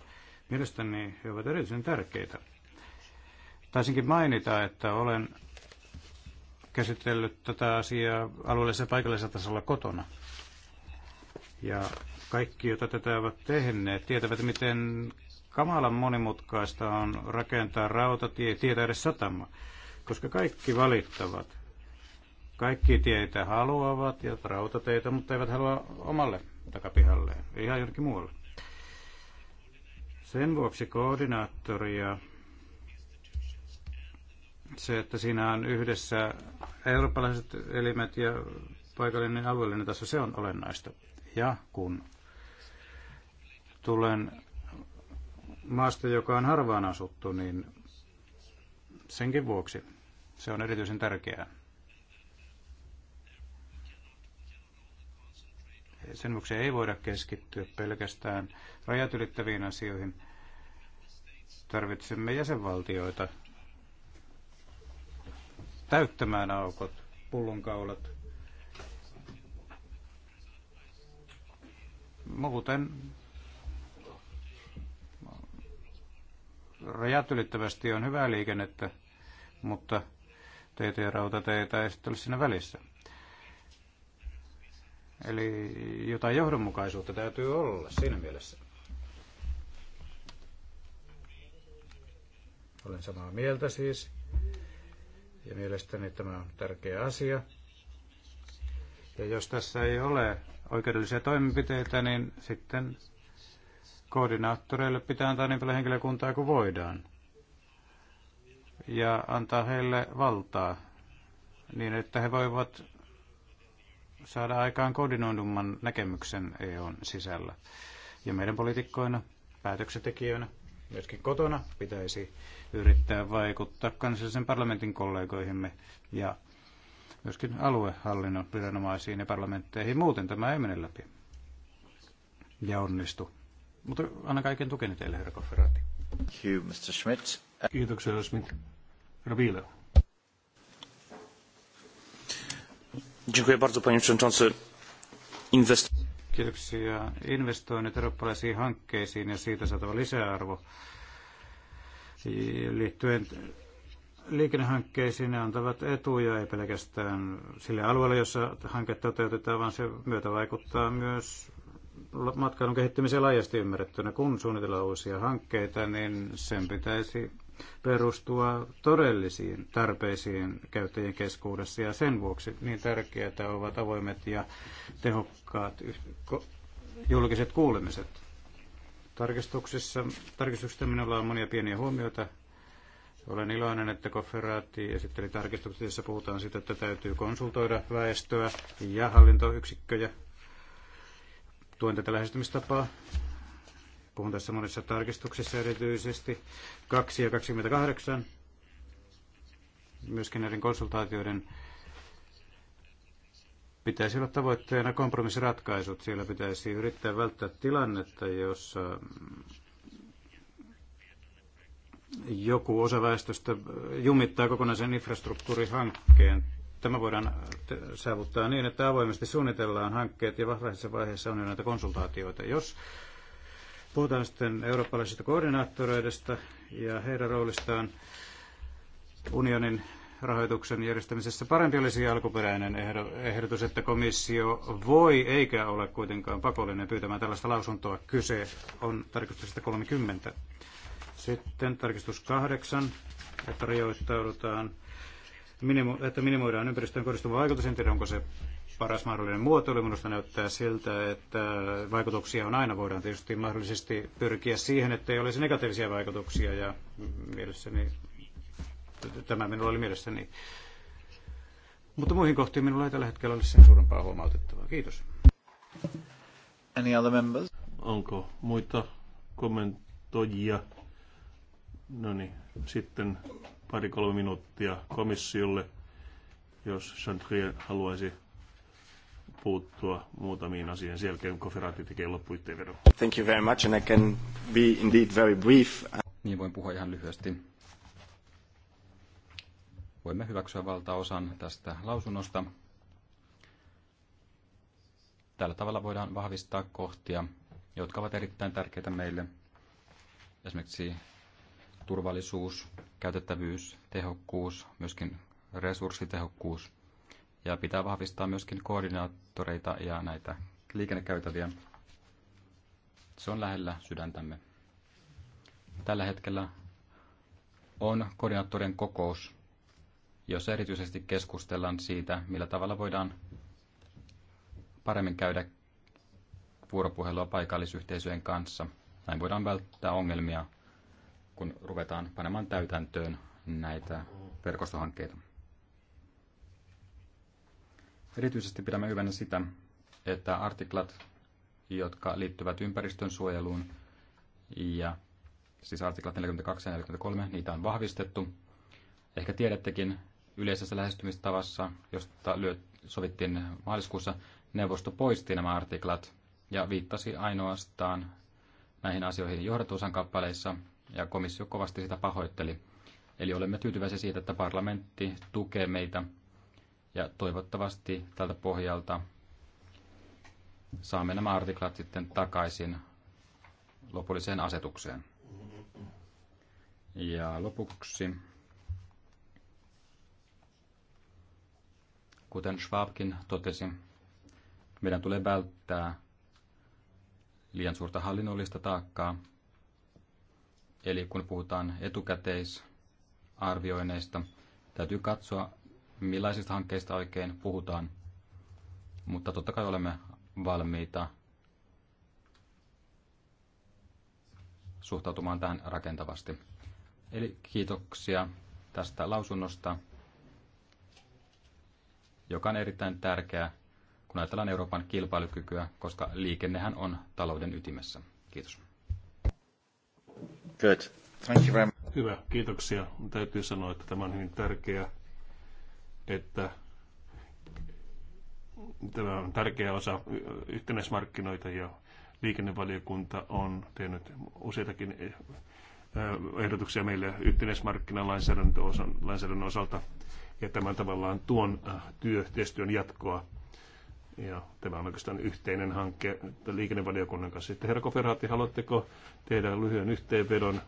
Mielestäni he ovat erityisen tärkeitä. Taisinkin mainita, että olen käsitellyt tätä asiaa alueellisella ja paikallisella tasolla kotona. Ja kaikki, joita tätä ovat tehneet, tietävät, miten kamalan monimutkaista on rakentaa rautatie, tietä edes satama, koska kaikki valittavat. Kaikki tietä haluavat ja rautateitä, mutta eivät halua omalle takapihalleen, ihan jonnekin muualle. Sen vuoksi koordinaattoria se, että siinä on yhdessä eurooppalaiset elimet ja paikallinen alueellinen taso, se on olennaista. Ja kun tulen maasta, joka on harvaan asuttu, niin senkin vuoksi se on erityisen tärkeää. sen vuoksi ei voida keskittyä pelkästään rajat ylittäviin asioihin. Tarvitsemme jäsenvaltioita täyttämään aukot, pullonkaulat. Muuten rajat ylittävästi on hyvää liikennettä, mutta teitä ja rautateitä ei sitten ole siinä välissä. Eli jotain johdonmukaisuutta täytyy olla siinä mielessä. Olen samaa mieltä siis. Ja mielestäni tämä on tärkeä asia. Ja jos tässä ei ole oikeudellisia toimenpiteitä, niin sitten koordinaattoreille pitää antaa niin paljon henkilökuntaa kuin voidaan. Ja antaa heille valtaa niin, että he voivat saada aikaan koordinoidumman näkemyksen EUn sisällä. Ja meidän poliitikkoina, päätöksentekijöinä, myöskin kotona pitäisi yrittää vaikuttaa kansallisen parlamentin kollegoihimme ja myöskin aluehallinnon viranomaisiin ja parlamentteihin. Muuten tämä ei mene läpi ja onnistu. Mutta anna kaiken tukeni teille, herra konferaatti. Kiitoksia, Schmidt. Kiitoksia, Schmidt. Rabilo. Kiitoksia. Investoinnit eurooppalaisiin hankkeisiin ja siitä saatava lisäarvo liittyen liikennehankkeisiin ne antavat etuja ei pelkästään sille alueelle, jossa hanke toteutetaan, vaan se myötä vaikuttaa myös matkailun kehittymiseen laajasti ymmärrettynä. Kun suunnitellaan uusia hankkeita, niin sen pitäisi perustua todellisiin tarpeisiin käyttäjien keskuudessa ja sen vuoksi niin tärkeää ovat avoimet ja tehokkaat julkiset kuulemiset. Tarkistuksissa, tarkistuksista minulla on monia pieniä huomioita. Olen iloinen, että Kofferaatti esitteli tarkistukset, jossa puhutaan siitä, että täytyy konsultoida väestöä ja hallintoyksikköjä. Tuen tätä lähestymistapaa puhun tässä monissa tarkistuksessa erityisesti 2 ja 28, myöskin näiden konsultaatioiden pitäisi olla tavoitteena kompromissiratkaisut. Siellä pitäisi yrittää välttää tilannetta, jossa joku osa väestöstä jumittaa kokonaisen infrastruktuurihankkeen. Tämä voidaan saavuttaa niin, että avoimesti suunnitellaan hankkeet ja varhaisessa vaiheessa on jo näitä konsultaatioita. Jos Puhutaan sitten eurooppalaisista koordinaattoreista ja heidän roolistaan unionin rahoituksen järjestämisessä. Parempi olisi alkuperäinen ehdotus, että komissio voi eikä ole kuitenkaan pakollinen pyytämään tällaista lausuntoa. Kyse on tarkistuksesta 30. Sitten tarkistus 8, että rajoittaudutaan, että minimoidaan ympäristöön kohdistuva vaikutus. En tiedä, onko se paras mahdollinen muotoilu. Minusta näyttää siltä, että vaikutuksia on aina. Voidaan tietysti mahdollisesti pyrkiä siihen, ettei olisi negatiivisia vaikutuksia ja mielessäni, tämä minulla oli mielessäni. Mutta muihin kohtiin minulla ei tällä hetkellä ole sen suurempaa huomautettavaa. Kiitos. Any other members? Onko muita kommentoijia? No niin, sitten pari-kolme minuuttia komissiolle, jos Chantrier haluaisi puuttua muutamiin asioihin sen jälkeen, kun Ferrari tekee loppuyhteenvedon. Thank you very much and I can be indeed very brief. Niin voin puhua ihan lyhyesti. Voimme hyväksyä valtaosan tästä lausunnosta. Tällä tavalla voidaan vahvistaa kohtia, jotka ovat erittäin tärkeitä meille. Esimerkiksi turvallisuus, käytettävyys, tehokkuus, myöskin resurssitehokkuus – ja pitää vahvistaa myöskin koordinaattoreita ja näitä liikennekäytäviä. Se on lähellä sydäntämme. Tällä hetkellä on koordinaattorien kokous, jossa erityisesti keskustellaan siitä, millä tavalla voidaan paremmin käydä vuoropuhelua paikallisyhteisöjen kanssa. Näin voidaan välttää ongelmia, kun ruvetaan panemaan täytäntöön näitä verkostohankkeita. Erityisesti pidämme hyvänä sitä, että artiklat, jotka liittyvät ympäristön suojeluun ja siis artiklat 42 ja 43, niitä on vahvistettu. Ehkä tiedättekin yleisessä lähestymistavassa, josta sovittiin maaliskuussa, neuvosto poisti nämä artiklat ja viittasi ainoastaan näihin asioihin johdatusan kappaleissa, ja komissio kovasti sitä pahoitteli. Eli olemme tyytyväisiä siitä, että parlamentti tukee meitä ja toivottavasti tältä pohjalta saamme nämä artiklat sitten takaisin lopulliseen asetukseen. Ja lopuksi, kuten Schwabkin totesi, meidän tulee välttää liian suurta hallinnollista taakkaa. Eli kun puhutaan etukäteisarvioineista, täytyy katsoa, millaisista hankkeista oikein puhutaan. Mutta totta kai olemme valmiita suhtautumaan tähän rakentavasti. Eli kiitoksia tästä lausunnosta, joka on erittäin tärkeä, kun ajatellaan Euroopan kilpailukykyä, koska liikennehän on talouden ytimessä. Kiitos. Good. Thank you very much. Hyvä, kiitoksia. Täytyy sanoa, että tämä on hyvin tärkeä että tämä on tärkeä osa yhtenäismarkkinoita ja liikennevaliokunta on tehnyt useitakin eh, eh, ehdotuksia meille yhtenäismarkkinalainsäädännön osalta ja tämän tavallaan tuon eh, työyhteistyön jatkoa. Ja tämä on oikeastaan yhteinen hanke liikennevaliokunnan kanssa. Sitten herra Koferaatti, haluatteko tehdä lyhyen yhteenvedon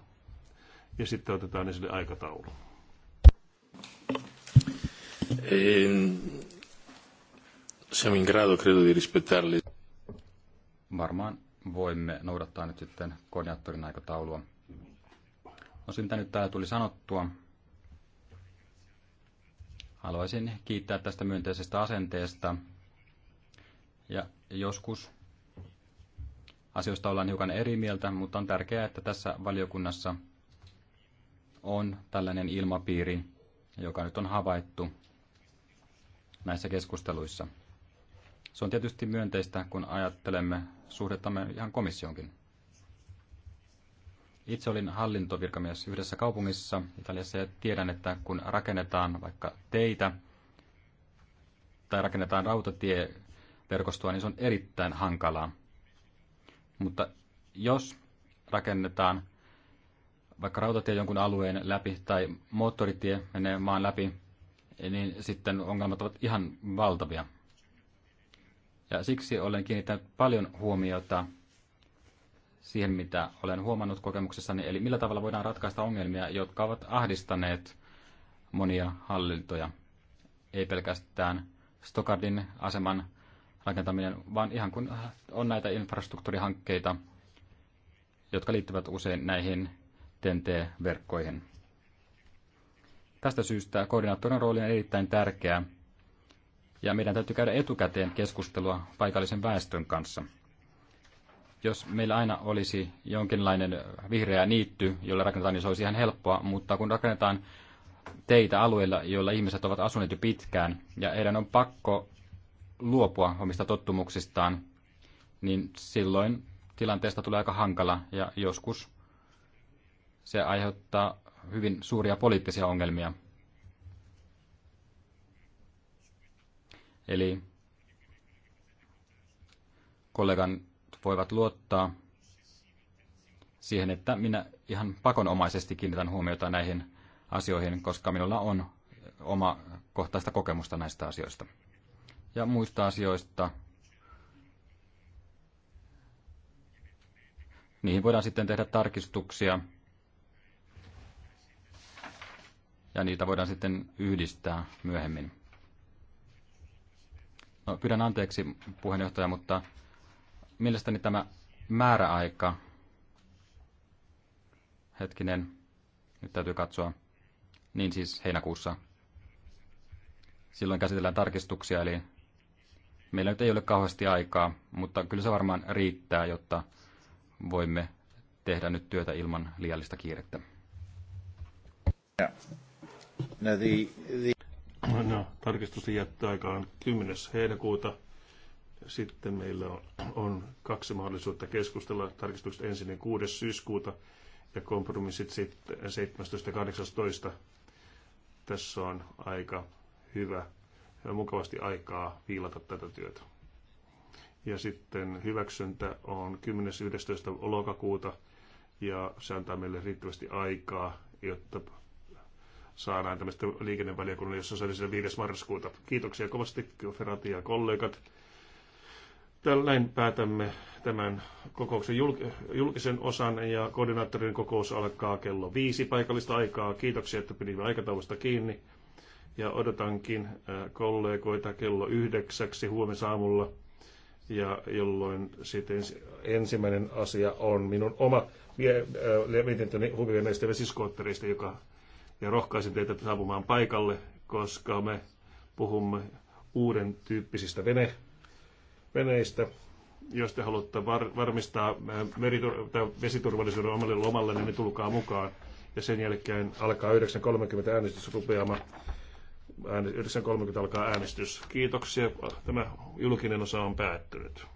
ja sitten otetaan esille aikataulu. Eh, siamo in grado, credo, di rispettarle. Varmaan voimme noudattaa nyt sitten koordinaattorin aikataulua. No mitä nyt täällä tuli sanottua. Haluaisin kiittää tästä myönteisestä asenteesta. Ja joskus asioista ollaan hiukan eri mieltä, mutta on tärkeää, että tässä valiokunnassa on tällainen ilmapiiri, joka nyt on havaittu näissä keskusteluissa. Se on tietysti myönteistä, kun ajattelemme suhdettamme ihan komissionkin. Itse olin hallintovirkamies yhdessä kaupungissa Italiassa ja tiedän, että kun rakennetaan vaikka teitä tai rakennetaan rautatieverkostoa, niin se on erittäin hankalaa. Mutta jos rakennetaan vaikka rautatie jonkun alueen läpi tai moottoritie menee maan läpi, niin sitten ongelmat ovat ihan valtavia. Ja siksi olen kiinnittänyt paljon huomiota siihen, mitä olen huomannut kokemuksessani, eli millä tavalla voidaan ratkaista ongelmia, jotka ovat ahdistaneet monia hallintoja. Ei pelkästään Stokardin aseman rakentaminen, vaan ihan kun on näitä infrastruktuurihankkeita, jotka liittyvät usein näihin TNT-verkkoihin. Tästä syystä koordinaattorin rooli on erittäin tärkeä ja meidän täytyy käydä etukäteen keskustelua paikallisen väestön kanssa. Jos meillä aina olisi jonkinlainen vihreä niitty, jolla rakennetaan, niin se olisi ihan helppoa, mutta kun rakennetaan teitä alueilla, joilla ihmiset ovat asuneet jo pitkään ja heidän on pakko luopua omista tottumuksistaan, niin silloin tilanteesta tulee aika hankala ja joskus se aiheuttaa hyvin suuria poliittisia ongelmia. Eli kollegan voivat luottaa siihen, että minä ihan pakonomaisesti kiinnitän huomiota näihin asioihin, koska minulla on oma kohtaista kokemusta näistä asioista. Ja muista asioista, niihin voidaan sitten tehdä tarkistuksia ja niitä voidaan sitten yhdistää myöhemmin. No, pyydän anteeksi puheenjohtaja, mutta mielestäni tämä määräaika, hetkinen, nyt täytyy katsoa, niin siis heinäkuussa, silloin käsitellään tarkistuksia, eli meillä nyt ei ole kauheasti aikaa, mutta kyllä se varmaan riittää, jotta voimme tehdä nyt työtä ilman liiallista kiirettä. Yeah. Now the, the... no tarkistus jättää aikaan 10. heinäkuuta. Sitten meillä on, on kaksi mahdollisuutta keskustella. Tarkistukset ensin 6. syyskuuta ja kompromissit sitten 17. ja 18. Tässä on aika hyvä ja mukavasti aikaa viilata tätä työtä. Ja sitten hyväksyntä on 10.11. lokakuuta ja se antaa meille riittävästi aikaa, jotta saadaan tämmöistä liikennevaliokunnan, jossa se oli 5. marraskuuta. Kiitoksia kovasti Ferrati ja kollegat. Tälläin päätämme tämän kokouksen julkisen osan ja koordinaattorin kokous alkaa kello viisi paikallista aikaa. Kiitoksia, että pidimme aikataulusta kiinni ja odotankin äh, kollegoita kello yhdeksäksi huomisaamulla, ja jolloin sitten ensimmäinen asia on minun oma äh, mietintöni huvien näistä vesiskoottereista, joka ja rohkaisin teitä saapumaan paikalle, koska me puhumme uuden tyyppisistä vene, veneistä. Jos te haluatte var, varmistaa äh, meritur- tai vesiturvallisuuden omalle lomalle, niin tulkaa mukaan. Ja sen jälkeen alkaa 9.30 äänestys rupeama. 9.30 alkaa äänestys. Kiitoksia. Tämä julkinen osa on päättynyt.